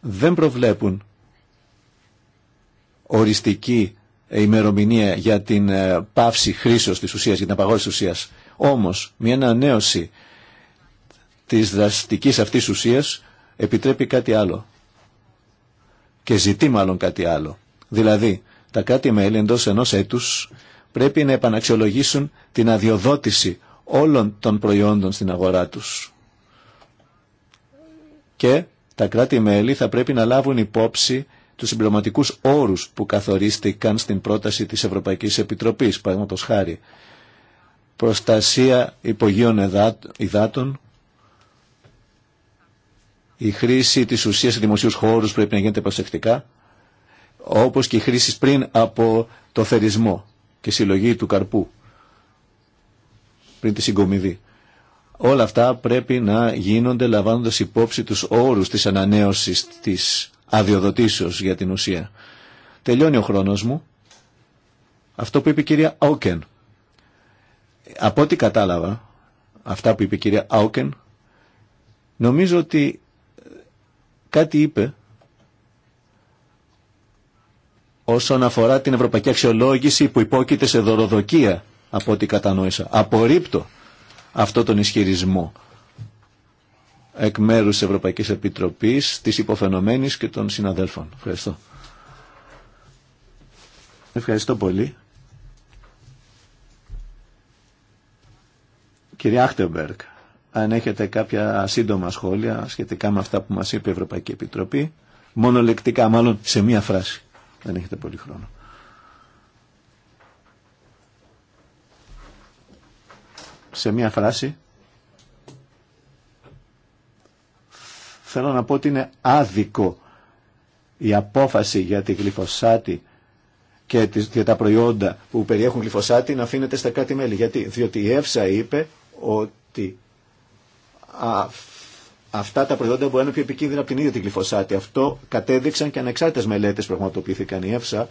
δεν προβλέπουν οριστική ημερομηνία για την ε, πάυση χρήσεως της ουσίας, για την απαγόρηση της ουσίας. Όμως, μια ανανέωση της δραστικής αυτής ουσίας επιτρέπει κάτι άλλο και ζητεί μάλλον κάτι άλλο. Δηλαδή, τα κράτη-μέλη εντό ενός έτους πρέπει να επαναξιολογήσουν την αδειοδότηση όλων των προϊόντων στην αγορά τους. Και τα κράτη-μέλη θα πρέπει να λάβουν υπόψη τους συμπληρωματικούς όρους που καθορίστηκαν στην πρόταση της Ευρωπαϊκής Επιτροπής, παραδείγματος χάρη. Προστασία υπογείων υδάτων, η χρήση της ουσίας σε δημοσίους χώρους πρέπει να γίνεται προσεκτικά, όπως και η χρήση πριν από το θερισμό και συλλογή του καρπού, πριν τη συγκομιδή. Όλα αυτά πρέπει να γίνονται λαμβάνοντας υπόψη τους όρους της ανανέωσης της αδειοδοτήσεως για την ουσία. Τελειώνει ο χρόνος μου. Αυτό που είπε η κυρία Άουκεν. Από ό,τι κατάλαβα, αυτά που είπε η κυρία Άουκεν, νομίζω ότι κάτι είπε όσον αφορά την ευρωπαϊκή αξιολόγηση που υπόκειται σε δωροδοκία από ό,τι κατανόησα. Απορρίπτω αυτό τον ισχυρισμό εκ μέρου τη Ευρωπαϊκή Επιτροπή, τη υποφαινομένη και των συναδέλφων. Ευχαριστώ. Ευχαριστώ πολύ. Κυρία Άχτεμπεργκ αν έχετε κάποια σύντομα σχόλια σχετικά με αυτά που μας είπε η Ευρωπαϊκή Επιτροπή. Μονολεκτικά, μάλλον σε μία φράση. Δεν έχετε πολύ χρόνο. Σε μία φράση θέλω να πω ότι είναι άδικο η απόφαση για τη γλυφοσάτη και, τα προϊόντα που περιέχουν γλυφοσάτη να αφήνεται στα κάτι μέλη. Γιατί, διότι η ΕΦΣΑ είπε ότι αυτά τα προϊόντα μπορεί να είναι πιο επικίνδυνα από την ίδια την γλυφοσάτη. Αυτό κατέδειξαν και ανεξάρτητε μελέτε που πραγματοποιήθηκαν. Η ΕΦΣΑ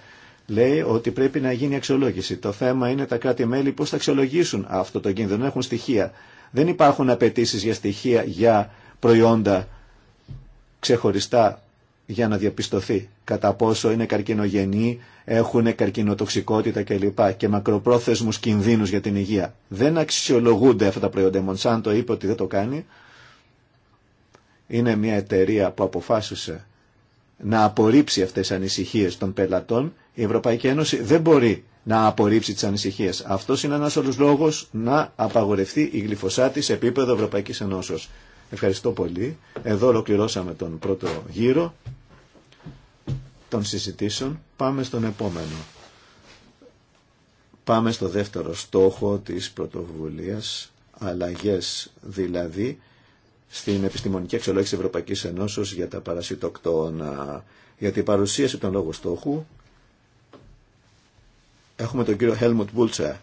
λέει ότι πρέπει να γίνει αξιολόγηση. Το θέμα είναι τα κράτη-μέλη πώ θα αξιολογήσουν αυτό το κίνδυνο. Έχουν στοιχεία. Δεν υπάρχουν απαιτήσει για στοιχεία για προϊόντα ξεχωριστά για να διαπιστωθεί κατά πόσο είναι καρκινογενή, έχουν καρκινοτοξικότητα κλπ. και μακροπρόθεσμους κινδύνους για την υγεία. Δεν αξιολογούνται αυτά τα προϊόντα. Μονσάν το είπε ότι δεν το κάνει. Είναι μια εταιρεία που αποφάσισε να απορρίψει αυτές τις ανησυχίες των πελατών. Η Ευρωπαϊκή Ένωση δεν μπορεί να απορρίψει τις ανησυχίες. Αυτός είναι ένας όλος λόγος να απαγορευτεί η γλυφωσάτη σε επίπεδο Ευρωπαϊκής Ενώσεως. Ευχαριστώ πολύ. Εδώ ολοκληρώσαμε τον πρώτο γύρο των συζητήσεων. Πάμε στον επόμενο. Πάμε στο δεύτερο στόχο της πρωτοβουλίας, αλλαγές δηλαδή στην επιστημονική αξιολόγηση Ευρωπαϊκής Ενώσεως για τα παρασιτοκτόνα. Για την παρουσίαση των λόγων στόχου έχουμε τον κύριο Helmut Bulcher,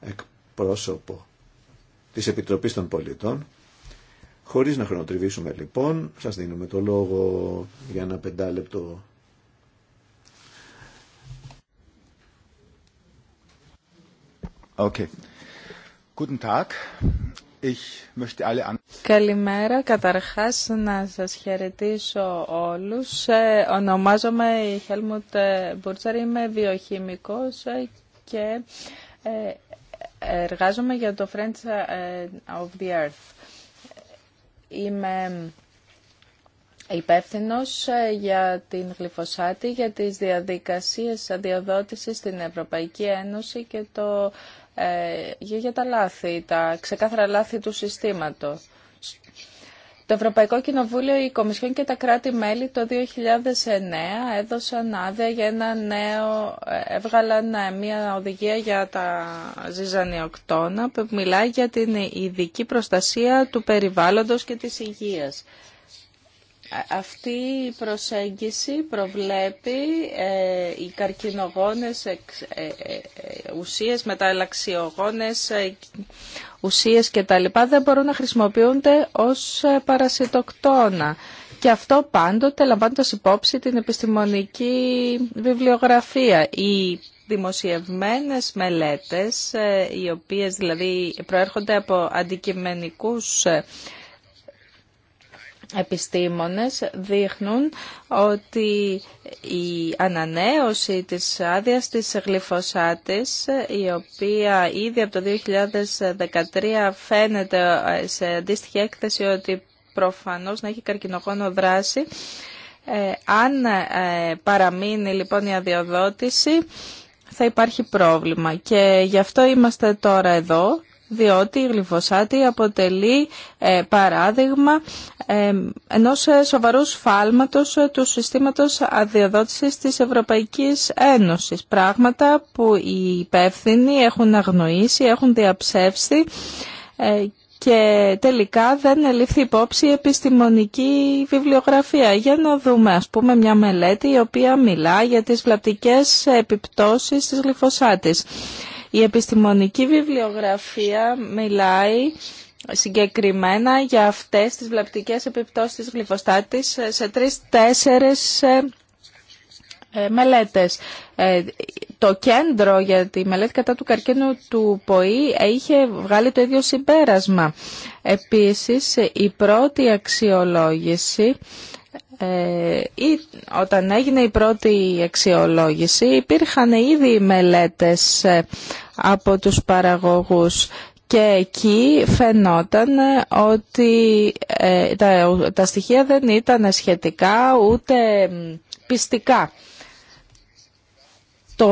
εκπρόσωπο της Επιτροπής των Πολιτών Χωρίς να χρονοτριβήσουμε λοιπόν, σας δίνουμε το λόγο για ένα πεντάλεπτο. Καλημέρα. Καταρχάς να σας χαιρετήσω όλους. Ε, ονομάζομαι Χέλμουτ ε, Μπούρτσαρ, είμαι βιοχημικός ε, και εργάζομαι για το Friends of the Earth. Είμαι υπεύθυνο ε, για την γλυφοσάτη, για τις διαδικασίες αδειοδότησης στην Ευρωπαϊκή Ένωση και το, ε, για τα λάθη, τα ξεκάθαρα λάθη του συστήματος. Το Ευρωπαϊκό Κοινοβούλιο, η Κομισιόν και τα κράτη-μέλη το 2009 έδωσαν άδεια για ένα νέο, ε, έβγαλαν ε, μια οδηγία για τα ζυζανιοκτώνα που μιλάει για την ειδική προστασία του περιβάλλοντος και της υγείας. Ε, αυτή η προσέγγιση προβλέπει ε, οι καρκινογόνες ε, ε, ουσίες, μεταλλαξιογόνες, ουσίες λοιπά δεν μπορούν να χρησιμοποιούνται ως ε, παρασιτοκτόνα. Και αυτό πάντοτε λαμβάνοντα υπόψη την επιστημονική βιβλιογραφία. Οι δημοσιευμένες μελέτες, ε, οι οποίες δηλαδή προέρχονται από αντικειμενικούς ε, επιστήμονες δείχνουν ότι η ανανέωση της άδειας της γλυφοσάτης, η οποία ήδη από το 2013 φαίνεται σε αντίστοιχη έκθεση ότι προφανώς να έχει καρκινογόνο δράση, ε, αν ε, παραμείνει λοιπόν η αδειοδότηση θα υπάρχει πρόβλημα και γι' αυτό είμαστε τώρα εδώ διότι η γλυφοσάτη αποτελεί ε, παράδειγμα ε, ενός ε, σοβαρού σφάλματος του συστήματος αδειοδότησης της Ευρωπαϊκής Ένωσης. Πράγματα που οι υπεύθυνοι έχουν αγνοήσει, έχουν διαψεύσει και τελικά δεν ελήφθη υπόψη η επιστημονική βιβλιογραφία. Για να δούμε, ας πούμε, μια μελέτη η οποία μιλά για τις βλαπτικές επιπτώσεις της γλυφοσάτης. Η επιστημονική βιβλιογραφία μιλάει συγκεκριμένα για αυτές τις βλαπτικές επιπτώσεις της γλυφοστάτης σε τρεις-τέσσερες ε, ε, μελέτες. Ε, το κέντρο για τη μελέτη κατά του καρκίνου του ΠΟΗ είχε βγάλει το ίδιο συμπέρασμα. Επίσης, η πρώτη αξιολόγηση ε, ή όταν έγινε η πρώτη αξιολόγηση υπήρχαν ήδη μελέτες ε, από τους παραγωγούς και εκεί φαινόταν ε, ότι τα, τα στοιχεία δεν ήταν σχετικά ούτε πιστικά. Το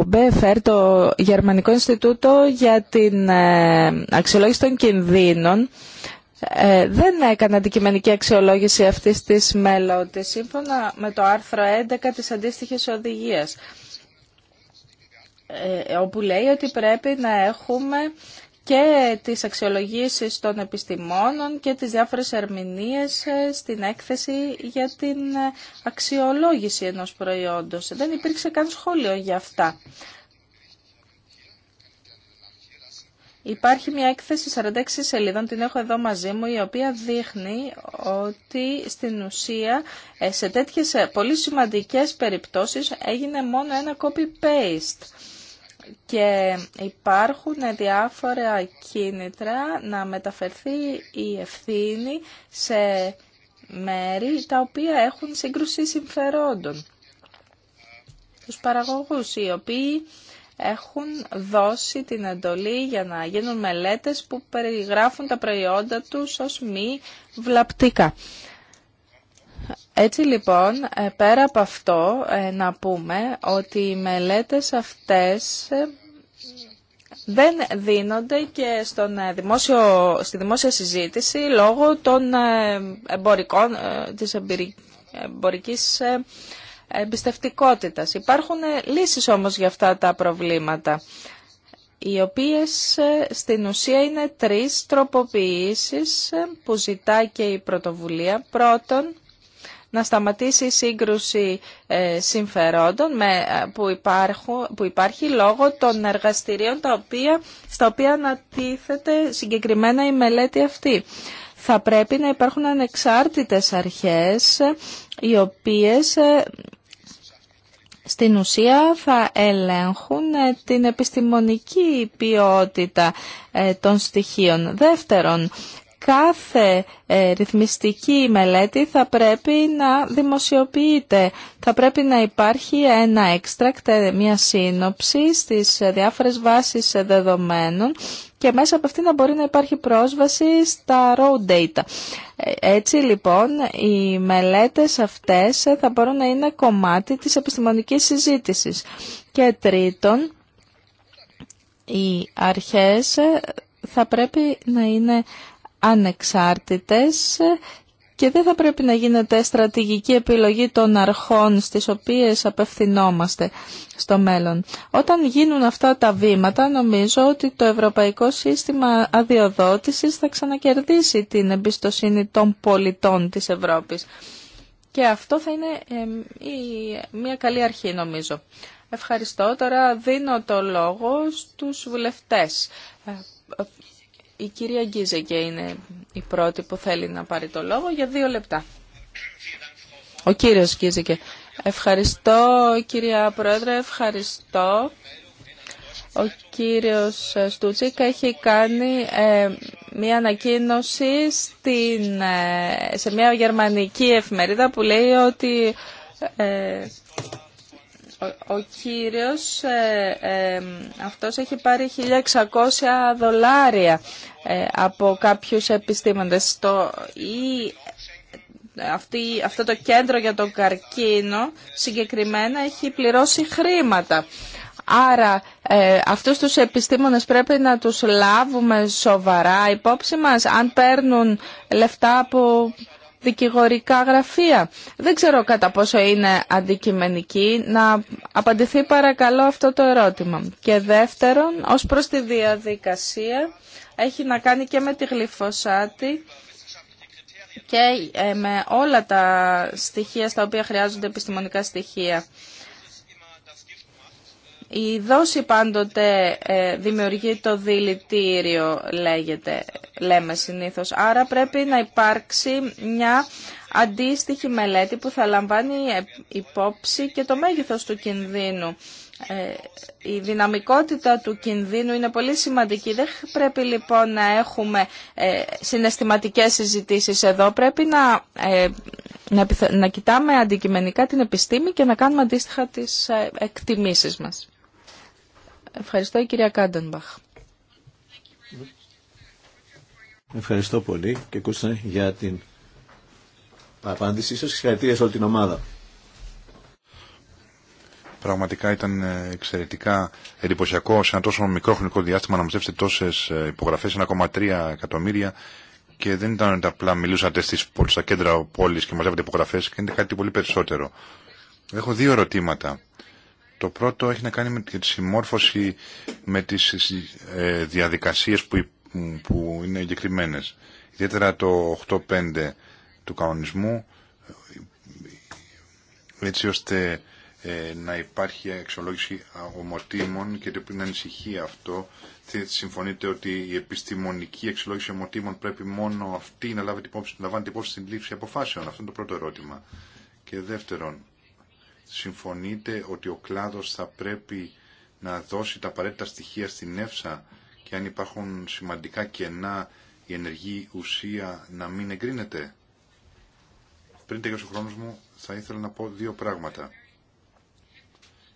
BFR, το Γερμανικό Ινστιτούτο για την Αξιολόγηση των Κινδύνων, ε, δεν έκανε αντικειμενική αξιολόγηση αυτής της μέλωτης σύμφωνα με το άρθρο 11 της αντίστοιχη οδηγίας ε, όπου λέει ότι πρέπει να έχουμε και τις αξιολογήσει των επιστημόνων και τις διάφορες ερμηνείες ε, στην έκθεση για την αξιολόγηση ενός προϊόντος. Δεν υπήρξε καν σχόλιο για αυτά. Υπάρχει μια έκθεση 46 σελίδων, την έχω εδώ μαζί μου, η οποία δείχνει ότι στην ουσία ε, σε τέτοιες ε, πολύ σημαντικές περιπτώσεις έγινε μόνο ένα copy-paste και υπάρχουν ε, διάφορα κίνητρα να μεταφερθεί η ευθύνη σε μέρη τα οποία έχουν σύγκρουση συμφερόντων. Τους παραγωγούς οι οποίοι έχουν δώσει την εντολή για να γίνουν μελέτες που περιγράφουν τα προϊόντα τους ως μη βλαπτικά. Έτσι λοιπόν, ε, πέρα από αυτό, ε, να πούμε ότι οι μελέτες αυτές ε, δεν δίνονται και στον δημόσιο, στη δημόσια συζήτηση λόγω των εμπορικών, της εμπειρικής εμπιστευτικότητας. Υπάρχουν ε, λύσεις όμως για αυτά τα προβλήματα, οι οποίες ε, στην ουσία είναι τρεις τροποποιήσεις ε, που ζητά και η πρωτοβουλία. Πρώτον, να σταματήσει η σύγκρουση συμφερόντων που, υπάρχουν, που υπάρχει λόγω των εργαστηρίων οποία, στα οποία ανατίθεται συγκεκριμένα η μελέτη αυτή. Θα πρέπει να υπάρχουν ανεξάρτητες αρχές οι οποίες στην ουσία θα ελέγχουν ε, την επιστημονική ποιότητα ε, των στοιχείων. Δεύτερον, κάθε ε, ρυθμιστική μελέτη θα πρέπει να δημοσιοποιείται. Θα πρέπει να υπάρχει ένα έξτρακτ, ε, μια σύνοψη στις διάφορες βάσεις δεδομένων και μέσα από αυτή να μπορεί να υπάρχει πρόσβαση στα raw data. Ε, έτσι λοιπόν οι μελέτες αυτές θα μπορούν να είναι κομμάτι της επιστημονικής συζήτησης. Και τρίτον, οι αρχές θα πρέπει να είναι ανεξάρτητες και δεν θα πρέπει να γίνεται στρατηγική επιλογή των αρχών στις οποίες απευθυνόμαστε στο μέλλον. Όταν γίνουν αυτά τα βήματα νομίζω ότι το ευρωπαϊκό σύστημα αδειοδότησης θα ξανακερδίσει την εμπιστοσύνη των πολιτών της Ευρώπης. Και αυτό θα είναι μια καλή αρχή νομίζω. Ευχαριστώ. Τώρα δίνω το λόγο στους βουλευτές ε, η κυρία Γκίζεκε είναι η πρώτη που θέλει να πάρει το λόγο για δύο λεπτά. Ο κύριος Γκίζεκε. Ευχαριστώ κυρία Πρόεδρε, ευχαριστώ. Ο κύριος Στούτσικ έχει κάνει ε, μία ανακοίνωση ε, σε μία γερμανική εφημερίδα που λέει ότι... Ε, ο, κύριος ε, ε, αυτός έχει πάρει 1.600 δολάρια ε, από κάποιους επιστήμονες. Το, η, αυτή, αυτό το κέντρο για τον καρκίνο συγκεκριμένα έχει πληρώσει χρήματα. Άρα ε, αυτούς τους επιστήμονες πρέπει να τους λάβουμε σοβαρά υπόψη μας αν παίρνουν λεφτά από δικηγορικά γραφεία. Δεν ξέρω κατά πόσο είναι αντικειμενική να απαντηθεί παρακαλώ αυτό το ερώτημα. Και δεύτερον, ως προς τη διαδικασία, έχει να κάνει και με τη γλυφοσάτη και ε, με όλα τα στοιχεία στα οποία χρειάζονται επιστημονικά στοιχεία. Η δόση πάντοτε ε, δημιουργεί το δηλητήριο, λέγεται, λέμε συνήθως. Άρα πρέπει να υπάρξει μια αντίστοιχη μελέτη που θα λαμβάνει υπόψη και το μέγεθος του κινδύνου. Ε, η δυναμικότητα του κινδύνου είναι πολύ σημαντική. Δεν πρέπει λοιπόν να έχουμε ε, συναισθηματικές συζητήσεις εδώ. Πρέπει να, να, να κοιτάμε αντικειμενικά την επιστήμη και να κάνουμε αντίστοιχα τις εκτιμήσεις μας. Ευχαριστώ κυρία Κάντενμπαχ. Ευχαριστώ πολύ και ακούστε για την απάντησή σας και συγχαρητήρια σε όλη την ομάδα. Πραγματικά ήταν ε, εξαιρετικά εντυπωσιακό σε ένα τόσο μικρό χρονικό διάστημα να μαζεύσετε τόσες ε, υπογραφές, 1,3 εκατομμύρια και δεν ήταν ότι απλά μιλούσατε στις, στα κέντρα πόλη και μαζεύετε υπογραφέ, και είναι κάτι πολύ περισσότερο. Έχω δύο ερωτήματα. Το πρώτο έχει να κάνει με τη συμμόρφωση με τις ε, διαδικασίες που, που είναι εγκεκριμένε. Ιδιαίτερα το 8.5 του κανονισμού, έτσι ώστε ε, να υπάρχει εξολόγηση ομοτήμων και να ανησυχεί αυτό. Συμφωνείτε ότι η επιστημονική εξολόγηση ομοτήμων πρέπει μόνο αυτή να λάβει υπόψη, να υπόψη στην λήψη αποφάσεων. Αυτό είναι το πρώτο ερώτημα. Και δεύτερον, συμφωνείτε ότι ο κλάδος θα πρέπει να δώσει τα απαραίτητα στοιχεία στην ΕΦΣΑ και αν υπάρχουν σημαντικά κενά η ενεργή ουσία να μην εγκρίνεται. Πριν τελειώσει ο χρόνος μου θα ήθελα να πω δύο πράγματα.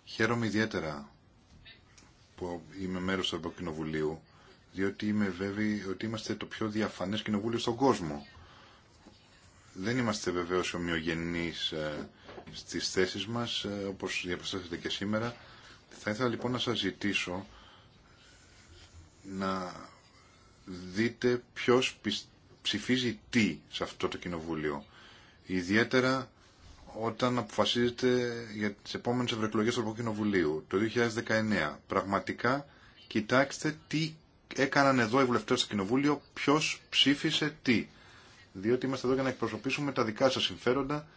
Χαίρομαι ιδιαίτερα που είμαι μέρος του Ευρωκοινοβουλίου διότι είμαι βέβαιη ότι είμαστε το πιο διαφανές κοινοβούλιο στον κόσμο. Δεν είμαστε βεβαίως ομοιογενείς ε, στις θέσεις μας, ε, όπως διαπιστώσατε και σήμερα. Θα ήθελα λοιπόν να σας ζητήσω να δείτε ποιος ψηφίζει τι σε αυτό το κοινοβούλιο. Ιδιαίτερα όταν αποφασίζετε για τις επόμενες ευρωεκλογέ του Ευρωκοινοβουλίου το 2019. Πραγματικά κοιτάξτε τι έκαναν εδώ οι βουλευτές στο Κοινοβούλιο, ποιος ψήφισε τι. Διότι είμαστε εδώ για να εκπροσωπήσουμε τα δικά σας συμφέροντα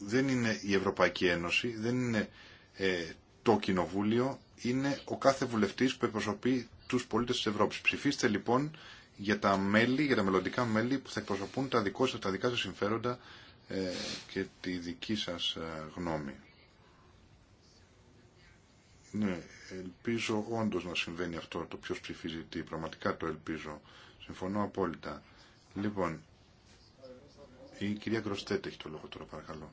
δεν είναι η Ευρωπαϊκή Ένωση, δεν είναι ε, το Κοινοβούλιο, είναι ο κάθε βουλευτής που εκπροσωπεί τους πολίτες της Ευρώπης. Ψηφίστε λοιπόν για τα μέλη, για τα μελλοντικά μέλη που θα εκπροσωπούν τα, τα δικά σας συμφέροντα ε, και τη δική σας ε, γνώμη. Ναι, ελπίζω όντως να συμβαίνει αυτό το ποιος ψηφίζει τι, πραγματικά το ελπίζω. Συμφωνώ απόλυτα. Λοιπόν, η κυρία Γκροστέτ έχει το λόγο τώρα παρακαλώ.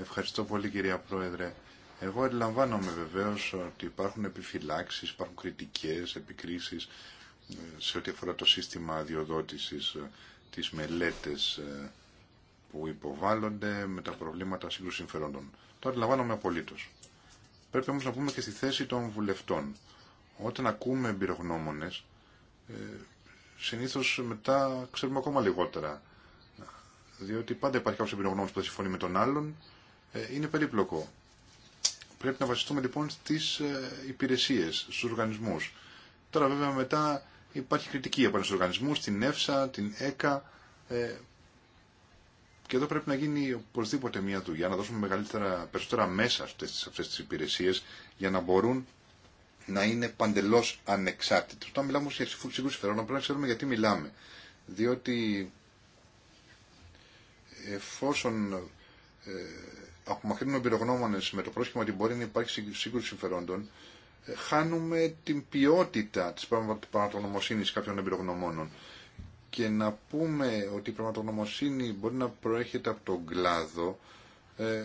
Ευχαριστώ πολύ κυρία Πρόεδρε. Εγώ αντιλαμβάνομαι βεβαίω ότι υπάρχουν επιφυλάξεις, υπάρχουν κριτικέ επικρίσεις ε, σε ό,τι αφορά το σύστημα αδειοδότηση ε, τις μελέτες ε, που υποβάλλονται με τα προβλήματα σύγκρουση συμφερόντων. Το αντιλαμβάνομαι απολύτω. Πρέπει όμω να πούμε και στη θέση των βουλευτών. Όταν ακούμε εμπειρογνώμονε, συνήθω μετά ξέρουμε ακόμα λιγότερα διότι πάντα υπάρχει κάποιο εμπειρογνώμο που δεν συμφωνεί με τον άλλον. Ε, είναι περίπλοκο. Πρέπει να βασιστούμε λοιπόν στι ε, υπηρεσίε, στου οργανισμού. Τώρα βέβαια μετά υπάρχει κριτική από του οργανισμού, την ΕΦΣΑ, την ΕΚΑ. Ε, και εδώ πρέπει να γίνει οπωσδήποτε μια δουλειά, να δώσουμε μεγαλύτερα, περισσότερα μέσα σε αυτέ τι υπηρεσίε για να μπορούν να είναι παντελώ ανεξάρτητε. Όταν μιλάμε όμω για συγκρού συμφερόντων, πρέπει να ξέρουμε γιατί μιλάμε. Διότι εφόσον ε, απομακρύνουν πυρογνώμονε με το πρόσχημα ότι μπορεί να υπάρχει σύγκρουση συμφερόντων, ε, χάνουμε την ποιότητα τη πραγματογνωμοσύνη κάποιων εμπειρογνωμόνων. Και να πούμε ότι η πραγματογνωμοσύνη μπορεί να προέρχεται από τον κλάδο, ε,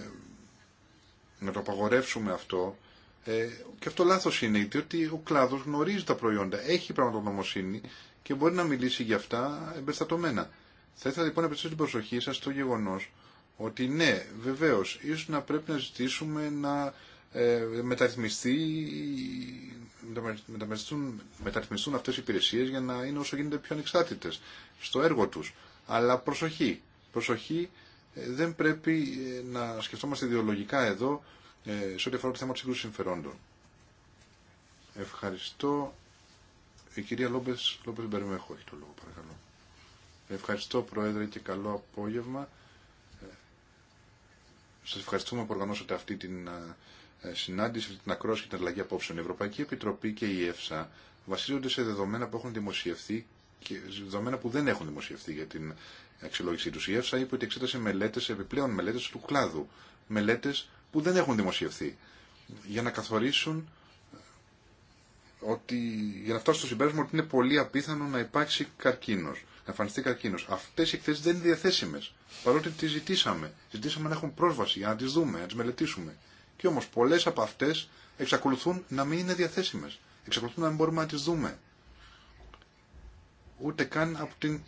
να το απαγορεύσουμε αυτό. Ε, και αυτό λάθος είναι, διότι ο κλάδος γνωρίζει τα προϊόντα, έχει πραγματογνωμοσύνη και μπορεί να μιλήσει για αυτά εμπεριστατωμένα. Θα ήθελα λοιπόν να επιστρέψω την προσοχή σας στο γεγονός ότι ναι, βεβαίως, ίσως να πρέπει να ζητήσουμε να ε, μεταρρυθμιστούν, μεταρρυθμιστούν αυτές οι υπηρεσίες για να είναι όσο γίνεται πιο ανεξάρτητες στο έργο τους. Αλλά προσοχή, προσοχή ε, δεν πρέπει ε, να σκεφτόμαστε ιδεολογικά εδώ ε, σε ό,τι αφορά το θέμα της σύγκρουσης συμφερόντων. Ευχαριστώ. Η κυρία Λόμπες, Λόμπες Μπερμέχο έχει το λόγο, παρακαλώ. Ευχαριστώ Πρόεδρε και καλό απόγευμα. Σας ευχαριστούμε που οργανώσατε αυτή την ε, συνάντηση, την ακρόαση και την αλλαγή απόψεων. Η Ευρωπαϊκή Επιτροπή και η ΕΦΣΑ βασίζονται σε δεδομένα που έχουν δημοσιευθεί και δεδομένα που δεν έχουν δημοσιευθεί για την αξιολόγησή του. Η ΕΦΣΑ είπε ότι εξέτασε μελέτες, επιπλέον μελέτες του κλάδου. Μελέτες που δεν έχουν δημοσιευθεί. Για να καθορίσουν ε, ότι για να φτάσουν στο συμπέρασμα ότι είναι πολύ απίθανο να υπάρξει καρκίνος να εμφανιστεί καρκίνο. Αυτέ οι εκθέσει δεν είναι διαθέσιμε. Παρότι τι ζητήσαμε. Ζητήσαμε να έχουν πρόσβαση, για να τι δούμε, να τι μελετήσουμε. Και όμω πολλέ από αυτέ εξακολουθούν να μην είναι διαθέσιμε. Εξακολουθούν να μην μπορούμε να τι δούμε. Ούτε καν από την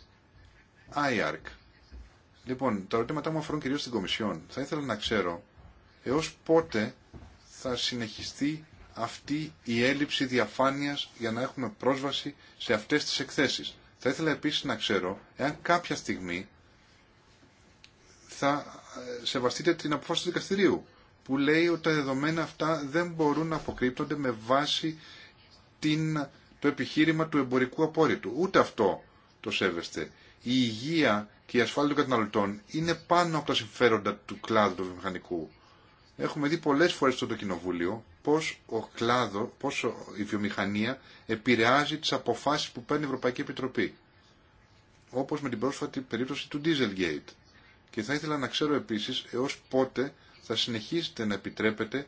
IARC. Λοιπόν, τα ερωτήματά μου αφορούν κυρίω στην Κομισιόν. Θα ήθελα να ξέρω έω πότε θα συνεχιστεί αυτή η έλλειψη διαφάνειας για να έχουμε πρόσβαση σε αυτές τις εκθέσεις. Θα ήθελα επίσης να ξέρω εάν κάποια στιγμή θα ε, σεβαστείτε την αποφάση του δικαστηρίου που λέει ότι τα δεδομένα αυτά δεν μπορούν να αποκρύπτονται με βάση την, το επιχείρημα του εμπορικού απόρριτου. Ούτε αυτό το σέβεστε. Η υγεία και η ασφάλεια των καταναλωτών είναι πάνω από τα συμφέροντα του κλάδου του βιομηχανικού. Έχουμε δει πολλές φορές στο το Κοινοβούλιο πώς, ο κλάδο, πώς η βιομηχανία επηρεάζει τις αποφάσεις που παίρνει η Ευρωπαϊκή Επιτροπή. Όπως με την πρόσφατη περίπτωση του Dieselgate. Και θα ήθελα να ξέρω επίσης έως πότε θα συνεχίσετε να επιτρέπετε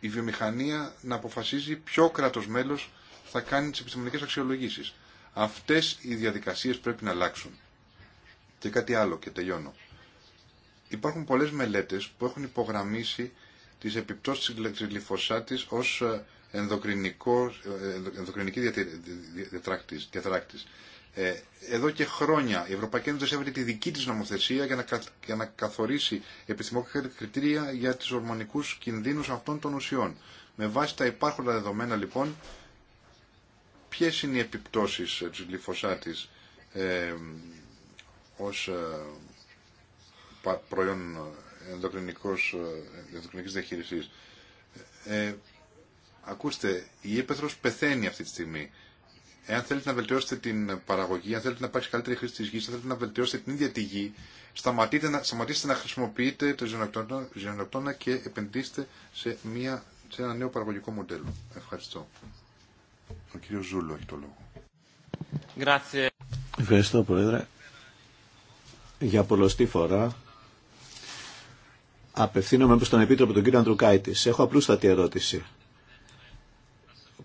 η βιομηχανία να αποφασίζει ποιο κράτος μέλος θα κάνει τις επιστημονικές αξιολογήσεις. Αυτές οι διαδικασίες πρέπει να αλλάξουν. Και κάτι άλλο και τελειώνω. Υπάρχουν πολλές μελέτες που έχουν υπογραμμίσει τις επιπτώσεις της γλυφοσάτης ως ε, ε, ενδοκρινική διατράκτης. Ε, εδώ και χρόνια η Ευρωπαϊκή Ένωση έβαλε τη δική της νομοθεσία για να, για να καθορίσει επιστημονικά κριτήρια για τις ορμονικούς κινδύνους αυτών των ουσιών. Με βάση τα υπάρχοντα δεδομένα λοιπόν, ποιες είναι οι επιπτώσεις της γλυφοσάτης ε, ως προϊόν ενδοκρινικός, ε, διαχείριση. Ε, ακούστε, η ύπεθρος πεθαίνει αυτή τη στιγμή. Εάν θέλετε να βελτιώσετε την παραγωγή, αν θέλετε να υπάρξει καλύτερη χρήση της γης, αν θέλετε να βελτιώσετε την ίδια τη γη, σταματήστε να, σταματήστε να χρησιμοποιείτε το ζυνοκτώνα και επενδύστε σε, ένα νέο παραγωγικό μοντέλο. Ευχαριστώ. Ο κύριος Ζούλο έχει το λόγο. Ευχαριστώ, Πρόεδρε. Για πολλωστή φορά Απευθύνομαι προς τον Επίτροπο τον κύριο Αντρουκάητη. Έχω απλούστατη ερώτηση.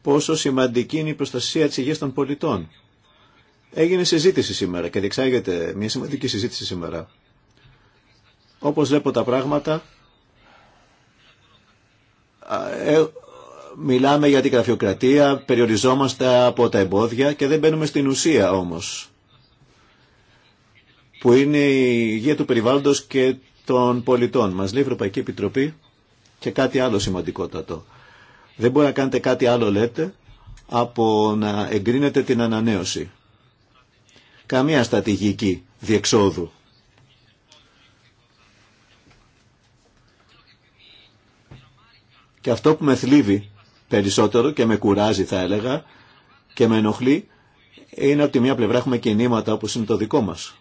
Πόσο σημαντική είναι η προστασία της υγείας των πολιτών. Έγινε συζήτηση σήμερα και διεξάγεται μια σημαντική συζήτηση σήμερα. Όπως βλέπω τα πράγματα, ε, μιλάμε για την γραφειοκρατία, περιοριζόμαστε από τα εμπόδια και δεν μπαίνουμε στην ουσία όμως, που είναι η υγεία του περιβάλλοντος και των πολιτών. Μας λέει η Ευρωπαϊκή Επιτροπή και κάτι άλλο σημαντικότατο. Δεν μπορεί να κάνετε κάτι άλλο, λέτε, από να εγκρίνετε την ανανέωση. Καμία στατηγική διεξόδου. Και αυτό που με θλίβει περισσότερο και με κουράζει θα έλεγα και με ενοχλεί είναι ότι μια πλευρά έχουμε κινήματα όπως είναι το δικό μας.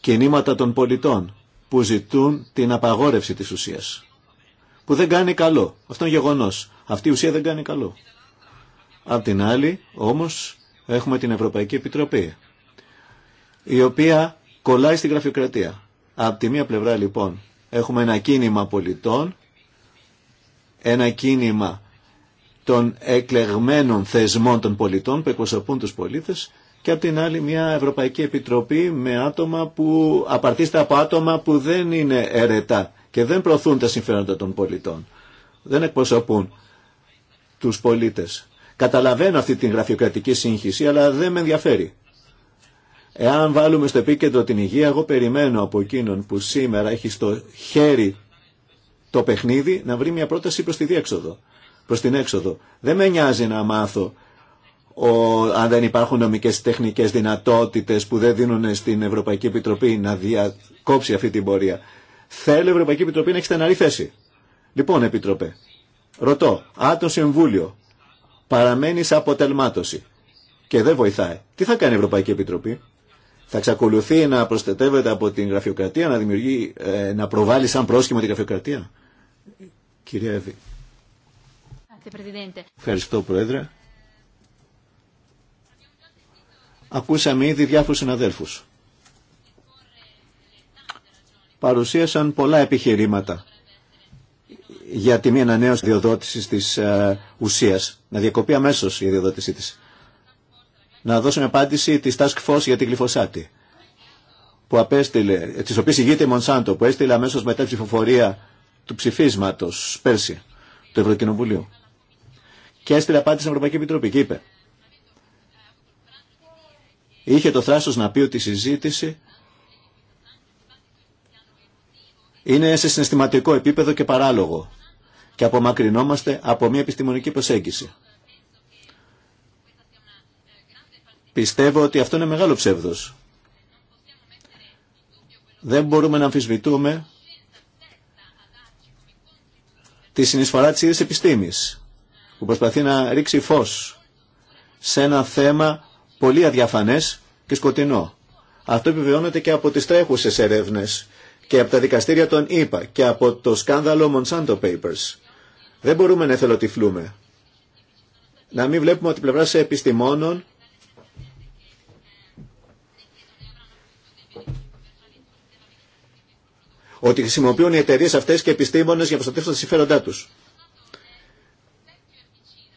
Κινήματα των πολιτών που ζητούν την απαγόρευση της ουσίας. Που δεν κάνει καλό. Αυτό είναι γεγονός. Αυτή η ουσία δεν κάνει καλό. Απ' την άλλη, όμως, έχουμε την Ευρωπαϊκή Επιτροπή, η οποία κολλάει στην γραφειοκρατία. Απ' τη μία πλευρά, λοιπόν, έχουμε ένα κίνημα πολιτών, ένα κίνημα των εκλεγμένων θεσμών των πολιτών που εκπροσωπούν τους πολίτες και από την άλλη μια Ευρωπαϊκή Επιτροπή με άτομα που απαρτίζεται από άτομα που δεν είναι αιρετά και δεν προωθούν τα συμφέροντα των πολιτών. Δεν εκπροσωπούν τους πολίτες. Καταλαβαίνω αυτή την γραφειοκρατική σύγχυση, αλλά δεν με ενδιαφέρει. Εάν βάλουμε στο επίκεντρο την υγεία, εγώ περιμένω από εκείνον που σήμερα έχει στο χέρι το παιχνίδι να βρει μια πρόταση προς τη προς την έξοδο. Δεν με νοιάζει να μάθω ο, αν δεν υπάρχουν νομικές τεχνικές δυνατότητες που δεν δίνουν στην Ευρωπαϊκή Επιτροπή να διακόψει αυτή την πορεία. Θέλω η Ευρωπαϊκή Επιτροπή να έχει στεναρή θέση. Λοιπόν, Επιτροπέ, ρωτώ, αν το Συμβούλιο παραμένει σε αποτελμάτωση και δεν βοηθάει, τι θα κάνει η Ευρωπαϊκή Επιτροπή. Θα εξακολουθεί να προστατεύεται από την γραφειοκρατία, να, δημιουργεί, ε, να προβάλλει σαν πρόσχημα την γραφειοκρατία. Κυρία Εύη. Ευχαριστώ, Πρόεδρε. Ακούσαμε ήδη διάφορους συναδέλφους. Παρουσίασαν πολλά επιχειρήματα για τη μία ανανέωση διοδότησης της ε, ουσίας. Να διακοπεί αμέσω η διοδότησή της. Να δώσουν απάντηση της Task Force για την γλυφοσάτη που απέστειλε, ε, της οποίας ηγείται η Μονσάντο, που έστειλε αμέσως μετά ψηφοφορία του ψηφίσματος πέρσι του Ευρωκοινοβουλίου. Και έστειλε απάντηση στην Ευρωπαϊκή Επιτροπή και είπε είχε το θράσος να πει ότι η συζήτηση είναι σε συναισθηματικό επίπεδο και παράλογο και απομακρυνόμαστε από μια επιστημονική προσέγγιση. Πιστεύω ότι αυτό είναι μεγάλο ψεύδος. Δεν μπορούμε να αμφισβητούμε τη συνεισφορά της ίδιας επιστήμης που προσπαθεί να ρίξει φως σε ένα θέμα πολύ αδιαφανές και σκοτεινό. Αυτό επιβεβαιώνεται και από τις τρέχουσες ερεύνες και από τα δικαστήρια των ΗΠΑ και από το σκάνδαλο Monsanto Papers. Δεν μπορούμε να εθελοτυφλούμε. Να μην βλέπουμε ότι πλευρά σε επιστημόνων ότι χρησιμοποιούν οι εταιρείε αυτές και επιστήμονες για να προστατεύσουν τα συμφέροντά τους.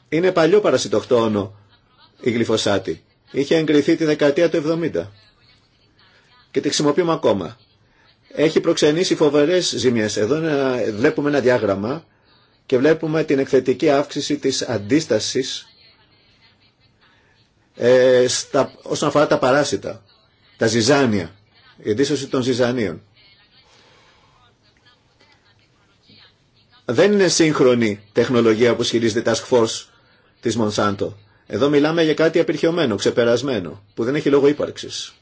Είναι παλιό παρασιτοχτόνο η γλυφοσάτη είχε εγκριθεί τη δεκαετία του 70 και τη χρησιμοποιούμε ακόμα. Έχει προξενήσει φοβερές ζημιές. Εδώ βλέπουμε ένα διάγραμμα και βλέπουμε την εκθετική αύξηση της αντίστασης ε, στα, όσον αφορά τα παράσιτα, τα ζυζάνια, η αντίσταση των ζυζανίων. Δεν είναι σύγχρονη τεχνολογία που σχηρίζεται Task Force της Monsanto. Εδώ μιλάμε για κάτι απερχιωμένο, ξεπερασμένο, που δεν έχει λόγο ύπαρξης.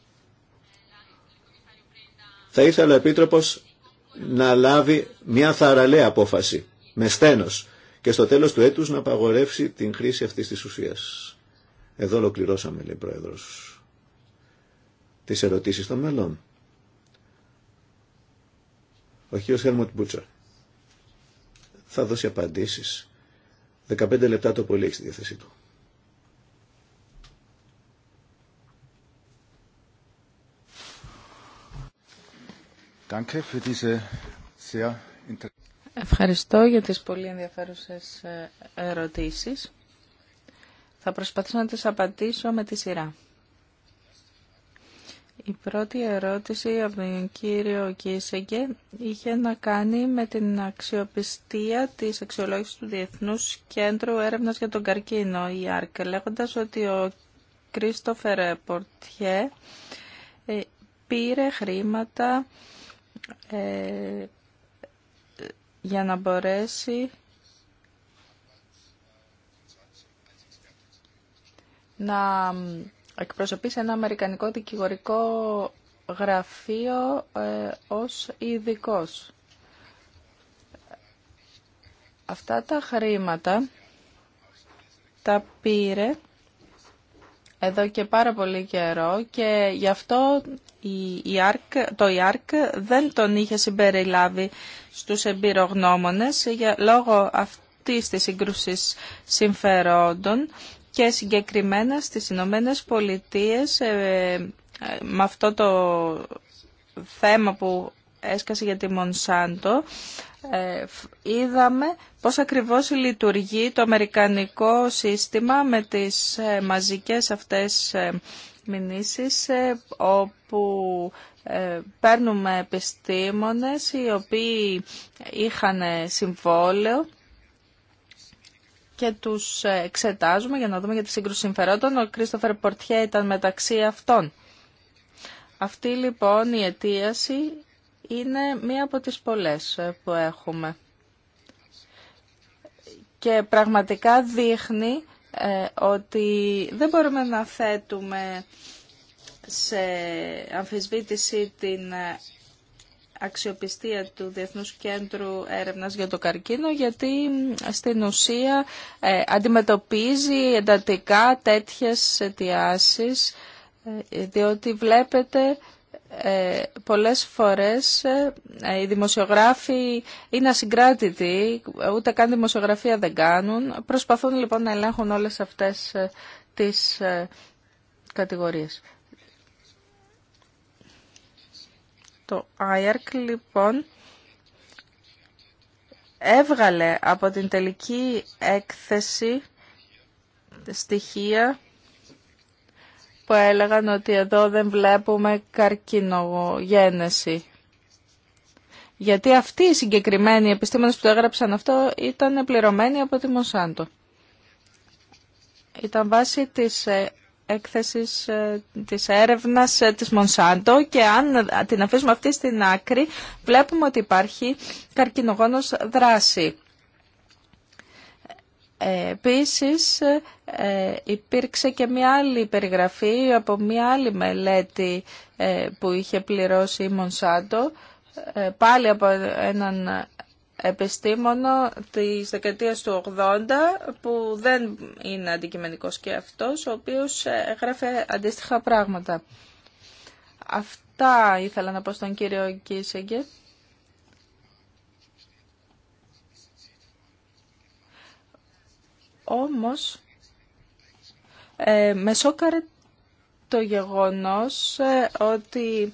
Θα ήθελα ο Επίτροπος να λάβει μια θαραλέα απόφαση, με στένος, και στο τέλος του έτους να απαγορεύσει την χρήση αυτής της ουσίας. Εδώ ολοκληρώσαμε, λέει Πρόεδρος, τις ερωτήσεις των μελών. Ο κ. Χέρμοντ Μπούτσαρ θα δώσει απαντήσεις. 15 λεπτά το πολύ έχει στη διάθεσή του. Ευχαριστώ για τις πολύ ενδιαφέρουσες ε, ερωτήσεις. Θα προσπαθήσω να τις απαντήσω με τη σειρά. Η πρώτη ερώτηση από τον κύριο Κίσεγκε είχε να κάνει με την αξιοπιστία της αξιολόγησης του Διεθνούς Κέντρου Έρευνας για τον Καρκίνο, η ΆΡΚ, λέγοντας ότι ο Κρίστοφερ Πορτιέ πήρε χρήματα ε, για να μπορέσει να εκπροσωπήσει ένα αμερικανικό δικηγορικό γραφείο ε, ως ειδικό. Αυτά τα χρήματα τα πήρε εδώ και πάρα πολύ καιρό και γι' αυτό η το ΙΑΡΚ δεν τον είχε συμπεριλάβει στους εμπειρογνώμονες για λόγω αυτής της σύγκρουσης συμφερόντων και συγκεκριμένα στις Ηνωμένε Πολιτείες ε, ε, με αυτό το θέμα που έσκασε για τη Μονσάντο ε, είδαμε πώς ακριβώς λειτουργεί το αμερικανικό σύστημα με τις ε, μαζικές αυτές ε, μηνύσεις όπου παίρνουμε επιστήμονες οι οποίοι είχαν συμβόλαιο και τους εξετάζουμε για να δούμε για τη σύγκρουση συμφερόντων. Ο Κρίστοφερ Πορτιέ ήταν μεταξύ αυτών. Αυτή λοιπόν η αιτίαση είναι μία από τις πολλές ε, που έχουμε. Και πραγματικά δείχνει ε, ότι δεν μπορούμε να θέτουμε σε αμφισβήτηση την ε, αξιοπιστία του Διεθνούς Κέντρου Έρευνας για το καρκίνο γιατί στην ουσία αντιμετωπίζει εντατικά τέτοιες αιτιάσεις διότι βλέπετε ε, πολλές φορές ε, οι δημοσιογράφοι είναι ασυγκράτητοι, ούτε καν δημοσιογραφία δεν κάνουν. Προσπαθούν λοιπόν να ελέγχουν όλες αυτές ε, τις κατηγορίες. Το IARC λοιπόν έβγαλε από την τελική έκθεση στοιχεία που έλεγαν ότι εδώ δεν βλέπουμε καρκινογένεση. Γιατί αυτοί οι συγκεκριμένοι επιστήμονες που το έγραψαν αυτό ήταν πληρωμένοι από τη Μονσάντο. Ήταν βάση της ε, έκθεσης ε, της έρευνας ε, της Μονσάντο και αν την αφήσουμε αυτή στην άκρη βλέπουμε ότι υπάρχει καρκινογόνος δράση. Επίσης ε, υπήρξε και μια άλλη περιγραφή από μια άλλη μελέτη ε, που είχε πληρώσει η Μονσάντο ε, πάλι από έναν επιστήμονο της δεκαετίας του 80 που δεν είναι αντικειμενικός και αυτός ο οποίος έγραφε αντίστοιχα πράγματα. Αυτά ήθελα να πω στον κύριο Κίσεγκερ. Όμως, ε, με σόκαρε το γεγονός ε, ότι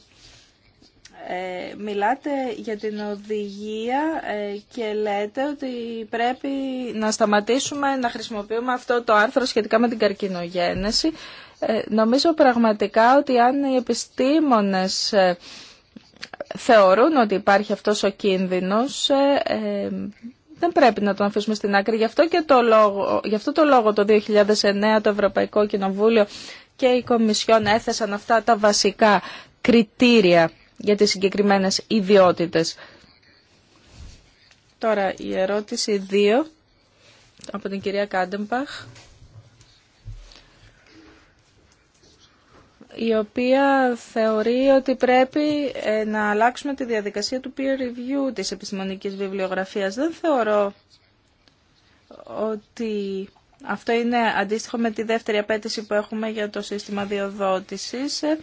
ε, μιλάτε για την οδηγία ε, και λέτε ότι πρέπει να σταματήσουμε να χρησιμοποιούμε αυτό το άρθρο σχετικά με την καρκινογένεση. Ε, νομίζω πραγματικά ότι αν οι επιστήμονες θεωρούν ότι υπάρχει αυτός ο κίνδυνος, δεν πρέπει να τον αφήσουμε στην άκρη. Γι' αυτό, και το λόγο, γι αυτό το λόγο το 2009 το Ευρωπαϊκό Κοινοβούλιο και η Κομισιόν έθεσαν αυτά τα βασικά κριτήρια για τις συγκεκριμένες ιδιότητες. Τώρα η ερώτηση 2 από την κυρία Κάντεμπαχ. η οποία θεωρεί ότι πρέπει ε, να αλλάξουμε τη διαδικασία του peer review της επιστημονικής βιβλιογραφίας. Δεν θεωρώ ότι αυτό είναι αντίστοιχο με τη δεύτερη απέτηση που έχουμε για το σύστημα διοδότησης. Ε,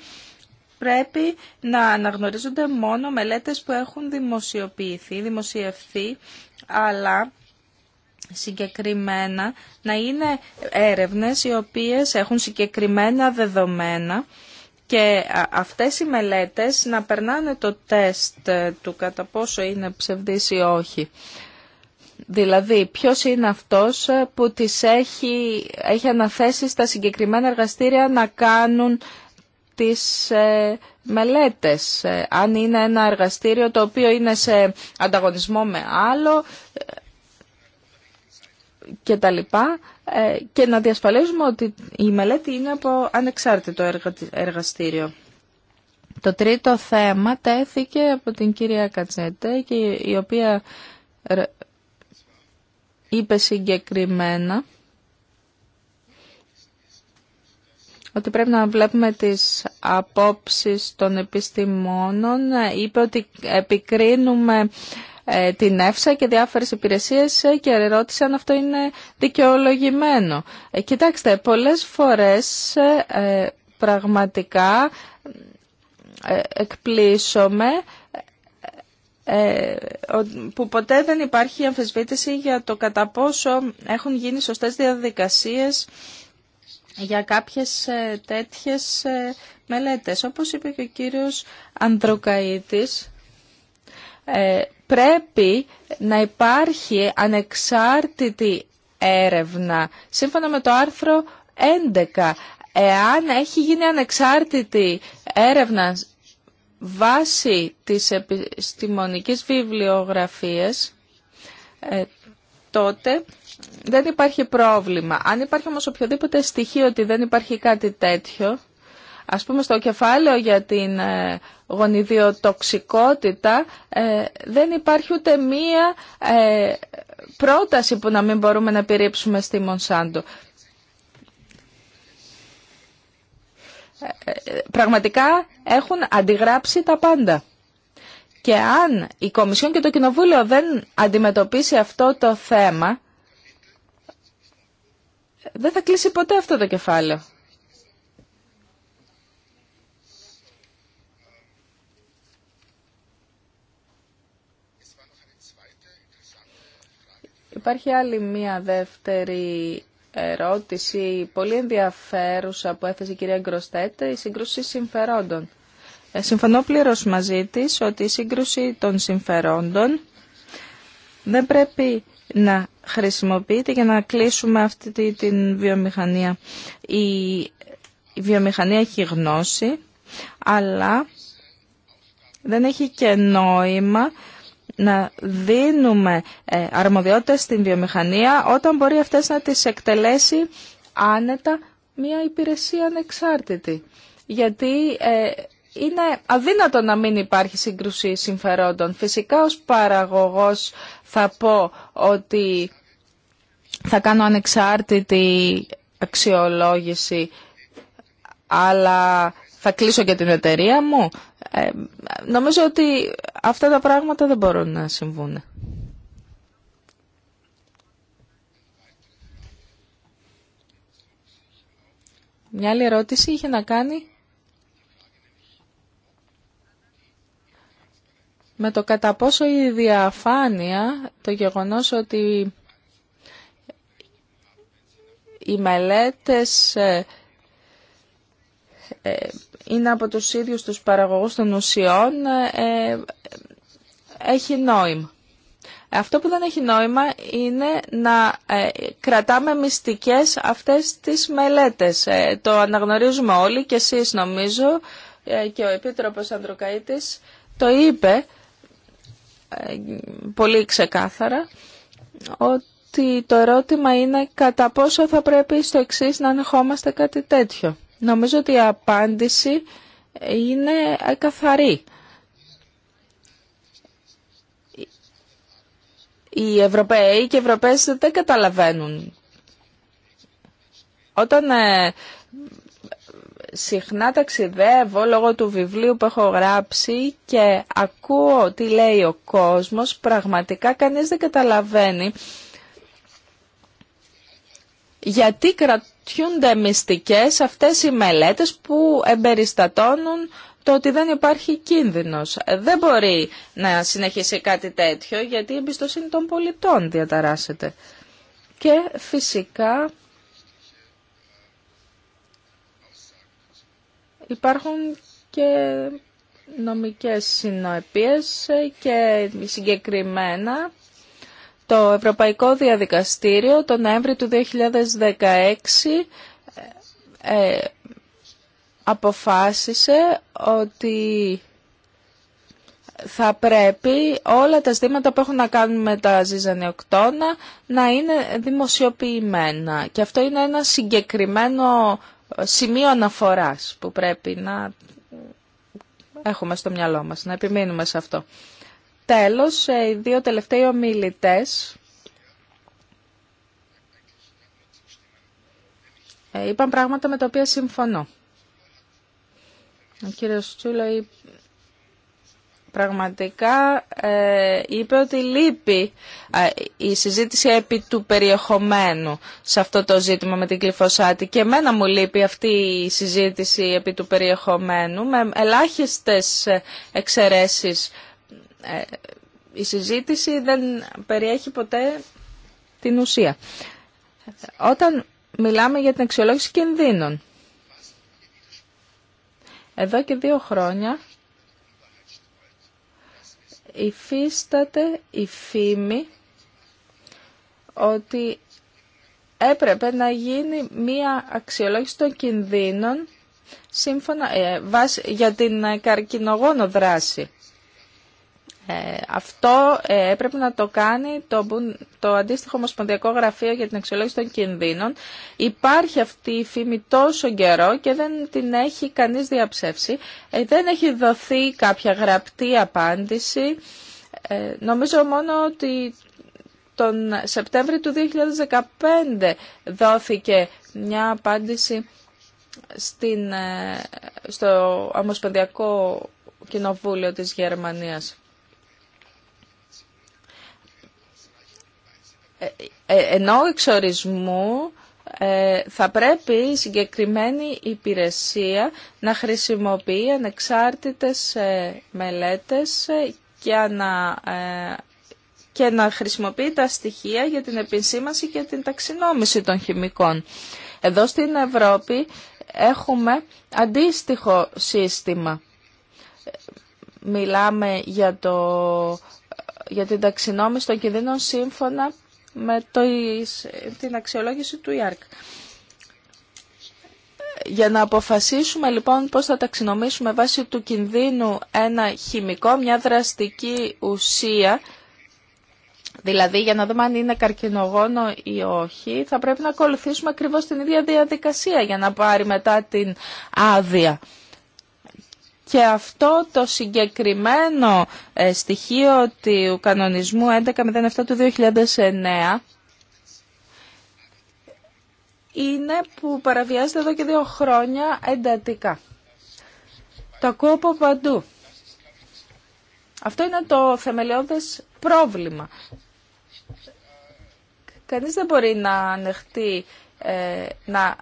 πρέπει να αναγνωρίζονται μόνο μελέτες που έχουν δημοσιοποιηθεί, δημοσιευθεί, αλλά συγκεκριμένα, να είναι έρευνες οι οποίες έχουν συγκεκριμένα δεδομένα και αυτές οι μελέτες να περνάνε το τεστ του κατά πόσο είναι ψευδής ή όχι. Δηλαδή, ποιος είναι αυτός που τις έχει, έχει αναθέσει στα συγκεκριμένα εργαστήρια να κάνουν τις ε, μελέτες. Ε, αν είναι ένα εργαστήριο το οποίο είναι σε ανταγωνισμό με άλλο, ε, και τα λοιπά ε, και να διασφαλίζουμε ότι η μελέτη είναι από ανεξάρτητο εργαστήριο. Το τρίτο θέμα τέθηκε από την κυρία Κατσέτε η οποία ε, είπε συγκεκριμένα ότι πρέπει να βλέπουμε τις απόψεις των επιστημόνων. Ε, είπε ότι επικρίνουμε ε, την ΕΦΣΑ και διάφορες υπηρεσίες ε, και ρώτησε αν αυτό είναι δικαιολογημένο. Ε, κοιτάξτε, πολλές φορές πραγματικά εκπλήσωμε που ποτέ δεν υπάρχει αμφισβήτηση για το κατά πόσο έχουν γίνει σωστές διαδικασίες για κάποιες τέτοιες μελέτες. Όπως είπε και ο κύριος Ανδροκαΐτης, ε, πρέπει να υπάρχει ανεξάρτητη έρευνα. Σύμφωνα με το άρθρο 11, εάν έχει γίνει ανεξάρτητη έρευνα βάσει της επιστημονικής βιβλιογραφίας, ε, τότε δεν υπάρχει πρόβλημα. Αν υπάρχει όμως οποιοδήποτε στοιχείο ότι δεν υπάρχει κάτι τέτοιο, Ας πούμε στο κεφάλαιο για την ε, γονιδιοτοξικότητα ε, δεν υπάρχει ούτε μία ε, πρόταση που να μην μπορούμε να πηρύψουμε στη Μονσάντο. Πραγματικά έχουν αντιγράψει τα πάντα. Και αν η Κομισιόν και το Κοινοβούλιο δεν αντιμετωπίσει αυτό το θέμα, δεν θα κλείσει ποτέ αυτό το κεφάλαιο. Υπάρχει άλλη μία δεύτερη ερώτηση, πολύ ενδιαφέρουσα που έθεσε η κυρία Γκροστέτ, η σύγκρουση συμφερόντων. Ε, συμφωνώ πλήρως μαζί της ότι η σύγκρουση των συμφερόντων δεν πρέπει να χρησιμοποιείται για να κλείσουμε αυτή την βιομηχανία. Η βιομηχανία έχει γνώση, αλλά δεν έχει και νόημα να δίνουμε ε, αρμοδιότητες στην βιομηχανία όταν μπορεί αυτές να τις εκτελέσει άνετα μια υπηρεσία ανεξάρτητη. Γιατί ε, είναι αδύνατο να μην υπάρχει σύγκρουση συμφερόντων. Φυσικά ως παραγωγός θα πω ότι θα κάνω ανεξάρτητη αξιολόγηση, αλλά θα κλείσω και την εταιρεία μου. Ε, νομίζω ότι αυτά τα πράγματα δεν μπορούν να συμβούν. Μια άλλη ερώτηση είχε να κάνει με το κατά πόσο η διαφάνεια, το γεγονός ότι οι μελέτες ε, ε, είναι από τους ίδιους τους παραγωγούς των ουσιών ε, ε, έχει νόημα. Αυτό που δεν έχει νόημα είναι να ε, κρατάμε μυστικές αυτές τις μελέτες. Το αναγνωρίζουμε όλοι και εσείς νομίζω και ο Επίτροπος Ανδρουκαίτης το είπε πολύ ξεκάθαρα ότι το ερώτημα είναι κατά πόσο θα πρέπει στο εξής να ανεχόμαστε κάτι τέτοιο. Νομίζω ότι η απάντηση είναι καθαρή. Οι Ευρωπαίοι και οι Ευρωπαίες δεν καταλαβαίνουν. Όταν ε, συχνά ταξιδεύω λόγω του βιβλίου που έχω γράψει και ακούω τι λέει ο κόσμος, πραγματικά κανείς δεν καταλαβαίνει γιατί κρατούν Τιούνται μυστικές αυτές οι μελέτες που εμπεριστατώνουν το ότι δεν υπάρχει κίνδυνος. Δεν μπορεί να συνεχίσει κάτι τέτοιο γιατί η εμπιστοσύνη των πολιτών διαταράσσεται. Και φυσικά υπάρχουν και νομικές συνοεπίες και συγκεκριμένα το Ευρωπαϊκό Διαδικαστήριο τον Νοέμβριο του 2016 ε, αποφάσισε ότι θα πρέπει όλα τα ζητήματα που έχουν να κάνουν με τα ζυζανιοκτώνα να είναι δημοσιοποιημένα. Και αυτό είναι ένα συγκεκριμένο σημείο αναφοράς που πρέπει να έχουμε στο μυαλό μας, να επιμείνουμε σε αυτό. Τέλος, ε, οι δύο τελευταίοι ομιλητές ε, είπαν πράγματα με τα οποία συμφωνώ. Ο κύριος Τσούλα πραγματικά ε, είπε ότι λείπει η συζήτηση επί του περιεχομένου σε αυτό το ζήτημα με την κλειφωσάτη και εμένα μου λείπει αυτή η συζήτηση επί του περιεχομένου με ελάχιστες εξαιρέσεις ε, η συζήτηση δεν περιέχει ποτέ την ουσία. Όταν μιλάμε για την αξιολόγηση κινδύνων, εδώ και δύο χρόνια υφίσταται η φήμη ότι έπρεπε να γίνει μία αξιολόγηση των κινδύνων σύμφωνα, ε, για την καρκινογόνο δράση. Ε, αυτό ε, έπρεπε να το κάνει το, το αντίστοιχο Ομοσπονδιακό Γραφείο για την Αξιολόγηση των Κινδύνων. Υπάρχει αυτή η φήμη τόσο καιρό και δεν την έχει κανείς διαψεύσει. Ε, δεν έχει δοθεί κάποια γραπτή απάντηση. Νομίζω μόνο ότι τον Σεπτέμβριο του 2015 δόθηκε μια απάντηση στην, στο Ομοσπονδιακό Κοινοβούλιο της Γερμανίας. Ε, ε, ενώ εξορισμού ε, θα πρέπει η συγκεκριμένη υπηρεσία να χρησιμοποιεί ανεξάρτητες μελέτες και να, και να χρησιμοποιεί τα στοιχεία για την επισήμανση και την ταξινόμηση των χημικών. Εδώ στην Ευρώπη έχουμε αντίστοιχο σύστημα. Μιλάμε για, το, για την ταξινόμηση των κινδύνων σύμφωνα με το, την αξιολόγηση του ΙΑΡΚ. Για να αποφασίσουμε λοιπόν πώς θα ταξινομήσουμε βάσει του κινδύνου ένα χημικό, μια δραστική ουσία, δηλαδή για να δούμε αν είναι καρκινογόνο ή όχι, θα πρέπει να ακολουθήσουμε ακριβώς την ίδια διαδικασία για να πάρει μετά την άδεια. Και αυτό το συγκεκριμένο ε, στοιχείο του κανονισμού 1107 του 2009 είναι που παραβιάζεται εδώ και δύο χρόνια εντατικά. Το ακούω από παντού. Αυτό είναι το θεμελιώδες πρόβλημα. Κανείς δεν μπορεί να ανεχτεί ε, να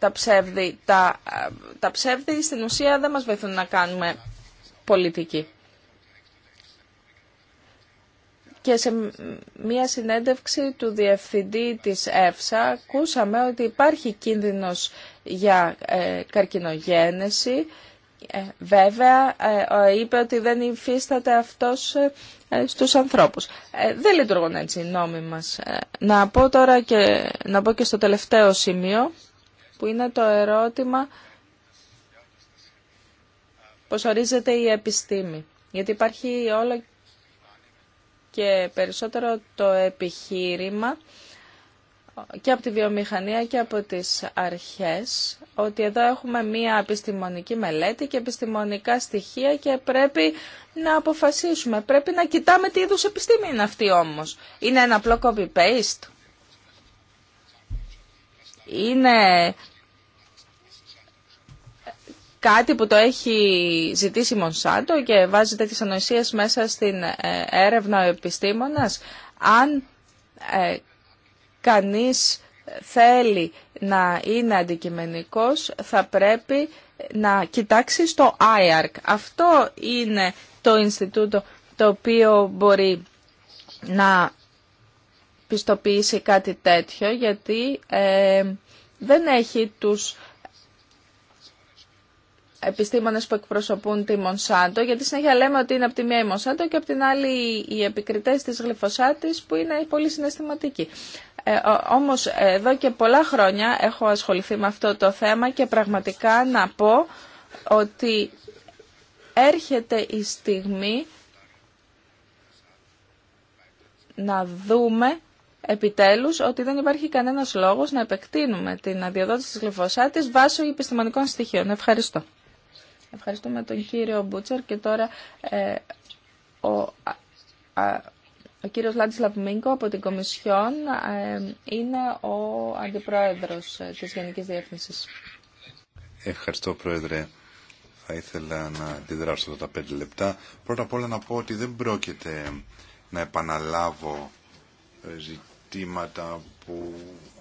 τα ψεύδη. Τα, τα ψεύδη στην ουσία δεν μας βοηθούν να κάνουμε πολιτική. Και σε μία συνέντευξη του Διευθυντή της ΕΦΣΑ ακούσαμε ότι υπάρχει κίνδυνος για ε, καρκινογένεση. Ε, βέβαια, ε, είπε ότι δεν υφίσταται αυτός στους ανθρώπους. Δεν λειτουργούν έτσι οι νόμοι μας. Να πω τώρα και, να πω και στο τελευταίο σημείο που είναι το ερώτημα πώς ορίζεται η επιστήμη. Γιατί υπάρχει όλο και περισσότερο το επιχείρημα και από τη βιομηχανία και από τις αρχές ότι εδώ έχουμε μία επιστημονική μελέτη και επιστημονικά στοιχεία και πρέπει να αποφασίσουμε. Πρέπει να κοιτάμε τι είδους επιστήμη είναι αυτή όμως. Είναι ένα απλό copy-paste. Είναι κάτι που το έχει ζητήσει η Μονσάντο και βάζει τέτοιε ανοησίες μέσα στην ε, έρευνα ο επιστήμονας. Αν ε, κανείς θέλει να είναι αντικειμενικός θα πρέπει να κοιτάξει στο IARC. Αυτό είναι το Ινστιτούτο το οποίο μπορεί να πιστοποιήσει κάτι τέτοιο γιατί ε, δεν έχει τους επιστήμονες που εκπροσωπούν τη Μονσάντο, γιατί συνέχεια λέμε ότι είναι από τη μία η Μονσάντο και από την άλλη οι επικριτές της γλυφοσάτης που είναι πολύ συναισθηματικοί. Ε, όμως εδώ και πολλά χρόνια έχω ασχοληθεί με αυτό το θέμα και πραγματικά να πω ότι έρχεται η στιγμή να δούμε επιτέλους ότι δεν υπάρχει κανένας λόγος να επεκτείνουμε την αδειοδότηση της γλυφοσάτης βάσει επιστημονικών στοιχείων. Ευχαριστώ. Ευχαριστούμε τον κύριο Μπούτσερ και τώρα ε, ο, α, ο κύριος Μίνκο από την Κομισιόν ε, είναι ο αντιπρόεδρος ε, της Γενικής Διεύθυνσης. Ευχαριστώ πρόεδρε. Θα ήθελα να αντιδράσω τα πέντε λεπτά. Πρώτα απ' όλα να πω ότι δεν πρόκειται να επαναλάβω ζητήματα που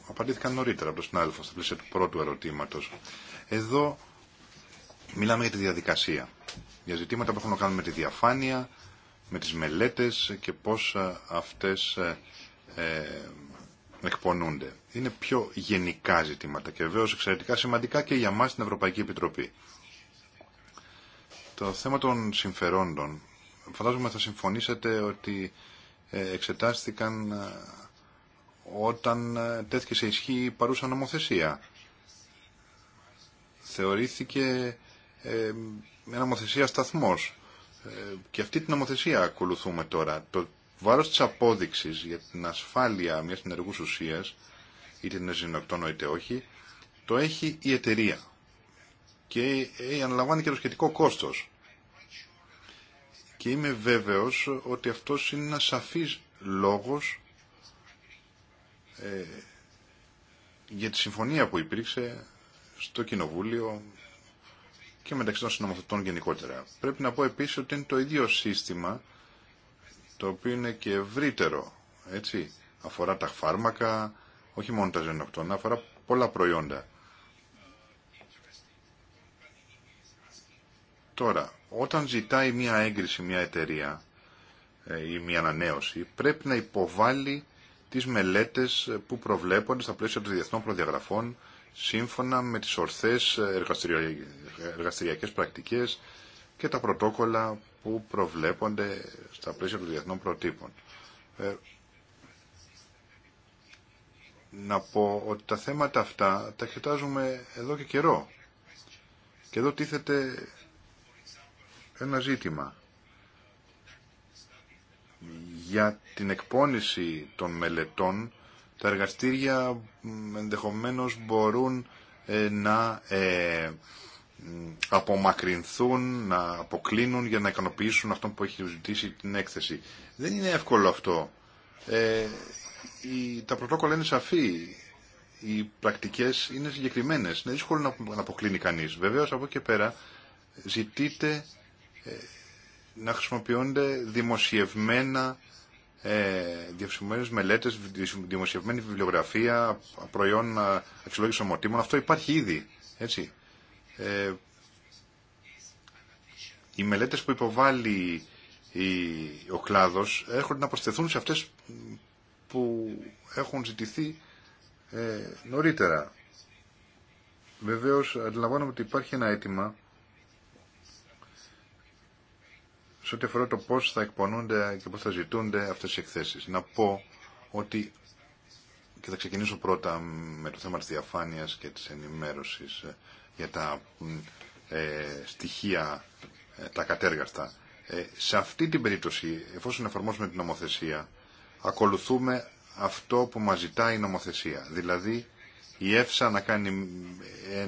απαντήθηκαν νωρίτερα από τον συνάδελφο στα πλαίσια του πρώτου ερωτήματος. Εδώ Μιλάμε για τη διαδικασία. Για ζητήματα που έχουν να κάνουν με τη διαφάνεια, με τις μελέτες και πώς ε, αυτές ε, ε, εκπονούνται. Είναι πιο γενικά ζητήματα και βέβαιως εξαιρετικά σημαντικά και για μας στην Ευρωπαϊκή Επιτροπή. Το θέμα των συμφερόντων. Φαντάζομαι θα συμφωνήσετε ότι ε, εξετάστηκαν όταν τέθηκε σε ισχύ η παρούσα νομοθεσία. Θεωρήθηκε ε, με νομοθεσία σταθμός. Ε, και αυτή την νομοθεσία ακολουθούμε τώρα. Το βάρος της απόδειξης για την ασφάλεια μιας ενεργού ουσία ή την ουσίας, είτε είναι ζυνοκτόνο είτε όχι, το έχει η εταιρεία. Και ε, αναλαμβάνει και το σχετικό κόστος. Και είμαι βέβαιος ότι αυτός είναι ένα σαφής λόγος ε, για τη συμφωνία που υπήρξε στο Κοινοβούλιο και μεταξύ των συνομοθετών γενικότερα. Πρέπει να πω επίσης ότι είναι το ίδιο σύστημα το οποίο είναι και ευρύτερο, έτσι, αφορά τα φάρμακα, όχι μόνο τα ζενοκτώνα, αφορά πολλά προϊόντα. Τώρα, όταν ζητάει μια έγκριση μια εταιρεία ε, ή μια ανανέωση, πρέπει να υποβάλει τις μελέτες που προβλέπονται στα πλαίσια των διεθνών προδιαγραφών σύμφωνα με τις ορθές εργαστηριακές πρακτικές και τα πρωτόκολλα που προβλέπονται στα πλαίσια των διεθνών προτύπων. Ε, να πω ότι τα θέματα αυτά τα κοιτάζουμε εδώ και καιρό. Και εδώ τίθεται ένα ζήτημα για την εκπόνηση των μελετών τα εργαστήρια ενδεχομένως μπορούν ε, να ε, απομακρυνθούν, να αποκλίνουν για να ικανοποιήσουν αυτό που έχει ζητήσει την έκθεση. Δεν είναι εύκολο αυτό. Ε, τα πρωτόκολλα είναι σαφή. Οι πρακτικές είναι συγκεκριμένες. Είναι δύσκολο να, αποκλίνει κανείς. Βεβαίως από εκεί και πέρα ζητείτε ε, να χρησιμοποιούνται δημοσιευμένα ε, μελέτες, δημοσιευμένη βιβλιογραφία, προϊόν ε, αξιολόγηση ομοτήμων. Αυτό υπάρχει ήδη. Έτσι. Ε, οι μελέτες που υποβάλλει ο κλάδος έρχονται να προσθεθούν σε αυτές που έχουν ζητηθεί ε, νωρίτερα. Βεβαίως αντιλαμβάνομαι ότι υπάρχει ένα αίτημα σε ό,τι αφορά το πώ θα εκπονούνται και πώ θα ζητούνται αυτές οι εκθέσει. Να πω ότι, και θα ξεκινήσω πρώτα με το θέμα της διαφάνειας και της ενημέρωσης ε, για τα ε, στοιχεία, ε, τα κατέργαστα. Ε, σε αυτή την περίπτωση, εφόσον εφαρμόσουμε την νομοθεσία, ακολουθούμε αυτό που μας ζητάει η νομοθεσία. Δηλαδή, η ΕΦΣΑ να κάνει ε,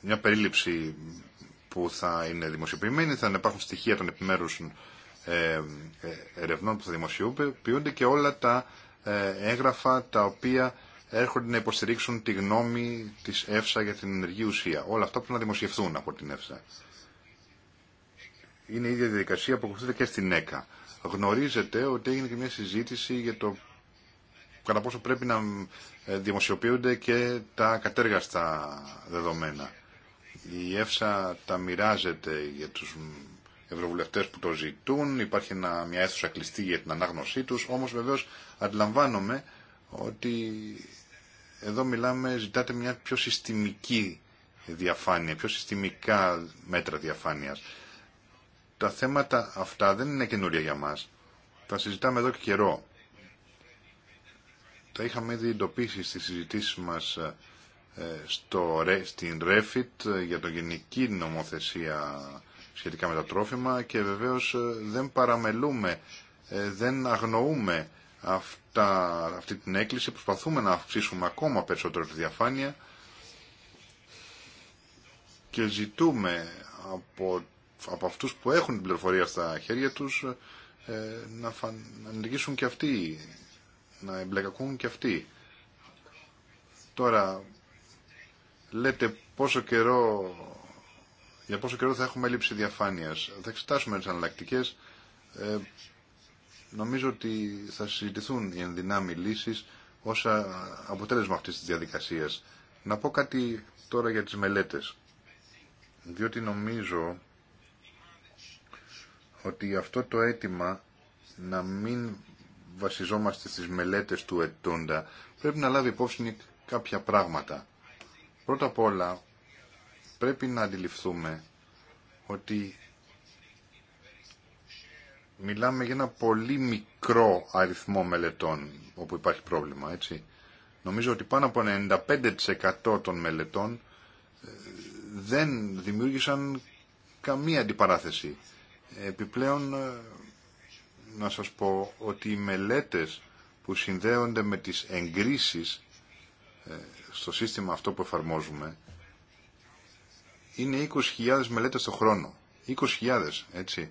μια περίληψη που θα είναι δημοσιοποιημένοι, θα υπάρχουν στοιχεία των επιμέρους ε, ε, ερευνών που θα δημοσιοποιούνται και όλα τα ε, έγγραφα τα οποία έρχονται να υποστηρίξουν τη γνώμη της ΕΦΣΑ για την ενεργή ουσία. Όλα αυτά που να δημοσιευθούν από την ΕΦΣΑ. Είναι η ίδια διαδικασία που ακολουθείται και στην ΕΚΑ. Γνωρίζετε ότι έγινε και μια συζήτηση για το κατά πόσο πρέπει να δημοσιοποιούνται και τα κατέργαστα δεδομένα. Η ΕΦΣΑ τα μοιράζεται για τους ευρωβουλευτές που το ζητούν, υπάρχει μια αίθουσα κλειστή για την ανάγνωσή τους, όμως βεβαίως αντιλαμβάνομαι ότι εδώ μιλάμε, ζητάτε μια πιο συστημική διαφάνεια, πιο συστημικά μέτρα διαφάνειας. Τα θέματα αυτά δεν είναι καινούρια για μας. Τα συζητάμε εδώ και καιρό. Τα είχαμε ήδη εντοπίσει στις συζητήσεις μας ε, στο, στην REFIT ε, για το γενική νομοθεσία σχετικά με τα τρόφιμα και βεβαίως ε, δεν παραμελούμε, δεν αγνοούμε αυτά, αυτή την έκκληση, προσπαθούμε να αυξήσουμε ακόμα περισσότερο τη διαφάνεια και ζητούμε από, από αυτούς που έχουν την πληροφορία στα χέρια τους να, φαν, και αυτοί, να εμπλεκακούν και αυτοί. Τώρα, λέτε πόσο καιρό, για πόσο καιρό θα έχουμε έλλειψη διαφάνειας. Θα εξετάσουμε τις αναλλακτικέ. Ε, νομίζω ότι θα συζητηθούν οι ενδυνάμοι λύσεις όσα αποτέλεσμα αυτής της διαδικασίας. Να πω κάτι τώρα για τις μελέτες. Διότι νομίζω ότι αυτό το αίτημα να μην βασιζόμαστε στις μελέτες του ετώντα πρέπει να λάβει υπόψη κάποια πράγματα. Πρώτα απ' όλα πρέπει να αντιληφθούμε ότι μιλάμε για ένα πολύ μικρό αριθμό μελετών όπου υπάρχει πρόβλημα, έτσι. Νομίζω ότι πάνω από 95% των μελετών ε, δεν δημιούργησαν καμία αντιπαράθεση. Επιπλέον, ε, να σας πω ότι οι μελέτες που συνδέονται με τις εγκρίσεις ε, στο σύστημα αυτό που εφαρμόζουμε είναι 20.000 μελέτες το χρόνο. 20.000, έτσι.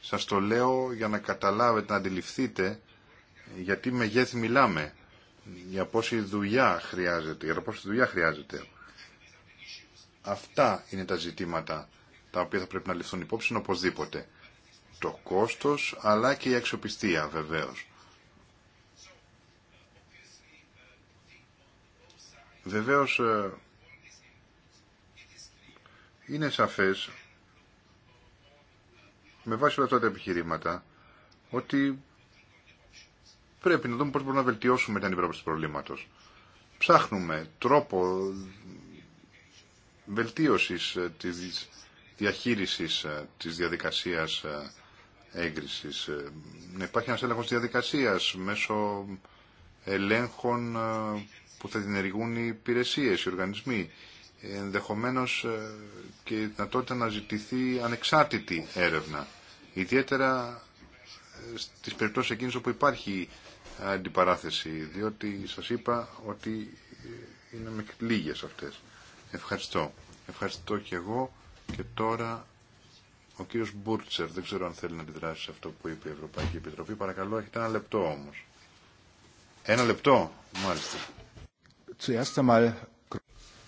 Σας το λέω για να καταλάβετε, να αντιληφθείτε γιατί μεγέθη μιλάμε. Για πόση δουλειά χρειάζεται, για πόση δουλειά χρειάζεται. Αυτά είναι τα ζητήματα τα οποία θα πρέπει να ληφθούν υπόψη οπωσδήποτε. Το κόστος αλλά και η αξιοπιστία βεβαίως. Βεβαίως ε, είναι σαφές με βάση όλα αυτά τα επιχειρήματα ότι πρέπει να δούμε πώς μπορούμε να βελτιώσουμε την αντιπρόπωση του προβλήματος. Ψάχνουμε τρόπο βελτίωσης ε, της διαχείρισης ε, της διαδικασίας έγκρισης. υπάρχει ένας έλεγχος διαδικασίας μέσω ελέγχων που θα διενεργούν οι υπηρεσίες, οι οργανισμοί. Ενδεχομένως ε, και η δυνατότητα να ζητηθεί ανεξάρτητη έρευνα. Ιδιαίτερα ε, στις περιπτώσεις εκείνες όπου υπάρχει ε, αντιπαράθεση, διότι σας είπα ότι είναι με λίγες αυτές. Ευχαριστώ. Ευχαριστώ και εγώ και τώρα ο κύριος Μπούρτσερ, δεν ξέρω αν θέλει να αντιδράσει σε αυτό που είπε η Ευρωπαϊκή Επιτροπή. Παρακαλώ, έχετε ένα λεπτό όμως. Ένα λεπτό, μάλιστα. Zuerst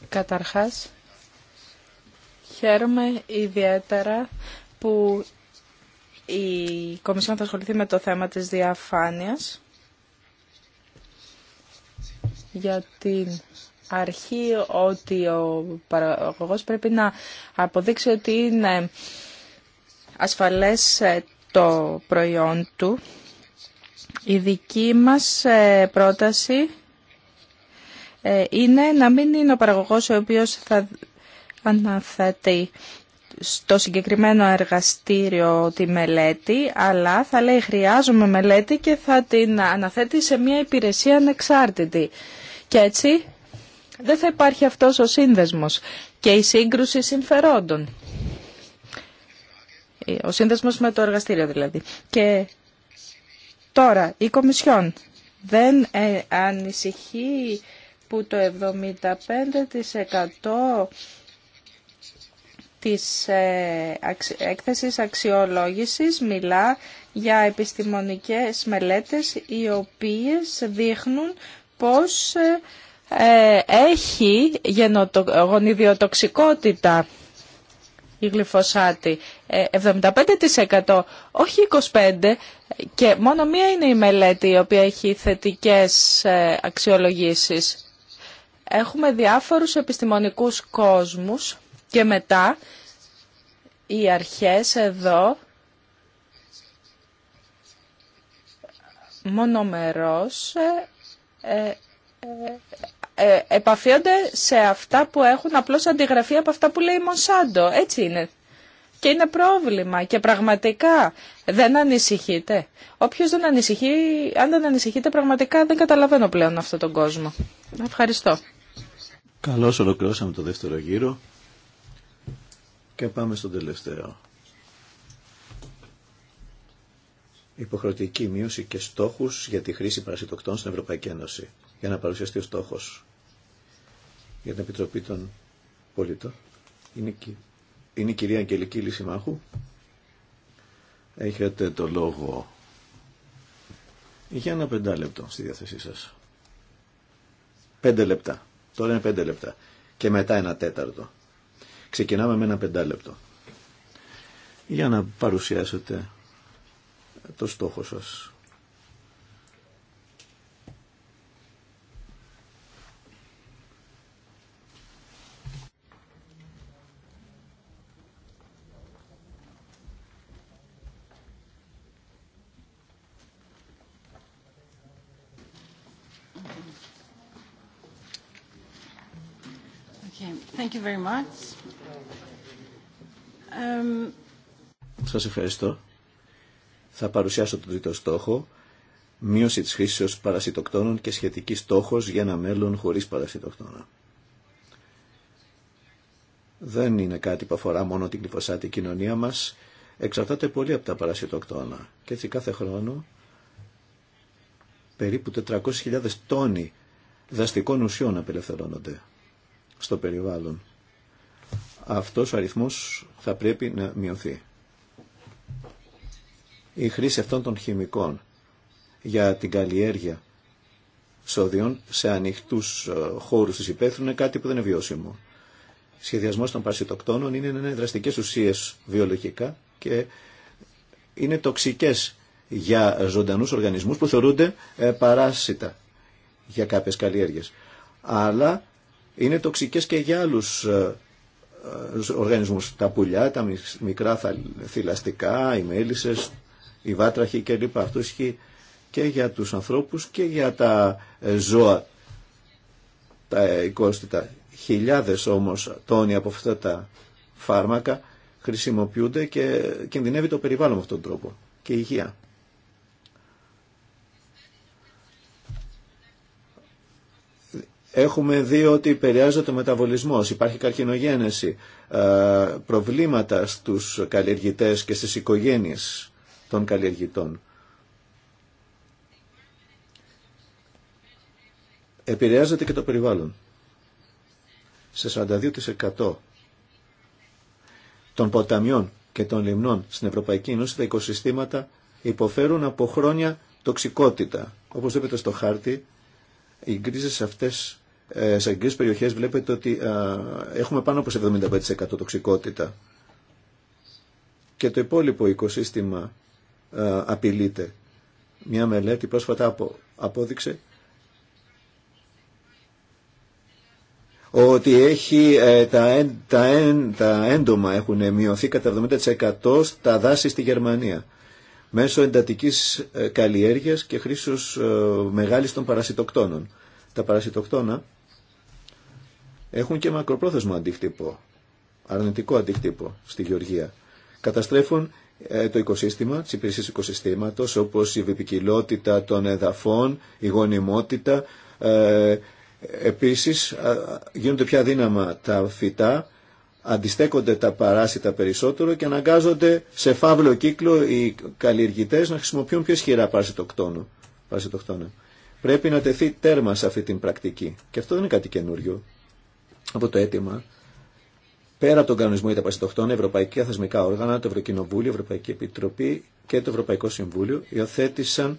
Καταρχάς, χαίρομαι ιδιαίτερα που η Κομισιόν θα ασχοληθεί με το θέμα της διαφάνειας για την αρχή ότι ο παραγωγός πρέπει να αποδείξει ότι είναι ασφαλές ε, το προϊόν του. Η δική μας ε, πρόταση ε, είναι να μην είναι ο παραγωγός ο οποίος θα αναθέτει στο συγκεκριμένο εργαστήριο τη μελέτη, αλλά θα λέει χρειάζομαι μελέτη και θα την αναθέτει σε μια υπηρεσία ανεξάρτητη. Και έτσι δεν θα υπάρχει αυτός ο σύνδεσμος και η σύγκρουση συμφερόντων. Ο σύνδεσμος με το εργαστήριο δηλαδή. Και τώρα η Κομισιόν δεν ε, ανησυχεί που το 75% της ε, έκθεσης αξιολόγησης μιλά για επιστημονικές μελέτες οι οποίες δείχνουν πως ε, ε, έχει γονιδιοτοξικότητα η γλυφοσάτη 75% όχι 25% και μόνο μία είναι η μελέτη η οποία έχει θετικές αξιολογήσεις έχουμε διάφορους επιστημονικούς κόσμους και μετά οι αρχές εδώ μονομερός ε, ε, ε, ε επαφίονται σε αυτά που έχουν απλώς αντιγραφεί από αυτά που λέει η Μονσάντο. Έτσι είναι. Και είναι πρόβλημα. Και πραγματικά δεν ανησυχείτε. Όποιος δεν ανησυχεί, αν δεν ανησυχείτε πραγματικά δεν καταλαβαίνω πλέον αυτόν τον κόσμο. Ευχαριστώ. Καλώς ολοκληρώσαμε το δεύτερο γύρο και πάμε στον τελευταίο. Υποχρεωτική μείωση και στόχους για τη χρήση παρασιτοκτών στην Ευρωπαϊκή Ένωση. Για να παρουσιαστεί ο στόχος για την Επιτροπή των Πολιτών. Είναι, είναι η κυρία Αγγελική Λυσιμάχου. Έχετε το λόγο για ένα πεντάλεπτο στη διάθεσή σας. Πέντε λεπτά. Τώρα είναι πέντε λεπτά. Και μετά ένα τέταρτο. Ξεκινάμε με ένα πεντάλεπτο. Για να παρουσιάσετε το στόχο σας. Um, Σας ευχαριστώ. Θα παρουσιάσω τον τρίτο στόχο. Μείωση της χρήσης παρασιτοκτόνων και σχετική στόχος για ένα μέλλον χωρίς παρασιτοκτόνα. Δεν είναι κάτι που αφορά μόνο την κλειφωσάτη κοινωνία μας. Εξαρτάται πολύ από τα παρασιτοκτόνα. Και έτσι κάθε χρόνο περίπου 400.000 τόνοι δαστικών ουσιών απελευθερώνονται στο περιβάλλον αυτός ο αριθμός θα πρέπει να μειωθεί. Η χρήση αυτών των χημικών για την καλλιέργεια σόδιων σε ανοιχτούς ε, χώρους της υπαίθρου είναι κάτι που δεν είναι βιώσιμο. Σχεδιασμός των παρασιτοκτόνων είναι δραστικές ουσίες βιολογικά και είναι τοξικές για ζωντανούς οργανισμούς που θεωρούνται ε, παράσιτα για κάποιες καλλιέργειες. Αλλά είναι τοξικές και για άλλους ε, ε, οργανισμούς. Τα πουλιά, τα μικρά θηλαστικά, οι μέλισσες, οι βάτραχοι κλπ. Αυτό ισχύει και για τους ανθρώπους και για τα ε, ζώα, τα ε, οικόστητα Χιλιάδες όμως τόνοι από αυτά τα φάρμακα χρησιμοποιούνται και κινδυνεύει το περιβάλλον με αυτόν τον τρόπο και η υγεία. Έχουμε δει ότι επηρεάζεται ο μεταβολισμός, υπάρχει καρκινογένεση, ε, προβλήματα στους καλλιεργητές και στις οικογένειες των καλλιεργητών. Επηρεάζεται και το περιβάλλον. Σε 42% των ποταμιών και των λιμνών στην Ευρωπαϊκή Ένωση τα οικοσυστήματα υποφέρουν από χρόνια τοξικότητα. Όπως βλέπετε στο χάρτη, οι γκρίζες αυτές ε, σε αγγλικές περιοχές βλέπετε ότι ε, έχουμε πάνω από 75% τοξικότητα και το υπόλοιπο οικοσύστημα ε, απειλείται. Μια μελέτη πρόσφατα απόδειξε ότι έχει, τα, τα, έντομα έχουν μειωθεί κατά 70% στα δάση στη Γερμανία μέσω εντατικής καλλιέργειας και χρήσεως μεγάλης των παρασιτοκτόνων. Τα παρασιτοκτόνα έχουν και μακροπρόθεσμο αντίκτυπο, αρνητικό αντίκτυπο στη γεωργία. Καταστρέφουν ε, το οικοσύστημα, τις υπηρεσίες οικοσυστήματος, όπως η βιπικιλότητα των εδαφών, η γονιμότητα. Ε, επίσης, γίνονται πια δύναμα τα φυτά, αντιστέκονται τα παράσιτα περισσότερο και αναγκάζονται σε φαύλο κύκλο οι καλλιεργητές να χρησιμοποιούν πιο ισχυρά παρασιτοκτόνο. Πρέπει να τεθεί τέρμα σε αυτή την πρακτική. Και αυτό δεν είναι κάτι καινούριο από το αίτημα πέρα από τον κανονισμό για τα πασιτοκτόνα, ευρωπαϊκά θεσμικά όργανα, το Ευρωκοινοβούλιο, Ευρωπαϊκή Επιτροπή και το Ευρωπαϊκό Συμβούλιο υιοθέτησαν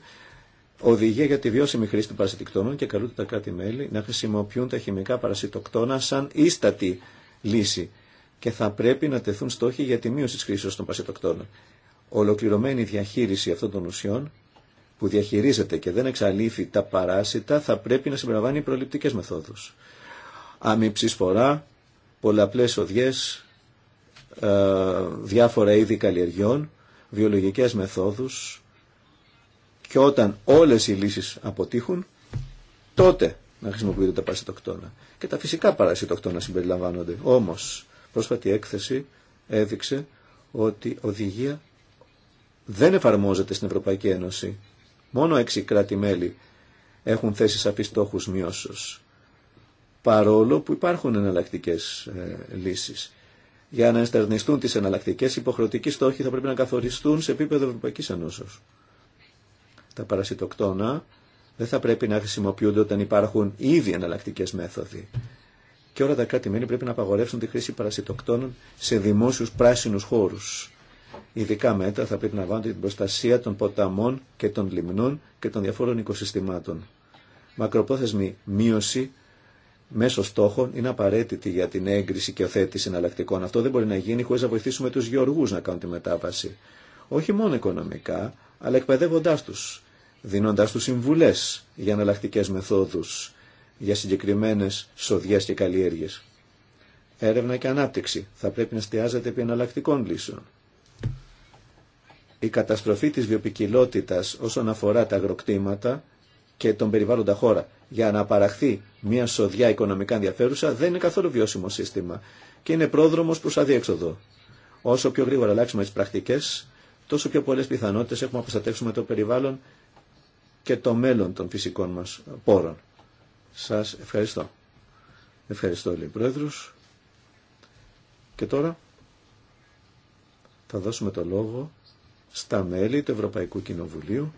οδηγία για τη βιώσιμη χρήση των παρασιτοκτόνων και καλούνται τα κράτη-μέλη να χρησιμοποιούν τα χημικά παρασιτοκτόνα σαν ίστατη λύση και θα πρέπει να τεθούν στόχοι για τη μείωση τη χρήση των παρασιτοκτόνων. Ολοκληρωμένη διαχείριση αυτών των ουσιών που διαχειρίζεται και δεν εξαλείφει τα παράσιτα θα πρέπει να συμπεριλαμβάνει προληπτικές μεθόδους άμυψη φορά, πολλαπλές οδιές, ε, διάφορα είδη καλλιεργιών, βιολογικές μεθόδους και όταν όλες οι λύσεις αποτύχουν, τότε να χρησιμοποιούνται τα παρασιτοκτόνα. Και τα φυσικά παρασιτοκτόνα συμπεριλαμβάνονται. Όμως, πρόσφατη έκθεση έδειξε ότι οδηγία δεν εφαρμόζεται στην Ευρωπαϊκή Ένωση. Μόνο έξι κράτη-μέλη έχουν θέσει σαφείς στόχου μειώσεως παρόλο που υπάρχουν εναλλακτικέ ε, λύσεις. Για να ενστερνιστούν τις εναλλακτικέ, υποχρεωτικοί στόχοι θα πρέπει να καθοριστούν σε επίπεδο Ευρωπαϊκής Ενώσεως. Τα παρασιτοκτόνα δεν θα πρέπει να χρησιμοποιούνται όταν υπάρχουν ήδη εναλλακτικέ μέθοδοι. Και όλα τα κράτη-μέλη πρέπει να απαγορεύσουν τη χρήση παρασιτοκτόνων σε δημόσιου πράσινου χώρου. Ειδικά μέτρα θα πρέπει να βάλουν την προστασία των ποταμών και των λιμνών και των διαφόρων οικοσυστημάτων. Μακροπρόθεσμη μείωση μέσω στόχων είναι απαραίτητη για την έγκριση και οθέτηση εναλλακτικών. Αυτό δεν μπορεί να γίνει χωρίς να βοηθήσουμε τους γεωργούς να κάνουν τη μετάβαση. Όχι μόνο οικονομικά, αλλά εκπαιδεύοντάς τους, δίνοντάς τους συμβουλές για εναλλακτικέ μεθόδους, για συγκεκριμένες σοδιές και καλλιέργειες. Έρευνα και ανάπτυξη θα πρέπει να εστιάζεται επί εναλλακτικών λύσεων. Η καταστροφή της βιοπικιλότητας όσον αφορά τα αγροκτήματα και τον περιβάλλοντα χώρα. Για να παραχθεί μια σοδιά οικονομικά ενδιαφέρουσα δεν είναι καθόλου βιώσιμο σύστημα και είναι πρόδρομος προς αδίέξοδο. Όσο πιο γρήγορα αλλάξουμε τις πρακτικές, τόσο πιο πολλές πιθανότητες έχουμε να προστατεύσουμε το περιβάλλον και το μέλλον των φυσικών μας πόρων. Σας ευχαριστώ. Ευχαριστώ όλοι Πρόεδρος. Και τώρα θα δώσουμε το λόγο στα μέλη του Ευρωπαϊκού Κοινοβουλίου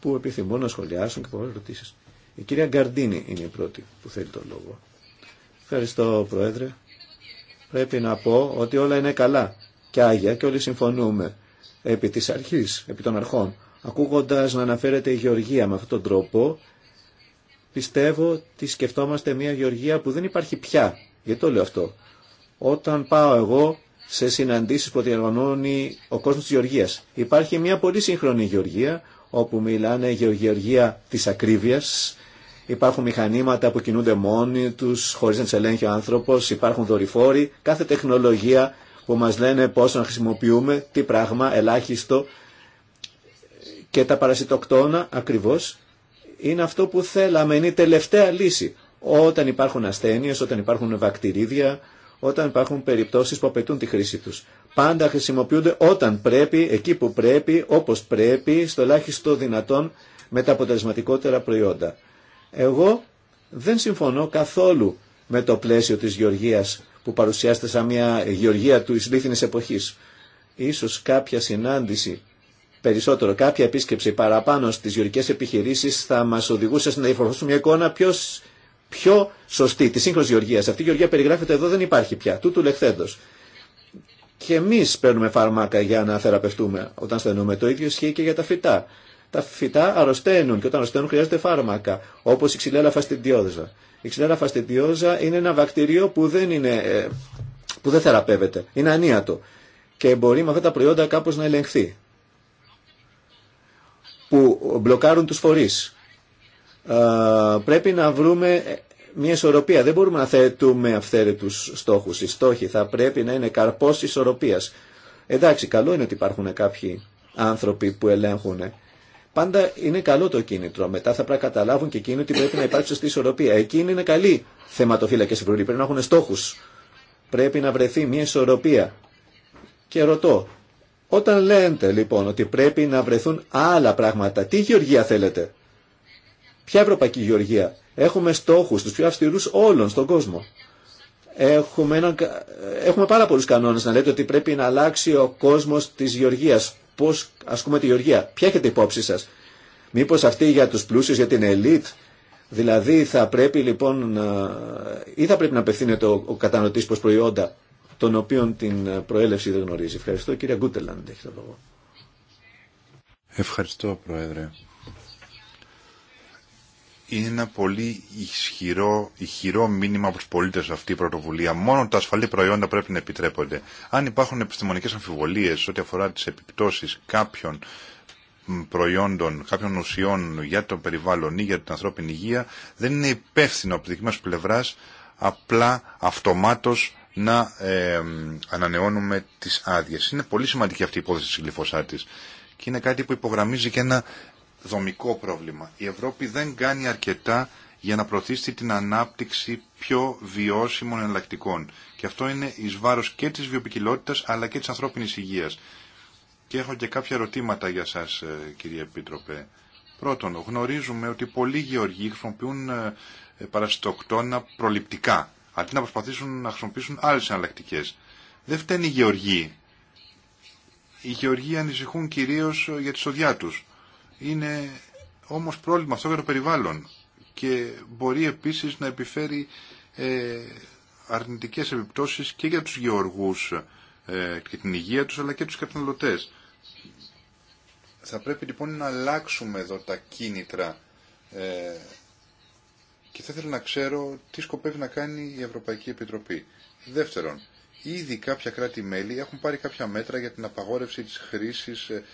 που επιθυμούν να σχολιάσουν και πολλές ερωτήσεις. Η κυρία Γκαρντίνη είναι η πρώτη που θέλει τον λόγο. Ευχαριστώ Πρόεδρε. Πρέπει να πω ότι όλα είναι καλά και άγια και όλοι συμφωνούμε επί της αρχής, επί των αρχών. Ακούγοντας να αναφέρεται η Γεωργία με αυτόν τον τρόπο, πιστεύω ότι σκεφτόμαστε μια Γεωργία που δεν υπάρχει πια. Γιατί το λέω αυτό. Όταν πάω εγώ σε συναντήσεις που διαγωνώνει ο κόσμος της Γεωργίας, υπάρχει μια πολύ σύγχρονη Γεωργία όπου μιλάνε για γεωργία της ακρίβειας. Υπάρχουν μηχανήματα που κινούνται μόνοι τους, χωρίς να τους ελέγχει ο άνθρωπος, υπάρχουν δορυφόροι, κάθε τεχνολογία που μας λένε πόσο να χρησιμοποιούμε, τι πράγμα, ελάχιστο. Και τα παρασιτοκτόνα ακριβώς είναι αυτό που θέλαμε, είναι η τελευταία λύση. Όταν υπάρχουν ασθένειες, όταν υπάρχουν βακτηρίδια, όταν υπάρχουν περιπτώσεις που απαιτούν τη χρήση του. Πάντα χρησιμοποιούνται όταν πρέπει, εκεί που πρέπει, όπως πρέπει, στο ελάχιστο δυνατόν με τα αποτελεσματικότερα προϊόντα. Εγώ δεν συμφωνώ καθόλου με το πλαίσιο της γεωργίας που παρουσιάζεται σαν μια γεωργία του λίθινης εποχής. Ίσως κάποια συνάντηση περισσότερο, κάποια επίσκεψη παραπάνω στις γεωργικές επιχειρήσεις θα μας οδηγούσε να υφορθώσουμε μια εικόνα ποιος πιο σωστή, τη σύγχρονη γεωργία. Αυτή η γεωργία περιγράφεται εδώ δεν υπάρχει πια, τούτου λεχθέντο. Και εμεί παίρνουμε φάρμακα για να θεραπευτούμε όταν στενούμε. Το ίδιο ισχύει και για τα φυτά. Τα φυτά αρρωσταίνουν και όταν αρρωσταίνουν χρειάζεται φάρμακα, όπω η ξυλέλα φαστιντιόζα. Η ξυλέλα φαστιντιόζα είναι ένα βακτηρίο που δεν, είναι, ε, που δεν θεραπεύεται, είναι ανίατο. Και μπορεί με αυτά τα προϊόντα κάπω να ελεγχθεί. Που μπλοκάρουν του φορεί πρέπει να βρούμε μια ισορροπία. Δεν μπορούμε να θέτουμε αυθαίρετους στόχους. Οι στόχοι θα πρέπει να είναι καρπός ισορροπίας. Εντάξει, καλό είναι ότι υπάρχουν κάποιοι άνθρωποι που ελέγχουν. Πάντα είναι καλό το κίνητρο. Μετά θα πρέπει να καταλάβουν και εκείνοι ότι πρέπει να υπάρξει σωστή ισορροπία. Εκείνοι είναι καλοί θεματοφύλακε υπουργοί. Πρέπει να έχουν στόχου. Πρέπει να βρεθεί μια ισορροπία. Και ρωτώ, όταν λέτε λοιπόν ότι πρέπει να βρεθούν άλλα πράγματα, τι γεωργία θέλετε. Ποια ευρωπαϊκή γεωργία. Έχουμε στόχους, τους πιο αυστηρούς όλων στον κόσμο. Έχουμε, ένα, έχουμε πάρα πολλούς κανόνες να λέτε ότι πρέπει να αλλάξει ο κόσμος της γεωργίας. Πώς ασκούμε τη γεωργία. Ποια έχετε υπόψη σας. Μήπως αυτή για τους πλούσιους, για την ελίτ. Δηλαδή θα πρέπει λοιπόν ή θα πρέπει να απευθύνεται ο, ο κατανοτής προς προϊόντα τον οποίον την προέλευση δεν γνωρίζει. Ευχαριστώ. Κύριε Γκούτελαντ έχει το λόγο. Ευχαριστώ Πρόεδρε είναι ένα πολύ ισχυρό, ηχηρό μήνυμα του πολίτε αυτή η πρωτοβουλία. Μόνο τα ασφαλή προϊόντα πρέπει να επιτρέπονται. Αν υπάρχουν επιστημονικέ αμφιβολίες ό,τι αφορά τι επιπτώσει κάποιων προϊόντων, κάποιων ουσιών για το περιβάλλον ή για την ανθρώπινη υγεία, δεν είναι υπεύθυνο από τη δική μα πλευρά απλά αυτομάτω να ε, ανανεώνουμε τι άδειε. Είναι πολύ σημαντική αυτή η υπόθεση της γλυφωσάτης και είναι κάτι που υπογραμμίζει και ένα δομικό πρόβλημα. Η Ευρώπη δεν κάνει αρκετά για να προωθήσει την ανάπτυξη πιο βιώσιμων εναλλακτικών. Και αυτό είναι εις βάρος και της βιοπικιλότητας αλλά και της ανθρώπινης υγείας. Και έχω και κάποια ερωτήματα για σας ε, κύριε Επίτροπε. Πρώτον, γνωρίζουμε ότι πολλοί γεωργοί χρησιμοποιούν ε, ε, παραστοκτόνα προληπτικά, αντί να προσπαθήσουν να χρησιμοποιήσουν άλλες εναλλακτικέ. Δεν φταίνει οι γεωργοί. Οι γεωργοί ανησυχούν κυρίω για τη σοδιά τους. Είναι όμως πρόβλημα αυτό για το περιβάλλον και μπορεί επίσης να επιφέρει ε, αρνητικές επιπτώσεις και για τους γεωργούς ε, και την υγεία τους αλλά και τους καταναλωτές. Θα πρέπει λοιπόν να αλλάξουμε εδώ τα κίνητρα ε, και θα ήθελα να ξέρω τι σκοπεύει να κάνει η Ευρωπαϊκή Επιτροπή. Δεύτερον, ήδη κάποια κράτη-μέλη έχουν πάρει κάποια μέτρα για την απαγόρευση της χρήσης ε,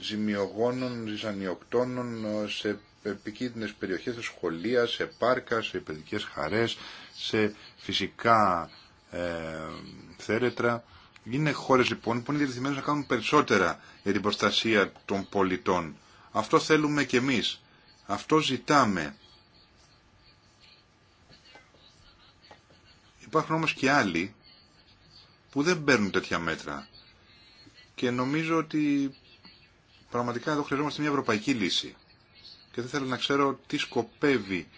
ζημιογόνων, ζησανιοκτώνων σε επικίνδυνες περιοχές, σε σχολεία, σε πάρκα, σε παιδικές χαρές, σε φυσικά ε, θέρετρα. Είναι χώρες λοιπόν που είναι διευθυμένες να κάνουν περισσότερα για την προστασία των πολιτών. Αυτό θέλουμε κι εμείς. Αυτό ζητάμε. Υπάρχουν όμως και άλλοι που δεν παίρνουν τέτοια μέτρα. Και νομίζω ότι Πραγματικά εδώ χρειαζόμαστε μια ευρωπαϊκή λύση. Και δεν θέλω να ξέρω τι σκοπεύει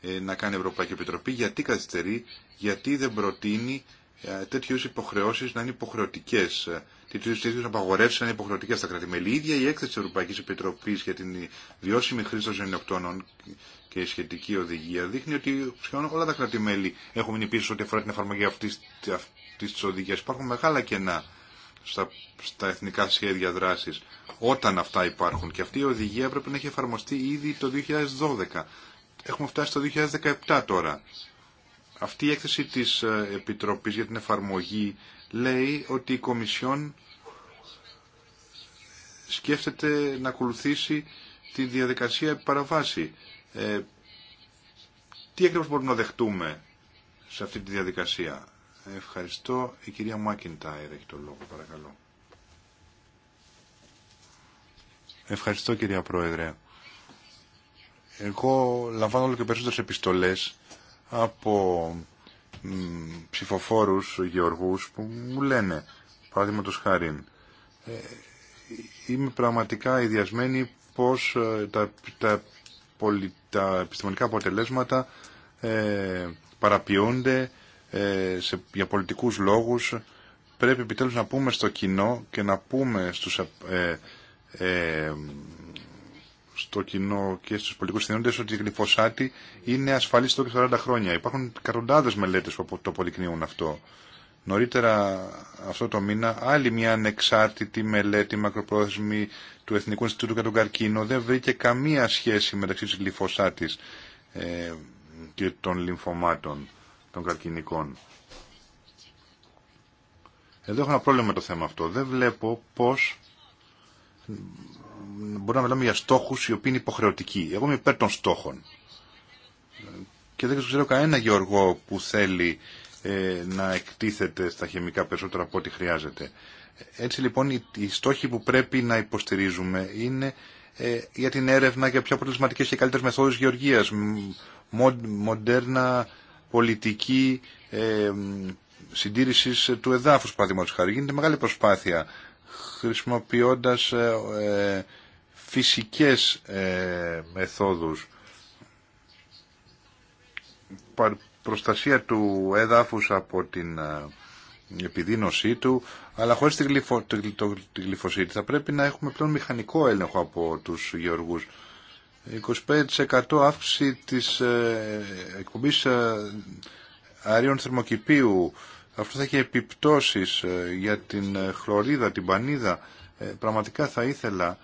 ε, να κάνει η Ευρωπαϊκή Επιτροπή, γιατί καθυστερεί, γιατί δεν προτείνει ε, τέτοιου είδου υποχρεώσει να είναι υποχρεωτικέ, ε, τέτοιου είδου απαγορεύσει να είναι υποχρεωτικέ στα κράτη-μέλη. Η ίδια η έκθεση τη Ευρωπαϊκή Επιτροπή για την βιώσιμη χρήση των ζενιοκτώνων και η σχετική οδηγία δείχνει ότι σχεδόν όλα τα κράτη-μέλη έχουν μείνει πίσω ό,τι αφορά την εφαρμογή αυτή τη οδηγία. Υπάρχουν μεγάλα κενά στα, στα εθνικά σχέδια δράσης όταν αυτά υπάρχουν. Και αυτή η οδηγία έπρεπε να έχει εφαρμοστεί ήδη το 2012. Έχουμε φτάσει το 2017 τώρα. Αυτή η έκθεση της ε, Επιτροπής για την εφαρμογή λέει ότι η Κομισιόν σκέφτεται να ακολουθήσει τη διαδικασία παραβάση. Ε, τι ακριβώς μπορούμε να δεχτούμε σε αυτή τη διαδικασία. Ευχαριστώ. Η κυρία Μάκιντάιρ έχει το λόγο, παρακαλώ. Ευχαριστώ κυρία Πρόεδρε. Εγώ λαμβάνω όλο και περισσότερες επιστολές από ψηφοφόρους γεωργούς που μου λένε, παράδειγμα χάρη, ε, είμαι πραγματικά ιδιασμένη πως ε, τα, τα, πολι, τα επιστημονικά αποτελέσματα ε, παραποιούνται ε, σε, για πολιτικούς λόγους πρέπει επιτέλους να πούμε στο κοινό και να πούμε στους, ε, ε, στο κοινό και στους πολιτικούς συνένοντες ότι η γλυφοσάτη είναι ασφαλή εδώ και 40 χρόνια. Υπάρχουν εκατοντάδες μελέτες που το αποδεικνύουν αυτό. Νωρίτερα αυτό το μήνα άλλη μια ανεξάρτητη μελέτη μακροπρόθεσμη του Εθνικού Ινστιτούτου για τον Καρκίνο δεν βρήκε καμία σχέση μεταξύ της γλυφοσάτης ε, και των λυμφωμάτων των καρκινικών. Εδώ έχω ένα πρόβλημα με το θέμα αυτό. Δεν βλέπω πώς μπορούμε να μιλάμε για στόχους οι οποίοι είναι υποχρεωτικοί. Εγώ είμαι υπέρ των στόχων. Και δεν ξέρω κανένα γεωργό που θέλει ε, να εκτίθεται στα χημικά περισσότερα από ό,τι χρειάζεται. Έτσι λοιπόν οι στόχοι που πρέπει να υποστηρίζουμε είναι ε, για την έρευνα για πιο αποτελεσματικές και καλύτερες μεθόδους γεωργίας. Μοντέρνα πολιτική ε, συντήρησης του εδάφους, παραδείγματο χάρη. Γίνεται μεγάλη προσπάθεια χρησιμοποιώντα ε, ε, φυσικές ε, μεθόδους προστασία του έδαφους από την ε, επιδείνωσή του αλλά χωρίς τη, γλυφο, θα πρέπει να έχουμε πλέον μηχανικό έλεγχο από τους γεωργούς 25% αύξηση της ε, εκπομπής ε, αερίων θερμοκηπίου. Αυτό θα έχει επιπτώσεις ε, για την χλωρίδα, την πανίδα. Πραγματικά θα ήθελα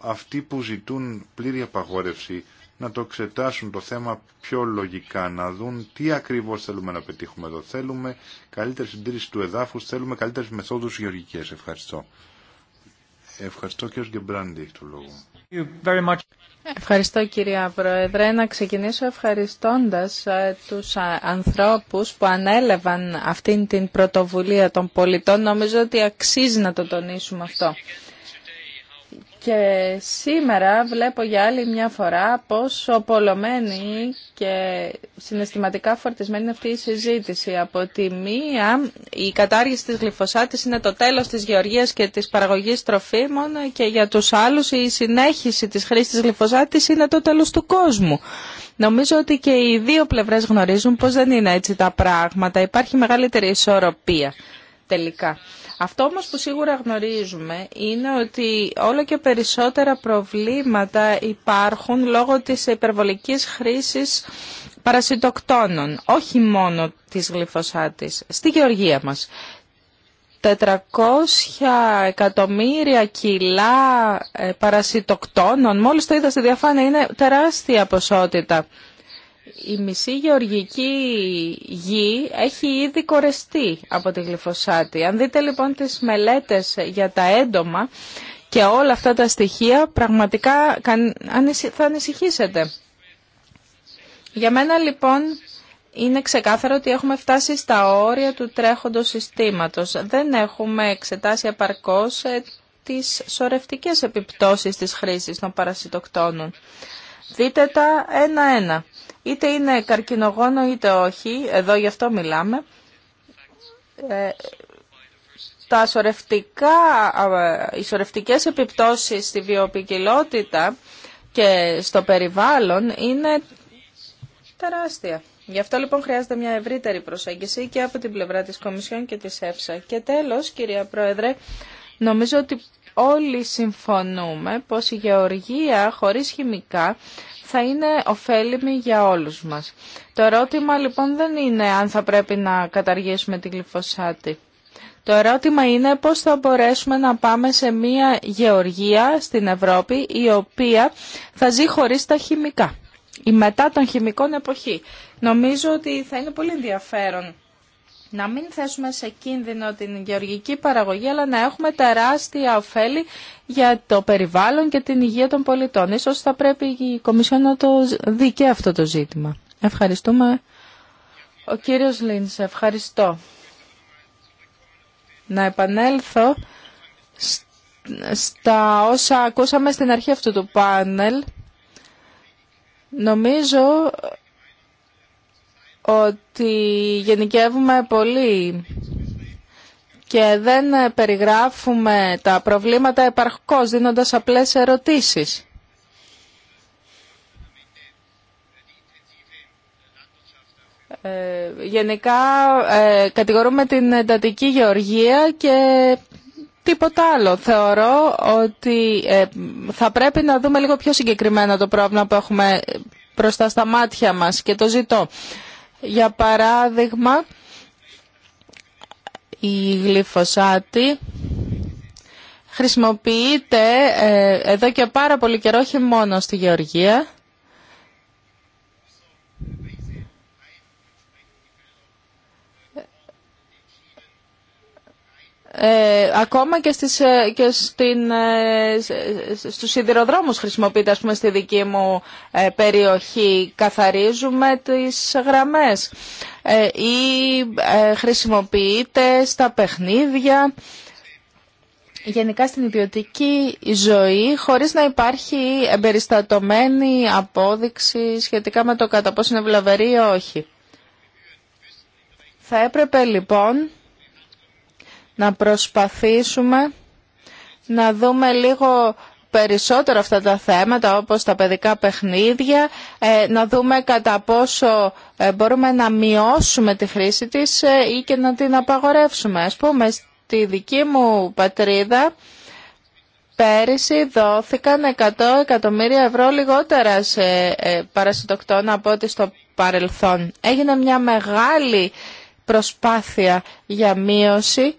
αυτοί που ζητούν πλήρη απαγόρευση να το εξετάσουν το θέμα πιο λογικά, να δουν τι ακριβώς θέλουμε να πετύχουμε εδώ. Θέλουμε καλύτερη συντήρηση του εδάφους, θέλουμε καλύτερες μεθόδους γεωργικές. Ευχαριστώ. Ευχαριστώ και ως Γκεμπράντη έχει το λόγο. Ευχαριστώ κυρία Πρόεδρε. Να ξεκινήσω ευχαριστώντας ε, τους ε, ανθρώπους που ανέλαβαν αυτήν την πρωτοβουλία των πολιτών. Νομίζω ότι αξίζει να το τονίσουμε αυτό. Και σήμερα βλέπω για άλλη μια φορά πόσο πολλωμένη και συναισθηματικά φορτισμένη είναι αυτή η συζήτηση. Από τη μία η κατάργηση της γλυφοσάτης είναι το τέλος της γεωργίας και της παραγωγής τροφίμων και για τους άλλους η συνέχιση της χρήσης της γλυφοσάτης είναι το τέλος του κόσμου. Νομίζω ότι και οι δύο πλευρές γνωρίζουν πως δεν είναι έτσι τα πράγματα. Υπάρχει μεγαλύτερη ισορροπία τελικά. Αυτό όμως που σίγουρα γνωρίζουμε είναι ότι όλο και περισσότερα προβλήματα υπάρχουν λόγω της υπερβολικής χρήσης παρασιτοκτόνων, όχι μόνο της γλυφοσάτης, στη γεωργία μας. 400 εκατομμύρια κιλά ε, παρασιτοκτόνων, μόλις το είδα στη διαφάνεια, είναι τεράστια ποσότητα η μισή γεωργική γη έχει ήδη κορεστεί από τη γλυφοσάτη. Αν δείτε λοιπόν τις μελέτες για τα έντομα και όλα αυτά τα στοιχεία, πραγματικά θα ανησυχήσετε. Για μένα λοιπόν είναι ξεκάθαρο ότι έχουμε φτάσει στα όρια του τρέχοντος συστήματος. Δεν έχουμε εξετάσει επαρκώς ε, τις σορευτικές επιπτώσεις της χρήσης των παρασιτοκτόνων. Δείτε τα ένα-ένα είτε είναι καρκινογόνο είτε όχι, εδώ γι' αυτό μιλάμε, ε, τα σορευτικά, οι σορευτικές επιπτώσεις στη βιοποικιλότητα και στο περιβάλλον είναι τεράστια. Γι' αυτό λοιπόν χρειάζεται μια ευρύτερη προσέγγιση και από την πλευρά της Κομισιόν και της ΕΦΣΑ. Και τέλος, κυρία Πρόεδρε, νομίζω ότι όλοι συμφωνούμε πως η γεωργία χωρίς χημικά θα είναι ωφέλιμη για όλους μας. Το ερώτημα λοιπόν δεν είναι αν θα πρέπει να καταργήσουμε τη γλυφοσάτη. Το ερώτημα είναι πώς θα μπορέσουμε να πάμε σε μια γεωργία στην Ευρώπη η οποία θα ζει χωρίς τα χημικά. Η μετά των χημικών εποχή. Νομίζω ότι θα είναι πολύ ενδιαφέρον να μην θέσουμε σε κίνδυνο την γεωργική παραγωγή, αλλά να έχουμε τεράστια ωφέλη για το περιβάλλον και την υγεία των πολιτών. Ίσως θα πρέπει η Κομισιόν να το δει και αυτό το ζήτημα. Ευχαριστούμε. Ο κύριος Λίνς, ευχαριστώ. Να επανέλθω στα όσα ακούσαμε στην αρχή αυτού του πάνελ. Νομίζω ότι γενικεύουμε πολύ και δεν περιγράφουμε τα προβλήματα επαρχώς δίνοντας απλές ερωτήσεις. Ε, γενικά ε, κατηγορούμε την εντατική γεωργία και τίποτα άλλο. Θεωρώ ότι ε, θα πρέπει να δούμε λίγο πιο συγκεκριμένα το πρόβλημα που έχουμε μπροστά στα μάτια μας και το ζητώ. Για παράδειγμα, η γλυφοσάτη χρησιμοποιείται ε, εδώ και πάρα πολύ καιρό, όχι μόνο στη Γεωργία, Ε, ακόμα και, στις, ε, και στην, ε, στους σιδηροδρόμους χρησιμοποιείται, ας πούμε, στη δική μου ε, περιοχή. Καθαρίζουμε τις γραμμές ή ε, χρησιμοποιείται στα παιχνίδια, γενικά στην ιδιωτική ζωή, χωρίς να υπάρχει εμπεριστατωμένη απόδειξη σχετικά με το κατά πόσο είναι βλαβερή ή όχι. Θα έπρεπε λοιπόν να προσπαθήσουμε να δούμε λίγο περισσότερο αυτά τα θέματα όπως τα παιδικά παιχνίδια, ε, να δούμε κατά πόσο ε, μπορούμε να μειώσουμε τη χρήση της ε, ή και να την απαγορεύσουμε. Ας πούμε, στη δική μου πατρίδα πέρυσι δόθηκαν 100 εκατομμύρια ευρώ λιγότερα σε παρασιτοκτόνα από ό,τι στο παρελθόν. Έγινε μια μεγάλη προσπάθεια για μείωση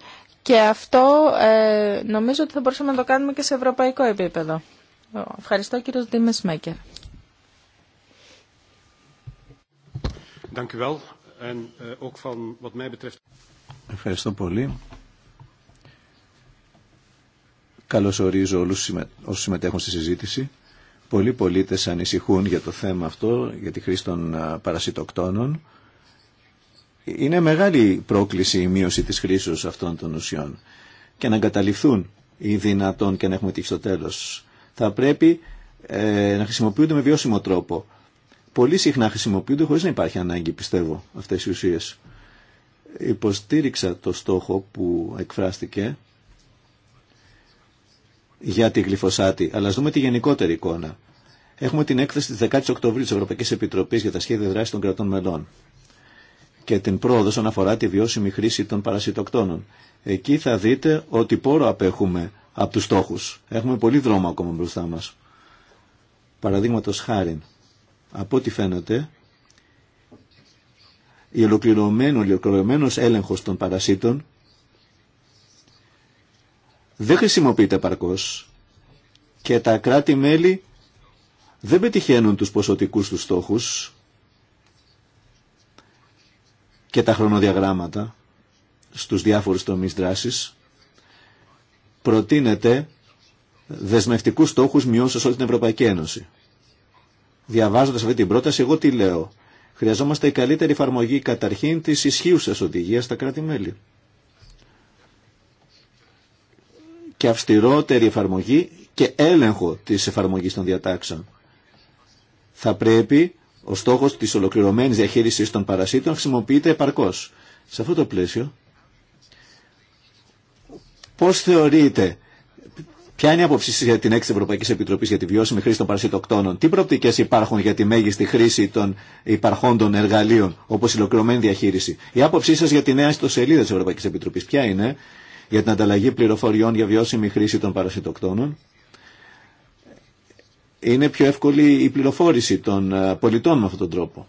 και αυτό ε, νομίζω ότι θα μπορούσαμε να το κάνουμε και σε ευρωπαϊκό επίπεδο. Ευχαριστώ κύριο Δήμες Μέκερ. Ευχαριστώ πολύ. Καλω ορίζω όλους όσους συμμετέχουν στη συζήτηση. Πολλοί πολίτες ανησυχούν για το θέμα αυτό, για τη χρήση των ε, παρασιτοκτόνων είναι μεγάλη πρόκληση η μείωση της χρήσης αυτών των ουσιών και να εγκαταλειφθούν οι δυνατόν και να έχουμε τύχει στο τέλος. Θα πρέπει ε, να χρησιμοποιούνται με βιώσιμο τρόπο. Πολύ συχνά χρησιμοποιούνται χωρίς να υπάρχει ανάγκη, πιστεύω, αυτές οι ουσίες. Υποστήριξα το στόχο που εκφράστηκε για τη γλυφοσάτη, αλλά ας δούμε τη γενικότερη εικόνα. Έχουμε την έκθεση της 10 Οκτωβρίου της Ευρωπαϊκής Επιτροπής για τα σχέδια δράση των κρατών μελών και την πρόοδο όσον αφορά τη βιώσιμη χρήση των παρασιτοκτόνων. Εκεί θα δείτε ότι πόρο απέχουμε από τους στόχους. Έχουμε πολύ δρόμο ακόμα μπροστά μας. Παραδείγματο χάρη, από ό,τι φαίνεται, η ολοκληρωμένο, ολοκληρωμένος έλεγχος των παρασίτων δεν χρησιμοποιείται παρκώς και τα κράτη-μέλη δεν πετυχαίνουν τους ποσοτικούς τους στόχους και τα χρονοδιαγράμματα στους διάφορους τομείς δράσης, προτείνεται δεσμευτικούς στόχους μειώσεως όλη την Ευρωπαϊκή Ένωση. Διαβάζοντας αυτή την πρόταση, εγώ τι λέω. Χρειαζόμαστε η καλύτερη εφαρμογή καταρχήν της ισχύουσας οδηγίας στα κράτη-μέλη. Και αυστηρότερη εφαρμογή και έλεγχο της εφαρμογής των διατάξεων. Θα πρέπει ο στόχος της ολοκληρωμένης διαχείρισης των παρασίτων χρησιμοποιείται επαρκώς. Σε αυτό το πλαίσιο, πώς θεωρείτε, ποια είναι η άποψη για την έξι Ευρωπαϊκής Επιτροπής για τη βιώσιμη χρήση των παρασιτοκτόνων, τι προοπτικές υπάρχουν για τη μέγιστη χρήση των υπαρχόντων εργαλείων, όπως η ολοκληρωμένη διαχείριση. Η άποψή σας για τη νέα ιστοσελίδα της Ευρωπαϊκής Επιτροπής, ποια είναι, για την ανταλλαγή πληροφοριών για βιώσιμη χρήση των παρασιτοκτόνων είναι πιο εύκολη η πληροφόρηση των ε, πολιτών με αυτόν τον τρόπο.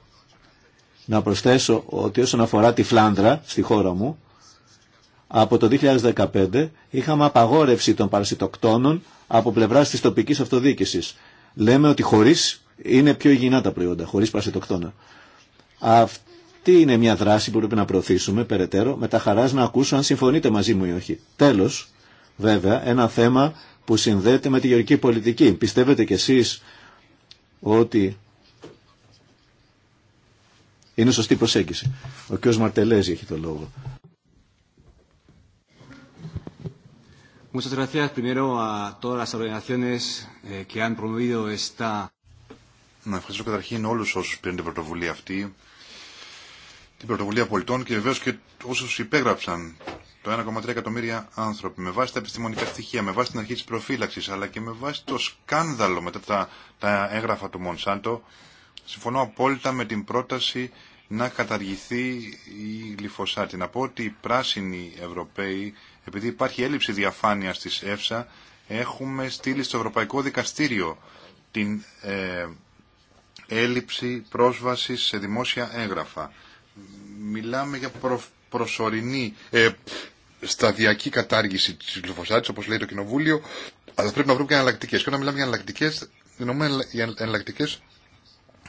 Να προσθέσω ότι όσον αφορά τη Φλάνδρα στη χώρα μου, από το 2015 είχαμε απαγόρευση των παρασιτοκτόνων από πλευρά τη τοπική αυτοδιοίκηση. Λέμε ότι χωρί είναι πιο υγιεινά τα προϊόντα, χωρί παρασιτοκτόνα. Αυτή είναι μια δράση που πρέπει να προωθήσουμε περαιτέρω, με τα χαρά να ακούσω αν συμφωνείτε μαζί μου ή όχι. Τέλο, βέβαια, ένα θέμα που συνδέεται με τη γεωργική πολιτική. Πιστεύετε κι εσείς ότι είναι σωστή προσέγγιση. Ο κ. Μαρτελέζη έχει το λόγο. Eh, Να ευχαριστώ καταρχήν όλους όσους πήραν την πρωτοβουλία αυτή, την πρωτοβουλία πολιτών και βεβαίως και όσους υπέγραψαν το 1,3 εκατομμύρια άνθρωποι, με βάση τα επιστημονικά στοιχεία, με βάση την αρχή τη προφύλαξη, αλλά και με βάση το σκάνδαλο μετά τα, τα έγγραφα του Μονσάντο, συμφωνώ απόλυτα με την πρόταση να καταργηθεί η γλυφοσάτη. Να πω ότι οι πράσινοι Ευρωπαίοι, επειδή υπάρχει έλλειψη διαφάνεια τη ΕΦΣΑ, έχουμε στείλει στο Ευρωπαϊκό Δικαστήριο την ε, έλλειψη πρόσβαση σε δημόσια έγγραφα. Μιλάμε για προ, προσωρινή, ε, σταδιακή κατάργηση τη γλυφοσάτη, όπω λέει το Κοινοβούλιο, αλλά πρέπει να βρούμε και εναλλακτικέ. Και όταν μιλάμε για εναλλακτικέ, εννοούμε εναλλακτικέ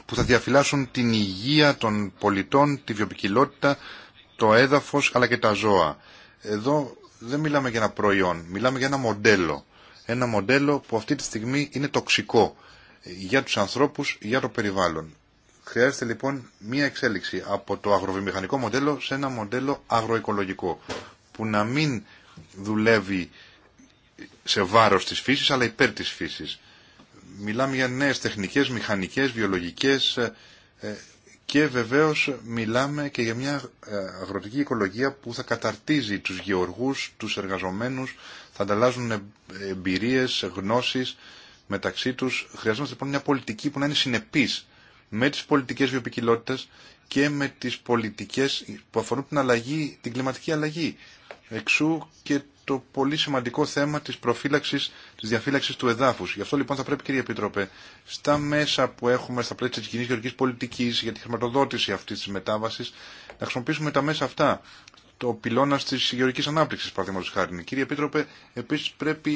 που θα διαφυλάσσουν την υγεία των πολιτών, τη βιοπικιλότητα, το έδαφο αλλά και τα ζώα. Εδώ δεν μιλάμε για ένα προϊόν, μιλάμε για ένα μοντέλο. Ένα μοντέλο που αυτή τη στιγμή είναι τοξικό για του ανθρώπου για το περιβάλλον. Χρειάζεται λοιπόν μία εξέλιξη από το αγροβιομηχανικό μοντέλο σε ένα μοντέλο αγροοικολογικό που να μην δουλεύει σε βάρος της φύσης αλλά υπέρ της φύσης. Μιλάμε για νέες τεχνικές, μηχανικές, βιολογικές ε, ε, και βεβαίως μιλάμε και για μια ε, αγροτική οικολογία που θα καταρτίζει τους γεωργούς, τους εργαζομένους, θα ανταλλάζουν εμπειρίες, γνώσεις μεταξύ τους. Χρειαζόμαστε λοιπόν μια πολιτική που να είναι συνεπής με τις πολιτικές βιοπικιλότητες και με τις πολιτικές που αφορούν την, αλλαγή, την κλιματική αλλαγή. Εξού και το πολύ σημαντικό θέμα της προφύλαξης, της διαφύλαξης του εδάφους. Γι' αυτό λοιπόν θα πρέπει κύριε Επίτροπε, στα μέσα που έχουμε στα πλαίσια της κοινή γεωργικής πολιτικής για τη χρηματοδότηση αυτής της μετάβασης, να χρησιμοποιήσουμε τα μέσα αυτά. Το πυλώνα τη γεωργική ανάπτυξη, παραδείγματο χάρη. Κύριε Επίτροπε, επίση πρέπει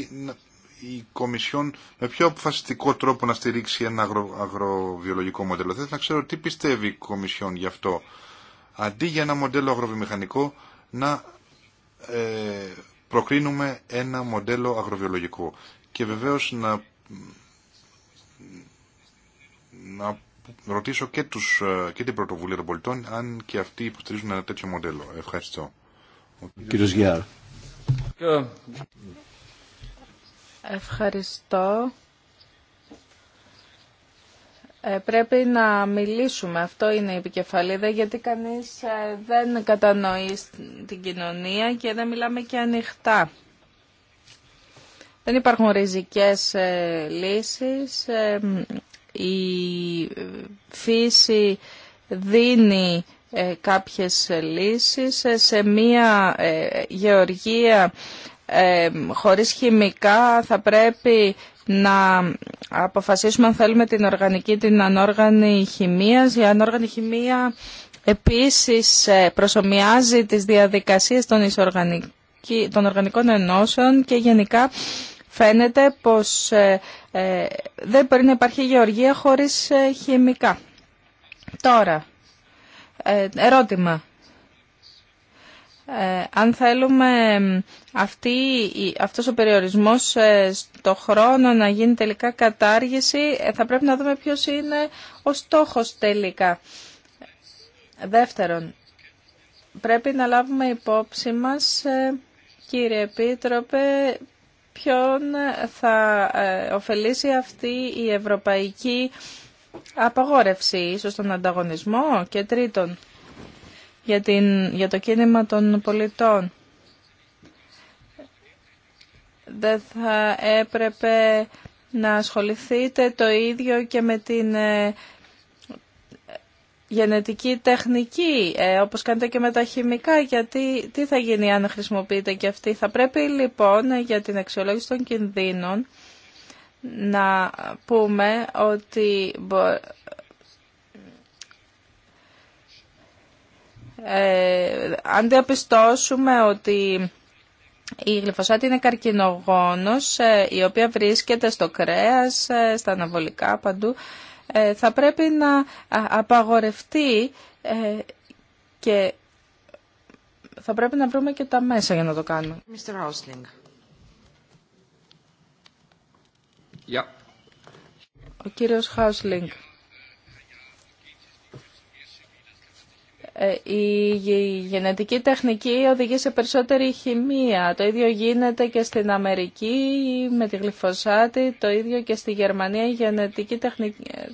η Κομισιόν με πιο αποφασιστικό τρόπο να στηρίξει ένα αγροβιολογικό μοντέλο. Θέλω να ξέρω τι πιστεύει η Κομισιόν γι' αυτό. Αντί για ένα μοντέλο αγροβιομηχανικό, να ε, προκρίνουμε ένα μοντέλο αγροβιολογικό. Και βεβαίως να, να ρωτήσω και, τους, και την πρωτοβουλία των πολιτών αν και αυτοί υποστηρίζουν ένα τέτοιο μοντέλο. Ευχαριστώ. Κύριος Ευχαριστώ. Ε, πρέπει να μιλήσουμε, αυτό είναι η επικεφαλίδα, γιατί κανείς ε, δεν κατανοεί την κοινωνία και δεν μιλάμε και ανοιχτά. Δεν υπάρχουν ριζικές ε, λύσεις. Η φύση δίνει κάποιες λύσεις σε μία γεωργία χωρίς χημικά θα πρέπει να αποφασίσουμε αν θέλουμε την οργανική την ανόργανη χημία. Η ανόργανη χημία επίσης ε, προσωμιάζει τις διαδικασίες των, των οργανικών ενώσεων και γενικά φαίνεται πως ε, ε, δεν μπορεί να υπάρχει γεωργία χωρίς χημικά. Τώρα, ερώτημα. Ε, αν θέλουμε αυτή, αυτός ο περιορισμός ε, στο χρόνο να γίνει τελικά κατάργηση, ε, θα πρέπει να δούμε ποιος είναι ο στόχος τελικά. Δεύτερον, πρέπει να λάβουμε υπόψη μας, κύριε Επίτροπε, ποιον θα ωφελήσει αυτή η ευρωπαϊκή απαγόρευση, ίσως τον ανταγωνισμό και τρίτον για, την, για το κίνημα των πολιτών. Δεν θα έπρεπε να ασχοληθείτε το ίδιο και με την ε, γενετική τεχνική, ε, όπως κάνετε και με τα χημικά, γιατί τι θα γίνει αν χρησιμοποιείτε και αυτή. Θα πρέπει λοιπόν για την αξιολόγηση των κινδύνων να πούμε ότι ε, αν διαπιστώσουμε ότι η γλυφοσάτη είναι καρκινογόνος, ε, η οποία βρίσκεται στο κρέας, ε, στα αναβολικά παντού, ε, θα πρέπει να απαγορευτεί και θα πρέπει να βρούμε και τα μέσα για να το κάνουμε. Mr. Ο κύριος Χάουσλινγκ. Ε, η γενετική τεχνική οδηγεί σε περισσότερη χημεία. Το ίδιο γίνεται και στην Αμερική με τη γλυφοσάτη, το ίδιο και στη Γερμανία. Η γενετική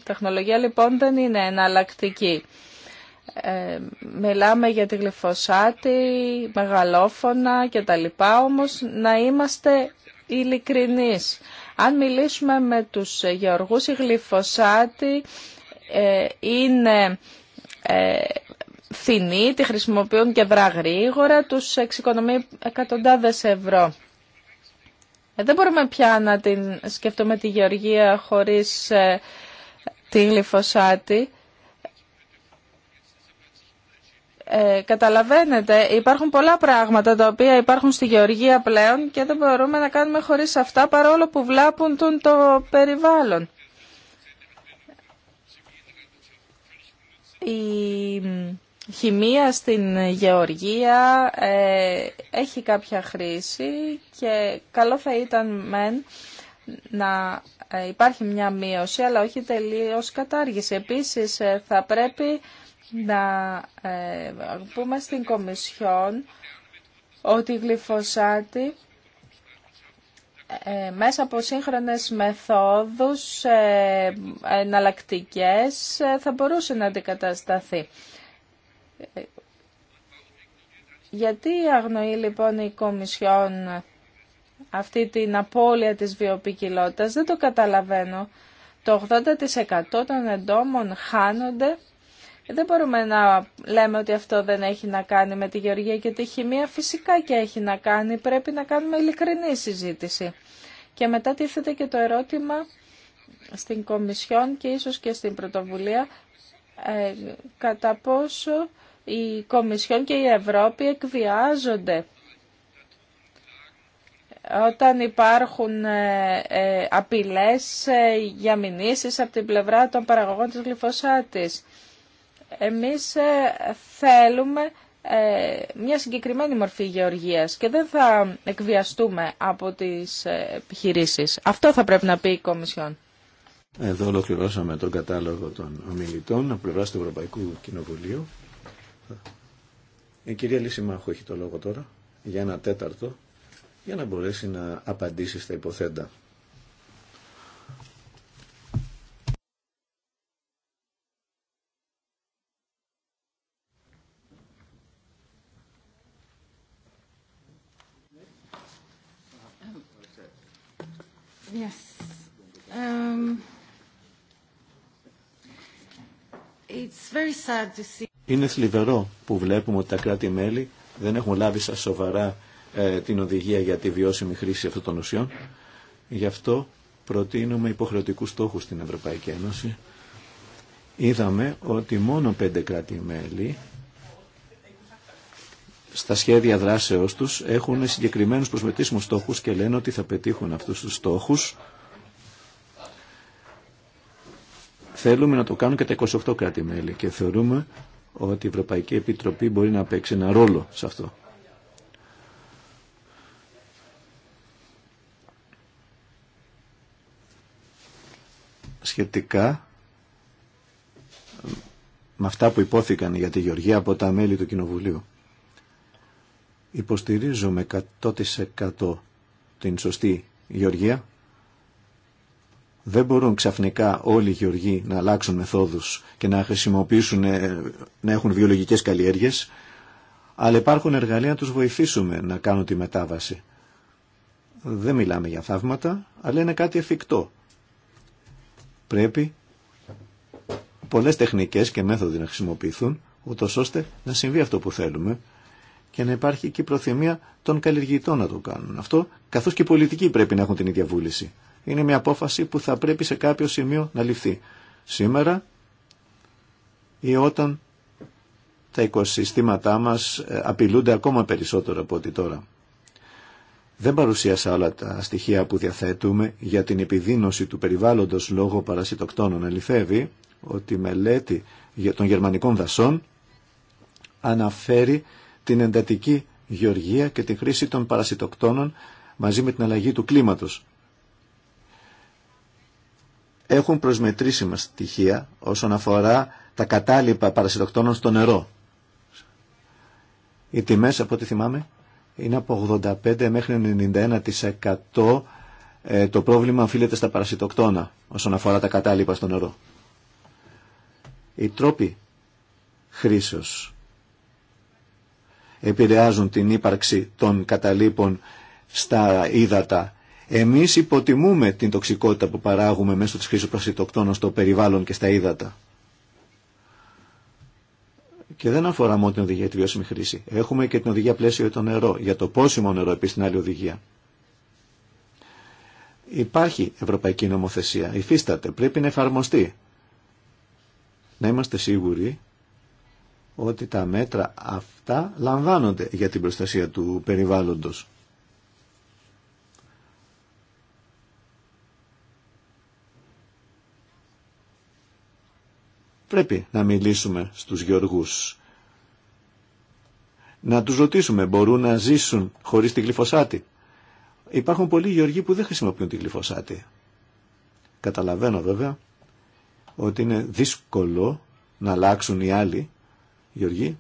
τεχνολογία λοιπόν δεν είναι εναλλακτική. Ε, μιλάμε για τη γλυφοσάτη, μεγαλόφωνα και τα λοιπά, να είμαστε ειλικρινείς. Αν μιλήσουμε με τους γεωργούς, η γλυφοσάτη ε, είναι... Ε, φθηνή, τη χρησιμοποιούν και βρά γρήγορα, τους εξοικονομεί εκατοντάδες ευρώ. Ε, δεν μπορούμε πια να την σκεφτούμε τη γεωργία χωρίς ε, τη γλυφοσάτη. Ε, καταλαβαίνετε, υπάρχουν πολλά πράγματα τα οποία υπάρχουν στη γεωργία πλέον και δεν μπορούμε να κάνουμε χωρίς αυτά παρόλο που βλάπουν τον το περιβάλλον. Η χημεία στην γεωργία ε, έχει κάποια χρήση και καλό θα ήταν μεν να ε, υπάρχει μια μείωση αλλά όχι τελείως κατάργηση. Επίσης ε, θα πρέπει να πούμε στην Κομισιόν ότι η γλυφοσάτη ε, μέσα από σύγχρονες μεθόδους εναλλακτικές θα μπορούσε να αντικατασταθεί. Γιατί αγνοεί λοιπόν η Κομισιόν αυτή την απώλεια της βιοποικιλότητας, δεν το καταλαβαίνω. Το 80% των εντόμων χάνονται. Δεν μπορούμε να λέμε ότι αυτό δεν έχει να κάνει με τη γεωργία και τη χημεία. Φυσικά και έχει να κάνει. Πρέπει να κάνουμε ειλικρινή συζήτηση. Και μετά τίθεται και το ερώτημα στην Κομισιόν και ίσως και στην Πρωτοβουλία ε, κατά πόσο η Κομισιόν και η Ευρώπη εκβιάζονται όταν υπάρχουν ε, ε, απειλές ε, για μηνύσεις από την πλευρά των παραγωγών της γλυφωσάτης. Εμείς θέλουμε μια συγκεκριμένη μορφή γεωργίας και δεν θα εκβιαστούμε από τις επιχειρήσεις. Αυτό θα πρέπει να πει η Κομισιόν. Εδώ ολοκληρώσαμε τον κατάλογο των ομιλητών από πλευρά του Ευρωπαϊκού Κοινοβουλίου. Η κυρία Λύση Μάχου έχει το λόγο τώρα για ένα τέταρτο για να μπορέσει να απαντήσει στα υποθέντα. Um, it's very sad to see. Είναι θλιβερό που βλέπουμε ότι τα κράτη-μέλη δεν έχουν λάβει στα σοβαρά ε, την οδηγία για τη βιώσιμη χρήση αυτών των ουσιών. Γι' αυτό προτείνουμε υποχρεωτικούς στόχους στην Ευρωπαϊκή Ένωση. Είδαμε ότι μόνο πέντε κράτη-μέλη στα σχέδια δράσεώς τους έχουν συγκεκριμένους προσμετήσιμους στόχους και λένε ότι θα πετύχουν αυτούς τους στόχους. Θέλουμε να το κάνουν και τα 28 κράτη-μέλη και θεωρούμε ότι η Ευρωπαϊκή Επιτροπή μπορεί να παίξει ένα ρόλο σε αυτό. Σχετικά με αυτά που υπόθηκαν για τη Γεωργία από τα μέλη του Κοινοβουλίου. Υποστηρίζουμε 100% την σωστή Γεωργία δεν μπορούν ξαφνικά όλοι οι γεωργοί να αλλάξουν μεθόδους και να χρησιμοποιήσουν, ε, να έχουν βιολογικές καλλιέργειες, αλλά υπάρχουν εργαλεία να τους βοηθήσουμε να κάνουν τη μετάβαση. Δεν μιλάμε για θαύματα, αλλά είναι κάτι εφικτό. Πρέπει πολλές τεχνικές και μέθοδοι να χρησιμοποιηθούν, ούτως ώστε να συμβεί αυτό που θέλουμε και να υπάρχει και η προθυμία των καλλιεργητών να το κάνουν. Αυτό, καθώς και οι πολιτικοί πρέπει να έχουν την ίδια βούληση είναι μια απόφαση που θα πρέπει σε κάποιο σημείο να ληφθεί. Σήμερα ή όταν τα οικοσυστήματά μας ε, απειλούνται ακόμα περισσότερο από ό,τι τώρα. Δεν παρουσίασα όλα τα στοιχεία που διαθέτουμε για την επιδείνωση του περιβάλλοντος λόγω παρασιτοκτόνων. Αληθεύει ότι η μελέτη των γερμανικών δασών αναφέρει την εντατική γεωργία και τη χρήση των παρασιτοκτόνων μαζί με την αλλαγή του κλίματος έχουν προσμετρήσιμα στοιχεία όσον αφορά τα κατάλοιπα παρασιτοκτόνων στο νερό. Οι τιμέ, από ό,τι θυμάμαι, είναι από 85 μέχρι 91% ε, το πρόβλημα οφείλεται στα παρασιτοκτόνα όσον αφορά τα κατάλοιπα στο νερό. Οι τρόποι χρήσεως επηρεάζουν την ύπαρξη των καταλήπων στα ύδατα εμείς υποτιμούμε την τοξικότητα που παράγουμε μέσω της χρήσης προσιτοκτόνων στο περιβάλλον και στα ύδατα. Και δεν αφορά μόνο την οδηγία τη βιώσιμη χρήση. Έχουμε και την οδηγία πλαίσιο για το νερό, για το πόσιμο νερό επίσης την άλλη οδηγία. Υπάρχει ευρωπαϊκή νομοθεσία, υφίσταται, πρέπει να εφαρμοστεί. Να είμαστε σίγουροι ότι τα μέτρα αυτά λαμβάνονται για την προστασία του περιβάλλοντος. Πρέπει να μιλήσουμε στους γεωργούς. Να τους ρωτήσουμε, μπορούν να ζήσουν χωρίς τη γλυφοσάτη. Υπάρχουν πολλοί γεωργοί που δεν χρησιμοποιούν τη γλυφοσάτη. Καταλαβαίνω βέβαια ότι είναι δύσκολο να αλλάξουν οι άλλοι γεωργοί.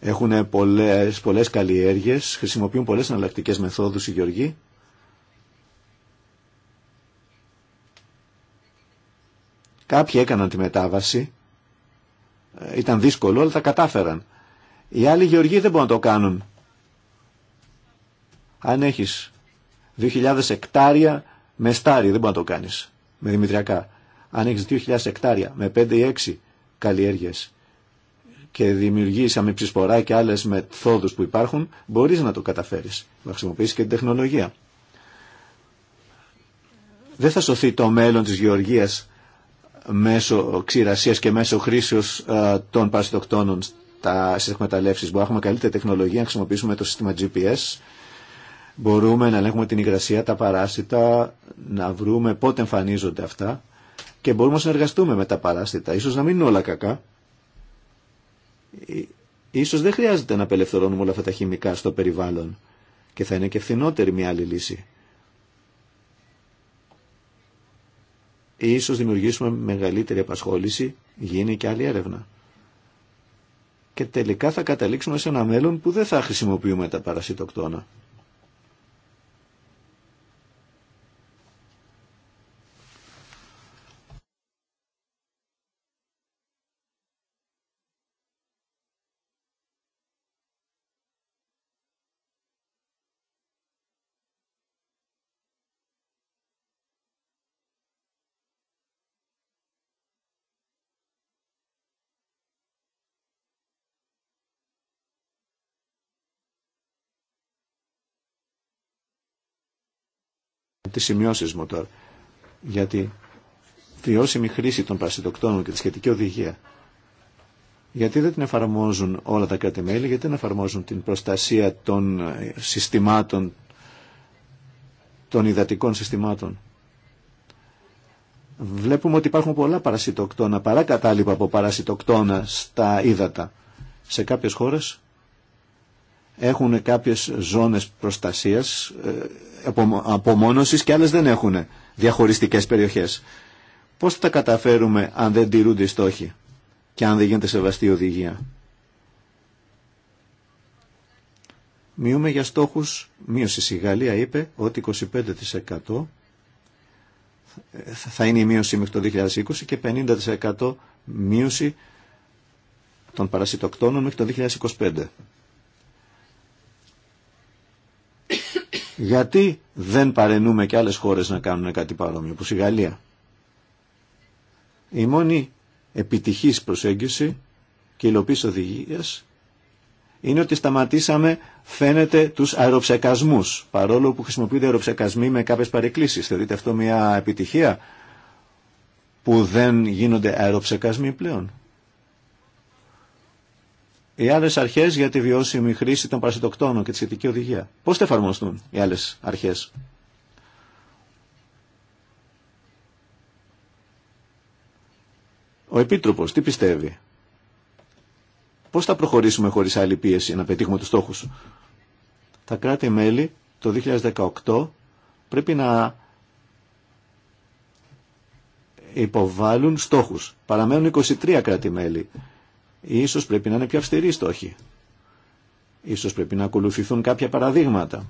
Έχουν πολλές, πολλές καλλιέργειες, χρησιμοποιούν πολλές εναλλακτικέ μεθόδους οι γεωργοί Κάποιοι έκαναν τη μετάβαση, ε, ήταν δύσκολο, αλλά τα κατάφεραν. Οι άλλοι γεωργοί δεν μπορούν να το κάνουν. Αν έχεις 2.000 εκτάρια με στάρι, δεν μπορεί να το κάνεις, με δημητριακά. Αν έχεις 2.000 εκτάρια με 5 ή 6 καλλιέργειες και δημιουργείς αμυψισπορά και άλλες μεθόδους που υπάρχουν, μπορείς να το καταφέρεις. Να χρησιμοποιήσεις και την τεχνολογία. Δεν θα σωθεί το μέλλον της γεωργίας μέσω ξηρασία και μέσω χρήσεως ε, των παρασυτοκτόνων στι εκμεταλλεύσει. Μπορούμε να έχουμε καλύτερη τεχνολογία, να χρησιμοποιήσουμε το σύστημα GPS, μπορούμε να ελέγχουμε την υγρασία, τα παράσιτα, να βρούμε πότε εμφανίζονται αυτά και μπορούμε να συνεργαστούμε με τα παράσιτα. Ίσως να μην είναι όλα κακά. Ε, ίσως δεν χρειάζεται να απελευθερώνουμε όλα αυτά τα χημικά στο περιβάλλον και θα είναι και φθηνότερη μια άλλη λύση. ίσως δημιουργήσουμε μεγαλύτερη απασχόληση, γίνει και άλλη έρευνα. Και τελικά θα καταλήξουμε σε ένα μέλλον που δεν θα χρησιμοποιούμε τα παρασιτοκτόνα. τις σημειώσεις μου τώρα για τη βιώσιμη χρήση των παρασυντοκτώνων και τη σχετική οδηγία. Γιατί δεν την εφαρμόζουν όλα τα κράτη-μέλη, γιατί δεν εφαρμόζουν την προστασία των ε, συστημάτων, των υδατικών συστημάτων. Βλέπουμε ότι υπάρχουν πολλά παρασιτοκτόνα, παρά κατάλοιπα από παρασιτοκτόνα στα ύδατα. Σε κάποιες χώρες έχουν κάποιες ζώνες προστασίας, ε, απομόνωσης και άλλες δεν έχουν διαχωριστικές περιοχές. Πώς θα τα καταφέρουμε αν δεν τηρούνται οι στόχοι και αν δεν γίνεται σεβαστή οδηγία. Μειούμε για στόχους, μείωση η Γαλλία είπε ότι 25% θα είναι η μείωση μέχρι το 2020 και 50% μείωση των παρασιτοκτόνων μέχρι το 2025. Γιατί δεν παρενούμε και άλλες χώρες να κάνουν κάτι παρόμοιο, όπως η Γαλλία. Η μόνη επιτυχής προσέγγιση και υλοποίηση οδηγία είναι ότι σταματήσαμε, φαίνεται, τους αεροψεκασμούς, παρόλο που χρησιμοποιείται αεροψεκασμοί με κάποιες παρεκκλήσεις. δείτε αυτό μια επιτυχία που δεν γίνονται αεροψεκασμοί πλέον οι άλλε αρχέ για τη βιώσιμη χρήση των παρασυντοκτώνων και τη σχετική οδηγία. Πώ θα εφαρμοστούν οι άλλε αρχέ. Ο Επίτροπο τι πιστεύει. Πώ θα προχωρήσουμε χωρί άλλη πίεση να πετύχουμε του στόχου. Τα κράτη-μέλη το 2018 πρέπει να υποβάλουν στόχους. Παραμένουν 23 κράτη-μέλη Ίσως πρέπει να είναι πιο αυστηροί στόχοι. Ίσως πρέπει να ακολουθηθούν κάποια παραδείγματα.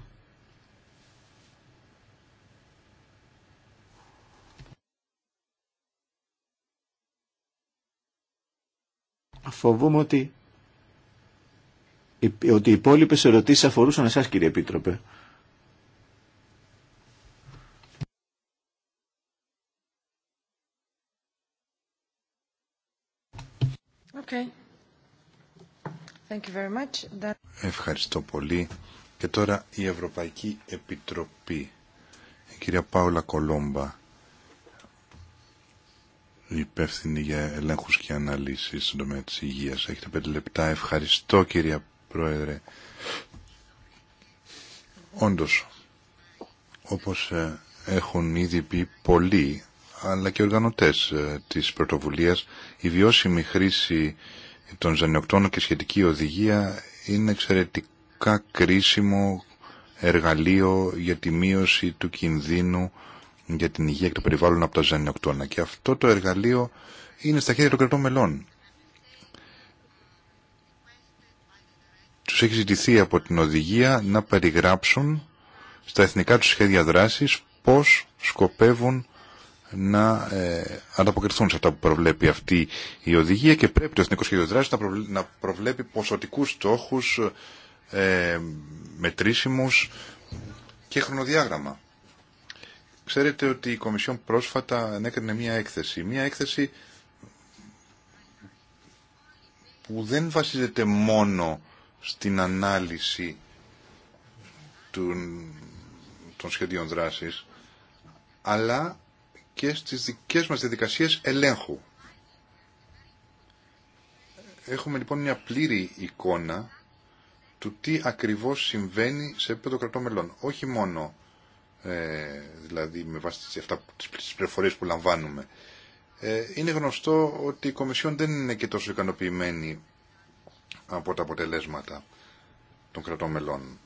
Φοβούμαι ότι, ότι οι υπόλοιπες ερωτήσεις αφορούσαν εσάς κύριε Επίτροπε. Okay. Ευχαριστώ πολύ. Και τώρα η Ευρωπαϊκή Επιτροπή. Η κυρία Πάολα Κολόμπα, υπεύθυνη για ελέγχους και αναλύσεις στον τομέα της υγείας. Έχετε πέντε λεπτά. Ευχαριστώ κυρία Πρόεδρε. Όντως, όπως ε, έχουν ήδη πει πολλοί, αλλά και οργανωτές ε, της πρωτοβουλίας, η βιώσιμη χρήση των Ζανιοκτών και σχετική οδηγία είναι εξαιρετικά κρίσιμο εργαλείο για τη μείωση του κινδύνου για την υγεία και το περιβάλλον από τα ζανιοκτώνα. Και αυτό το εργαλείο είναι στα χέρια των κρατών μελών. Τους έχει ζητηθεί από την οδηγία να περιγράψουν στα εθνικά τους σχέδια δράσης πώς σκοπεύουν να ε, ανταποκριθούν σε αυτά που προβλέπει αυτή η οδηγία και πρέπει το Εθνικό Σχέδιο Δράσης να, προβλέπει, να προβλέπει ποσοτικούς στόχους ε, μετρήσιμους και χρονοδιάγραμμα. Ξέρετε ότι η Κομισιόν πρόσφατα ανέκρινε μία έκθεση. Μία έκθεση που δεν βασίζεται μόνο στην ανάλυση των, των σχεδίων δράσης, αλλά και στις δικές μας διαδικασίες ελέγχου. Έχουμε λοιπόν μια πλήρη εικόνα του τι ακριβώς συμβαίνει σε επίπεδο κρατών μελών. Όχι μόνο ε, δηλαδή με βάση τις, αυτά, τις πληροφορίες που λαμβάνουμε. Ε, είναι γνωστό ότι η Κομισιόν δεν είναι και τόσο ικανοποιημένη από τα αποτελέσματα των κρατών μελών.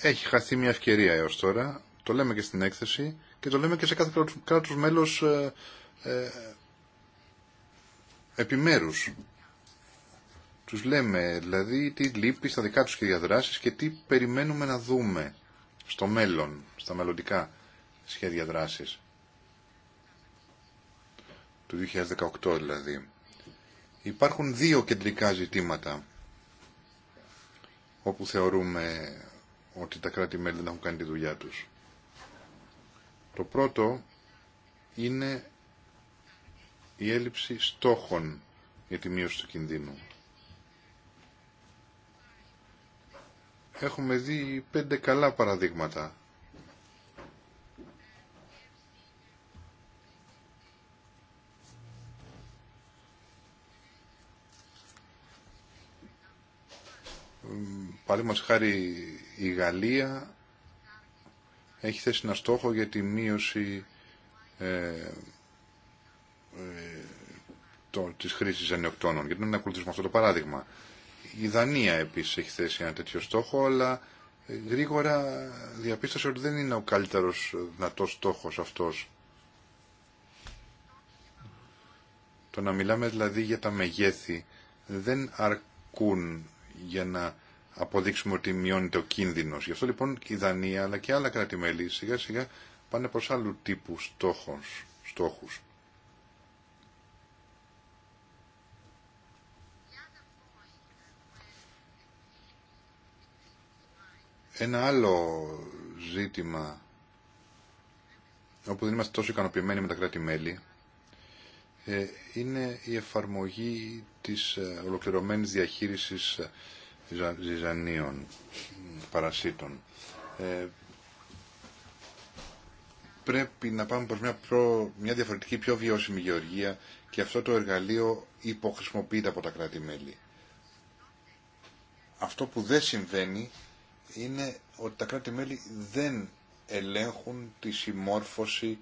έχει χαθεί μια ευκαιρία έως τώρα, το λέμε και στην έκθεση και το λέμε και σε κάθε κράτος μέλος ε, ε, επιμέρους. Τους λέμε δηλαδή τι λείπει στα δικά τους σχέδια και τι περιμένουμε να δούμε στο μέλλον, στα μελλοντικά σχέδια δράση. Του 2018 δηλαδή. Υπάρχουν δύο κεντρικά ζητήματα όπου θεωρούμε ότι τα κράτη-μέλη δεν έχουν κάνει τη δουλειά τους. Το πρώτο είναι η έλλειψη στόχων για τη μείωση του κινδύνου. Έχουμε δει πέντε καλά παραδείγματα. μας χάρη η Γαλλία έχει θέσει ένα στόχο για τη μείωση ε, ε το, της χρήσης ανεοκτώνων. Γιατί να ακολουθήσουμε αυτό το παράδειγμα. Η Δανία επίσης έχει θέσει ένα τέτοιο στόχο, αλλά ε, γρήγορα διαπίστωσε ότι δεν είναι ο καλύτερος δυνατός στόχος αυτός. Το να μιλάμε δηλαδή για τα μεγέθη δεν αρκούν για να αποδείξουμε ότι μειώνεται ο κίνδυνος. Γι' αυτό λοιπόν και η Δανία αλλά και άλλα κράτη-μέλη σιγά σιγά πάνε προς άλλου τύπου στόχους. στόχους. Ένα άλλο ζήτημα όπου δεν είμαστε τόσο ικανοποιημένοι με τα κράτη-μέλη ε, είναι η εφαρμογή της ε, ολοκληρωμένης διαχείρισης ε, ζυζανίων παρασίτων. Ε, πρέπει να πάμε προς μια, μια διαφορετική, πιο βιώσιμη γεωργία και αυτό το εργαλείο υποχρησιμοποιείται από τα κράτη-μέλη. Αυτό που δεν συμβαίνει είναι ότι τα κράτη-μέλη δεν ελέγχουν τη συμμόρφωση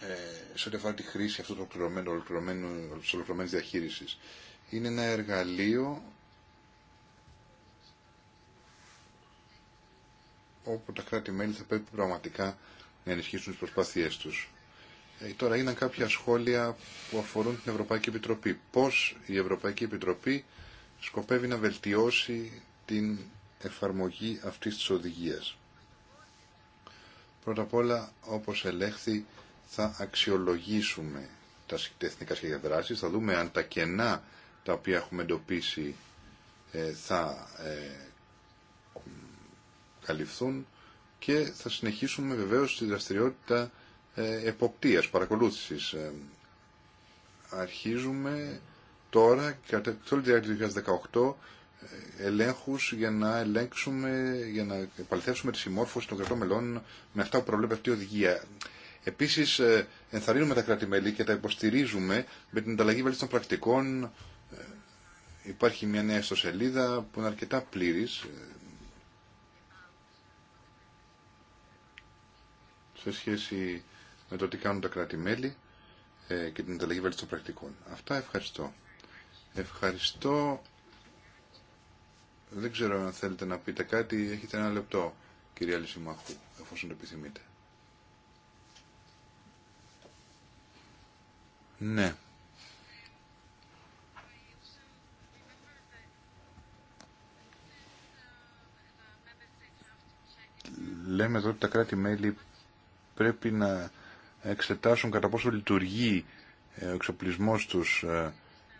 ε, σε ό,τι αφορά τη χρήση αυτού του ολοκληρωμένου, διαχείριση. Είναι ένα εργαλείο όπου τα κράτη-μέλη θα πρέπει πραγματικά να ενισχύσουν τι προσπάθειές τους. Ε, τώρα είναι κάποια σχόλια που αφορούν την Ευρωπαϊκή Επιτροπή. Πώς η Ευρωπαϊκή Επιτροπή σκοπεύει να βελτιώσει την εφαρμογή αυτής της οδηγίας. Πρώτα απ' όλα, όπως ελέγχθη, θα αξιολογήσουμε τα εθνικά σχέδια δράσης, θα δούμε αν τα κενά τα οποία έχουμε εντοπίσει ε, θα ε, καλυφθούν και θα συνεχίσουμε βεβαίως τη δραστηριότητα ε, εποπτείας, παρακολούθησης. Αρχίζουμε τώρα, κατά όλη τη διάρκεια του 2018, ελέγχους για να ελέγξουμε, για να επαληθεύσουμε τη συμμόρφωση των κρατών μελών με αυτά που προβλέπει αυτή η οδηγία. Επίσης ε, ενθαρρύνουμε τα κράτη-μέλη και τα υποστηρίζουμε με την ανταλλαγή βαλίστων πρακτικών. Ε, υπάρχει μια νέα ιστοσελίδα που είναι αρκετά πλήρης ε, σε σχέση με το τι κάνουν τα κράτη-μέλη και την ανταλλαγή βαλίστων πρακτικών. Αυτά ευχαριστώ. Ευχαριστώ. Δεν ξέρω αν θέλετε να πείτε κάτι. Έχετε ένα λεπτό, κυρία Λυσιμαχού, εφόσον το επιθυμείτε. Ναι. Λέμε εδώ ότι τα κράτη-μέλη πρέπει να εξετάσουν κατά πόσο λειτουργεί ε, ο εξοπλισμός τους ε,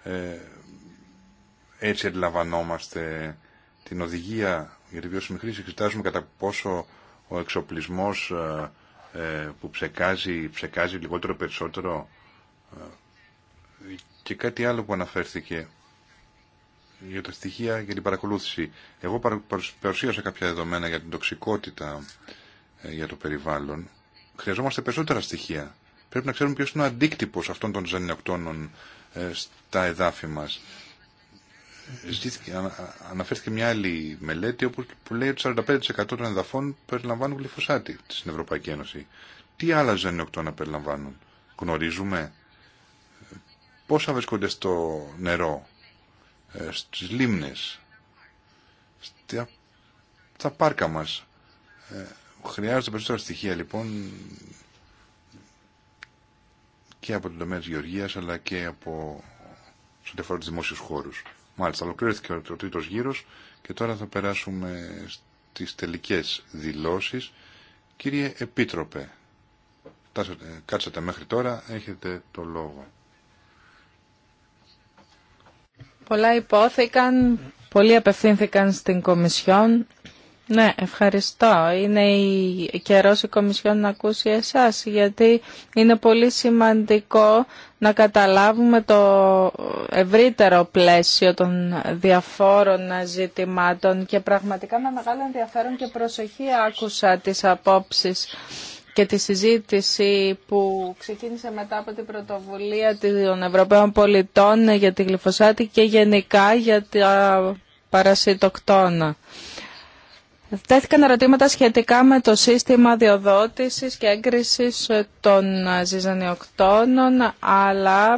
ε, έτσι αντιλαμβανόμαστε την οδηγία για τη βιώσιμη χρήση εξετάζουμε κατά πόσο ο εξοπλισμός που ψεκάζει, ψεκάζει λιγότερο περισσότερο και κάτι άλλο που αναφέρθηκε για τα στοιχεία για την παρακολούθηση. Εγώ παρουσίασα κάποια δεδομένα για την τοξικότητα ε, για το περιβάλλον. Χρειαζόμαστε περισσότερα στοιχεία. Πρέπει να ξέρουμε ποιο είναι ο αντίκτυπο αυτών των ζανιοκτώνων ε, στα εδάφη μα. Αναφέρθηκε μια άλλη μελέτη όπου που λέει ότι 45% των εδαφών περιλαμβάνουν γλυφοσάτη στην Ευρωπαϊκή Ένωση. Τι άλλα ζανιοκτώνα περιλαμβάνουν. Γνωρίζουμε πόσα βρίσκονται στο νερό, ε, στις λίμνες, στα πάρκα μας. Ε, χρειάζονται περισσότερα στοιχεία λοιπόν και από την τομέα της γεωργίας αλλά και από σε ό,τι αφορά χώρους. Μάλιστα, ολοκληρώθηκε ο τρίτος γύρος και τώρα θα περάσουμε στις τελικές δηλώσεις. Κύριε Επίτροπε, κάτσατε μέχρι τώρα, έχετε το λόγο. Πολλά υπόθηκαν, πολλοί απευθύνθηκαν στην Κομισιόν. Ναι, ευχαριστώ. Είναι η καιρός η Κομισιόν να ακούσει εσάς, γιατί είναι πολύ σημαντικό να καταλάβουμε το ευρύτερο πλαίσιο των διαφόρων ζητημάτων και πραγματικά με μεγάλο ενδιαφέρον και προσοχή άκουσα τις απόψεις και τη συζήτηση που ξεκίνησε μετά από την πρωτοβουλία των Ευρωπαίων πολιτών για τη γλυφοσάτη και γενικά για τα παρασιτοκτόνα. Τέθηκαν ερωτήματα σχετικά με το σύστημα διοδότησης και έγκρισης των ζυζανιοκτώνων αλλά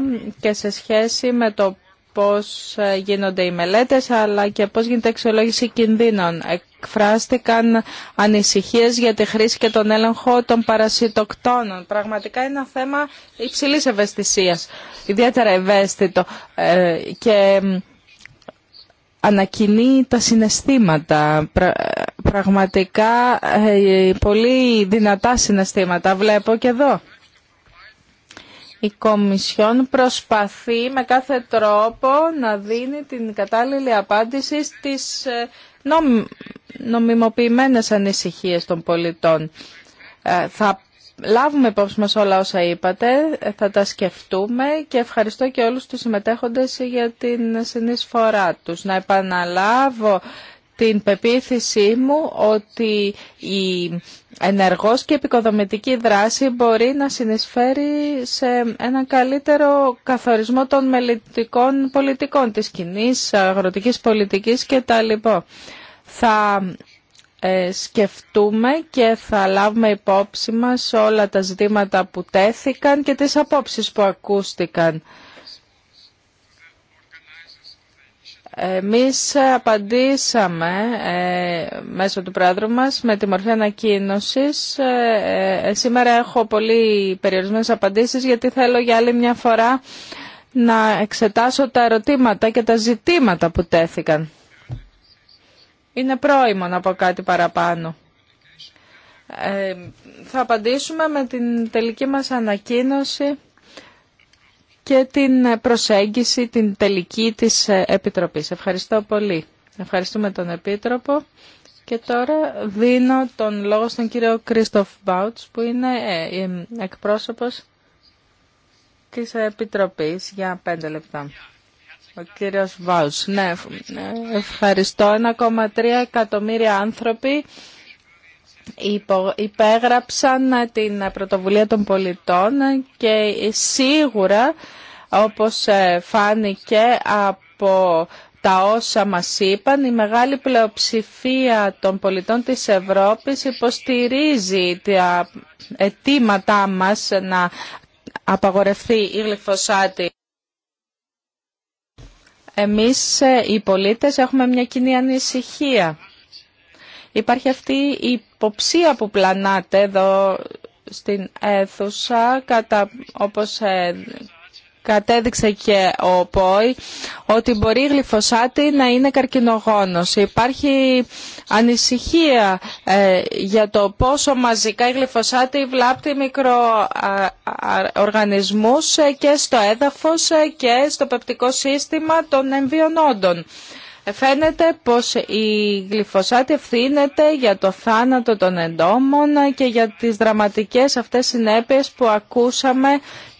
και σε σχέση με το πώς ε, γίνονται οι μελέτες αλλά και πώς γίνεται η αξιολόγηση κινδύνων. Εκφράστηκαν ανησυχίες για τη χρήση και τον έλεγχο των παρασιτοκτόνων. Πραγματικά είναι ένα θέμα υψηλής ευαισθησίας, ιδιαίτερα ευαίσθητο ε, και ανακοινεί τα συναισθήματα, πραγματικά ε, πολύ δυνατά συναισθήματα βλέπω και εδώ η Κομισιόν προσπαθεί με κάθε τρόπο να δίνει την κατάλληλη απάντηση στις ε, νομιμοποιημένε νομιμοποιημένες ανησυχίες των πολιτών. Ε, θα λάβουμε υπόψη μας όλα όσα είπατε, ε, θα τα σκεφτούμε και ευχαριστώ και όλους τους συμμετέχοντες για την συνεισφορά τους. Να επαναλάβω την πεποίθησή μου ότι η ενεργός και επικοδομητική δράση μπορεί να συνεισφέρει σε ένα καλύτερο καθορισμό των μελητικών πολιτικών, της κοινή αγροτικής πολιτικής κτλ. Θα ε, σκεφτούμε και θα λάβουμε υπόψη μας όλα τα ζητήματα που τέθηκαν και τις απόψεις που ακούστηκαν. Εμείς απαντήσαμε ε, μέσω του πρόεδρου μας με τη μορφή ανακοίνωσης. Ε, ε, σήμερα έχω πολύ περιορισμένες απαντήσεις γιατί θέλω για άλλη μια φορά να εξετάσω τα ερωτήματα και τα ζητήματα που τέθηκαν. Είναι πρόημο να πω κάτι παραπάνω. θα απαντήσουμε με την τελική μας ανακοίνωση και την προσέγγιση, την τελική της ε, Επιτροπής. Ευχαριστώ πολύ. Ευχαριστούμε τον Επίτροπο. Και τώρα δίνω τον λόγο στον κύριο Κρίστοφ Μπάουτς που είναι ε, ε, εκπρόσωπος της Επιτροπής για πέντε λεπτά. Ο κύριος Μπάουτς, ναι, ευχαριστώ. 1,3 εκατομμύρια άνθρωποι υπέγραψαν την πρωτοβουλία των πολιτών και σίγουρα όπως ε, φάνηκε από τα όσα μας είπαν, η μεγάλη πλειοψηφία των πολιτών της Ευρώπης υποστηρίζει τα αιτήματά μας να απαγορευτεί η γλυφοσάτη. Εμείς ε, οι πολίτες έχουμε μια κοινή ανησυχία. Υπάρχει αυτή η υποψία που πλανάτε εδώ στην αίθουσα, κατά, όπως ε, κατέδειξε και ο ΠΟΗ, ότι μπορεί η γλυφοσάτη να είναι καρκινογόνος. Υπάρχει ανησυχία ε, για το πόσο μαζικά η γλυφοσάτη βλάπτει μικροοργανισμούς ε, και στο έδαφος και στο πεπτικό σύστημα των εμβιονόντων. Φαίνεται πως η γλυφοσάτη ευθύνεται για το θάνατο των εντόμων και για τις δραματικές αυτές συνέπειες που ακούσαμε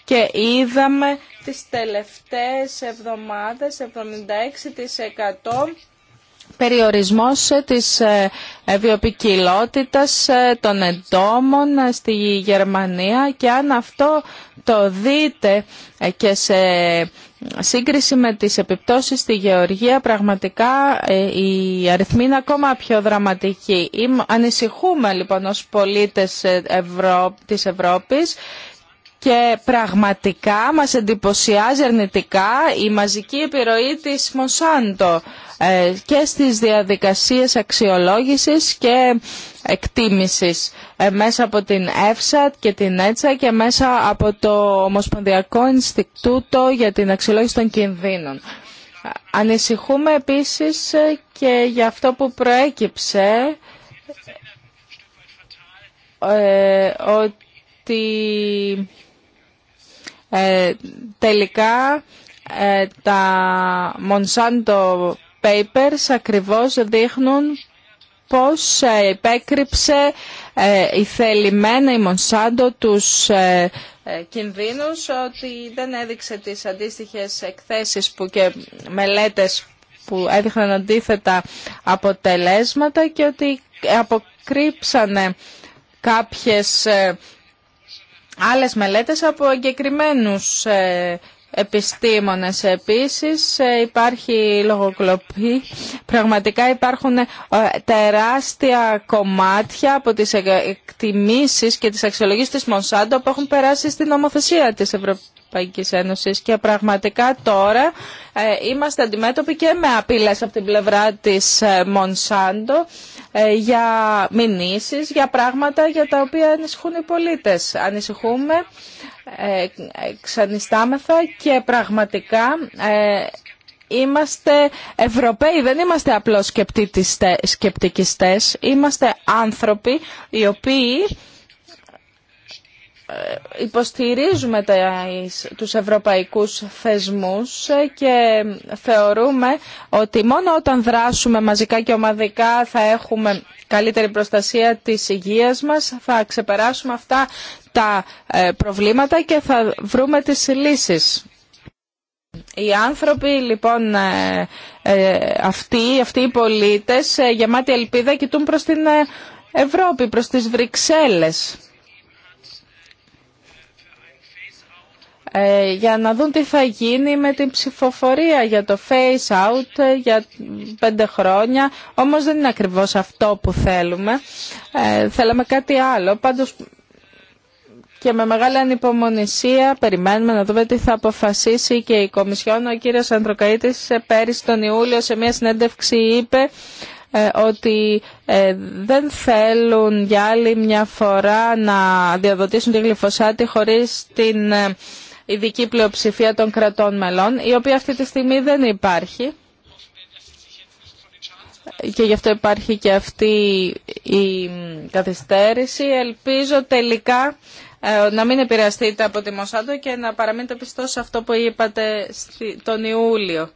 και είδαμε τις τελευταίες εβδομάδες 76% περιορισμός της ε, ε, βιοπικιλότητας ε, των εντόμων στη Γερμανία και αν αυτό το δείτε και σε σύγκριση με τις επιπτώσεις στη γεωργία πραγματικά ε, η αριθμή είναι ακόμα πιο δραματική. Ανησυχούμε λοιπόν ως πολίτες ε, της Ευρώπης και πραγματικά μας εντυπωσιάζει αρνητικά η μαζική επιρροή της Μονσάντο. Ε, και στις διαδικασίες αξιολόγησης και εκτίμησης ε, μέσα από την ΕΦΣΑΤ και την ΕΤΣΑ και μέσα από το Ομοσπονδιακό Ινστιτούτο για την Αξιολόγηση των Κινδύνων. Ανησυχούμε επίσης ε, και για αυτό που προέκυψε ότι τελικά τα Μονσάντο papers ακριβώς δείχνουν πώς ε, επέκρυψε ε, η θελημένα η Μονσάντο τους ε, κινδύνους ότι δεν έδειξε τις αντίστοιχες εκθέσεις που και μελέτες που έδειχναν αντίθετα αποτελέσματα και ότι αποκρύψανε κάποιες άλλες μελέτες από εγκεκριμένους επιστήμονες. Επίσης ε, υπάρχει λογοκλοπή. Πραγματικά υπάρχουν ε, τεράστια κομμάτια από τις εκτιμήσεις και τις αξιολογήσεις της Μονσάντο που έχουν περάσει στην νομοθεσία της Ευρωπαϊκής Ένωσης και πραγματικά τώρα ε, είμαστε αντιμέτωποι και με απειλές από την πλευρά της ε, Μονσάντο ε, για μηνύσεις, για πράγματα για τα οποία ανησυχούν οι πολίτες. Ανησυχούμε, ξανιστάμεθα και πραγματικά είμαστε Ευρωπαίοι, δεν είμαστε απλώς σκεπτικιστές, είμαστε άνθρωποι οι οποίοι υποστηρίζουμε τους ευρωπαϊκούς θεσμούς ε, και θεωρούμε ότι μόνο όταν δράσουμε μαζικά και ομαδικά θα έχουμε καλύτερη προστασία της υγείας μας, θα ξεπεράσουμε αυτά τα ε, προβλήματα και θα βρούμε τις λύσεις. Οι άνθρωποι λοιπόν ε, αυτοί, αυτοί οι πολίτες γεμάτοι ελπίδα κοιτούν προς την Ευρώπη, προς τις Βρυξέλλες. Ε, για να δουν τι θα γίνει με την ψηφοφορία για το face out ε, για πέντε χρόνια. Όμως δεν είναι ακριβώς αυτό που θέλουμε. Ε, θέλαμε κάτι άλλο. Πάντως και με μεγάλη ανυπομονησία περιμένουμε να δούμε τι θα αποφασίσει και η Κομισιόν. Ο κύριος Ανδροκαίτης πέρυσι τον Ιούλιο σε μια συνέντευξη είπε ότι δεν θέλουν για άλλη μια φορά να διαδοτήσουν τη γλυφοσάτη χωρίς την ειδική πλειοψηφία των κρατών μελών, η οποία αυτή τη στιγμή δεν υπάρχει και γι' αυτό υπάρχει και αυτή η καθυστέρηση. Ελπίζω τελικά ε, να μην επηρεαστείτε από τη Μοσάντο και να παραμείνετε πιστός σε αυτό που είπατε τον Ιούλιο.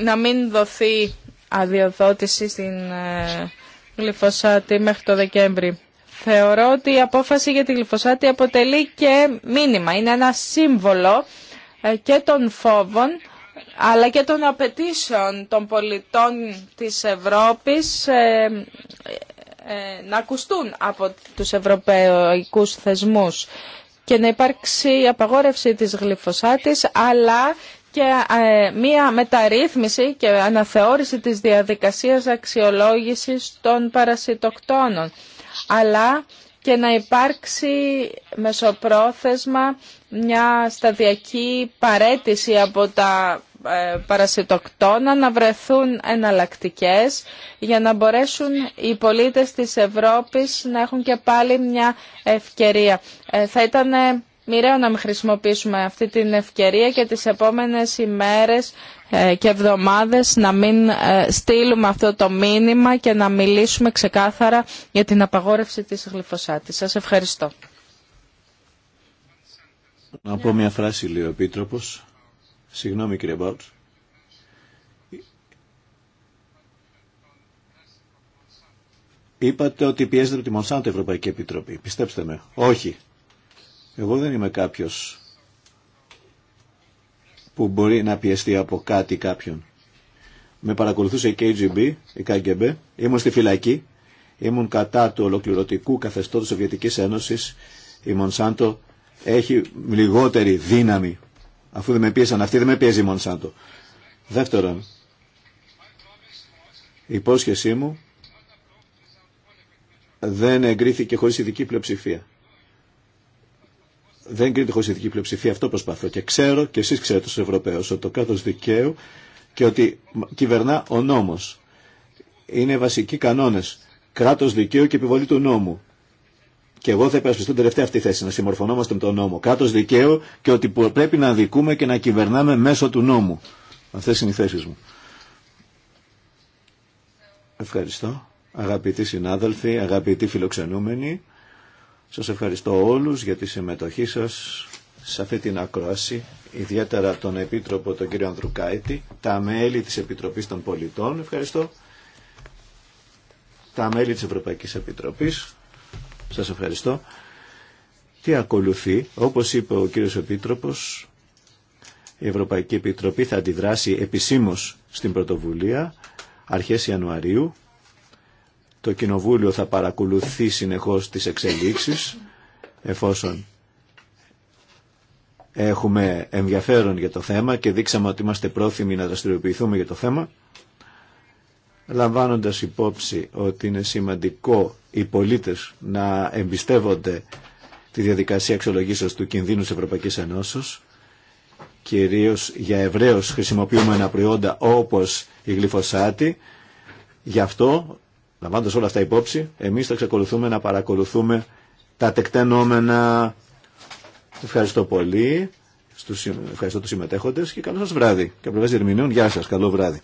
Να μην δοθεί αδειοδότηση στην ε, γλυφοσάτη μέχρι το Δεκέμβρη. Θεωρώ ότι η απόφαση για τη γλυφοσάτη αποτελεί και μήνυμα. Είναι ένα σύμβολο ε, και των φόβων αλλά και των απαιτήσεων των πολιτών της Ευρώπης ε, ε, να ακουστούν από τους ευρωπαϊκούς θεσμούς και να υπάρξει η απαγόρευση της γλυφοσάτης, αλλά και μία μεταρρύθμιση και αναθεώρηση της διαδικασίας αξιολόγησης των παρασιτοκτόνων αλλά και να υπάρξει μεσοπρόθεσμα μια σταδιακή παρέτηση από τα ε, παρασιτοκτόνα να βρεθούν εναλλακτικές για να μπορέσουν οι πολίτες της Ευρώπης να έχουν και πάλι μια ευκαιρία. Ε, θα ήταν μοιραίο να μην χρησιμοποιήσουμε αυτή την ευκαιρία και τις επόμενες ημέρες ε, και εβδομάδες να μην ε, στείλουμε αυτό το μήνυμα και να μιλήσουμε ξεκάθαρα για την απαγόρευση της γλυφωσάτης. Σας ευχαριστώ. Να πω μια φράση, λέει ο Επίτροπος. Συγγνώμη κύριε Μπάουτ. Είπατε ότι πιέζεται από τη Μονσάντο Ευρωπαϊκή Επιτροπή. Πιστέψτε με. Όχι. Εγώ δεν είμαι κάποιος που μπορεί να πιεστεί από κάτι κάποιον. Με παρακολουθούσε η KGB, η KGB, ήμουν στη φυλακή, ήμουν κατά του ολοκληρωτικού καθεστώτος Σοβιετικής Ένωσης, η Μονσάντο έχει λιγότερη δύναμη, αφού δεν με πίεσαν αυτοί, δεν με πιέζει η Μονσάντο. Δεύτερον, η υπόσχεσή μου δεν εγκρίθηκε χωρίς ειδική πλειοψηφία δεν κρίνεται χωρίς ειδική πλειοψηφία. Αυτό προσπαθώ. Και ξέρω και εσεί ξέρετε στου Ευρωπαίου ότι το κράτο δικαίου και ότι κυβερνά ο νόμο. Είναι βασικοί κανόνε Κράτο δικαίου και επιβολή του νόμου. Και εγώ θα υπερασπιστώ τελευταία αυτή θέση, να συμμορφωνόμαστε με τον νόμο. Κράτο δικαίου και ότι πρέπει να δικούμε και να κυβερνάμε μέσω του νόμου. Αυτέ είναι οι θέσει μου. Ευχαριστώ. Αγαπητοί συνάδελφοι, αγαπητοί φιλοξενούμενοι. Σας ευχαριστώ όλους για τη συμμετοχή σας σε αυτή την ακρόαση, ιδιαίτερα τον Επίτροπο τον κύριο Ανδρουκάητη, τα μέλη της Επιτροπής των Πολιτών, ευχαριστώ, τα μέλη της Ευρωπαϊκής Επιτροπής, σας ευχαριστώ. Τι ακολουθεί, όπως είπε ο κύριος Επίτροπος, η Ευρωπαϊκή Επιτροπή θα αντιδράσει επισήμως στην πρωτοβουλία αρχές Ιανουαρίου το Κοινοβούλιο θα παρακολουθεί συνεχώς τις εξελίξεις εφόσον έχουμε ενδιαφέρον για το θέμα και δείξαμε ότι είμαστε πρόθυμοι να δραστηριοποιηθούμε για το θέμα λαμβάνοντας υπόψη ότι είναι σημαντικό οι πολίτες να εμπιστεύονται τη διαδικασία αξιολογήσεως του κινδύνου της Ευρωπαϊκής Ενώσεως κυρίως για χρησιμοποιούμε ένα προϊόντα όπως η γλυφοσάτη γι' αυτό Λαμβάνοντας όλα αυτά υπόψη, εμείς θα εξακολουθούμε να παρακολουθούμε τα τεκτενόμενα. Ευχαριστώ πολύ. Στους, ευχαριστώ τους συμμετέχοντες και καλό σας βράδυ. Και από ερμηνεών. γεια σας, καλό βράδυ.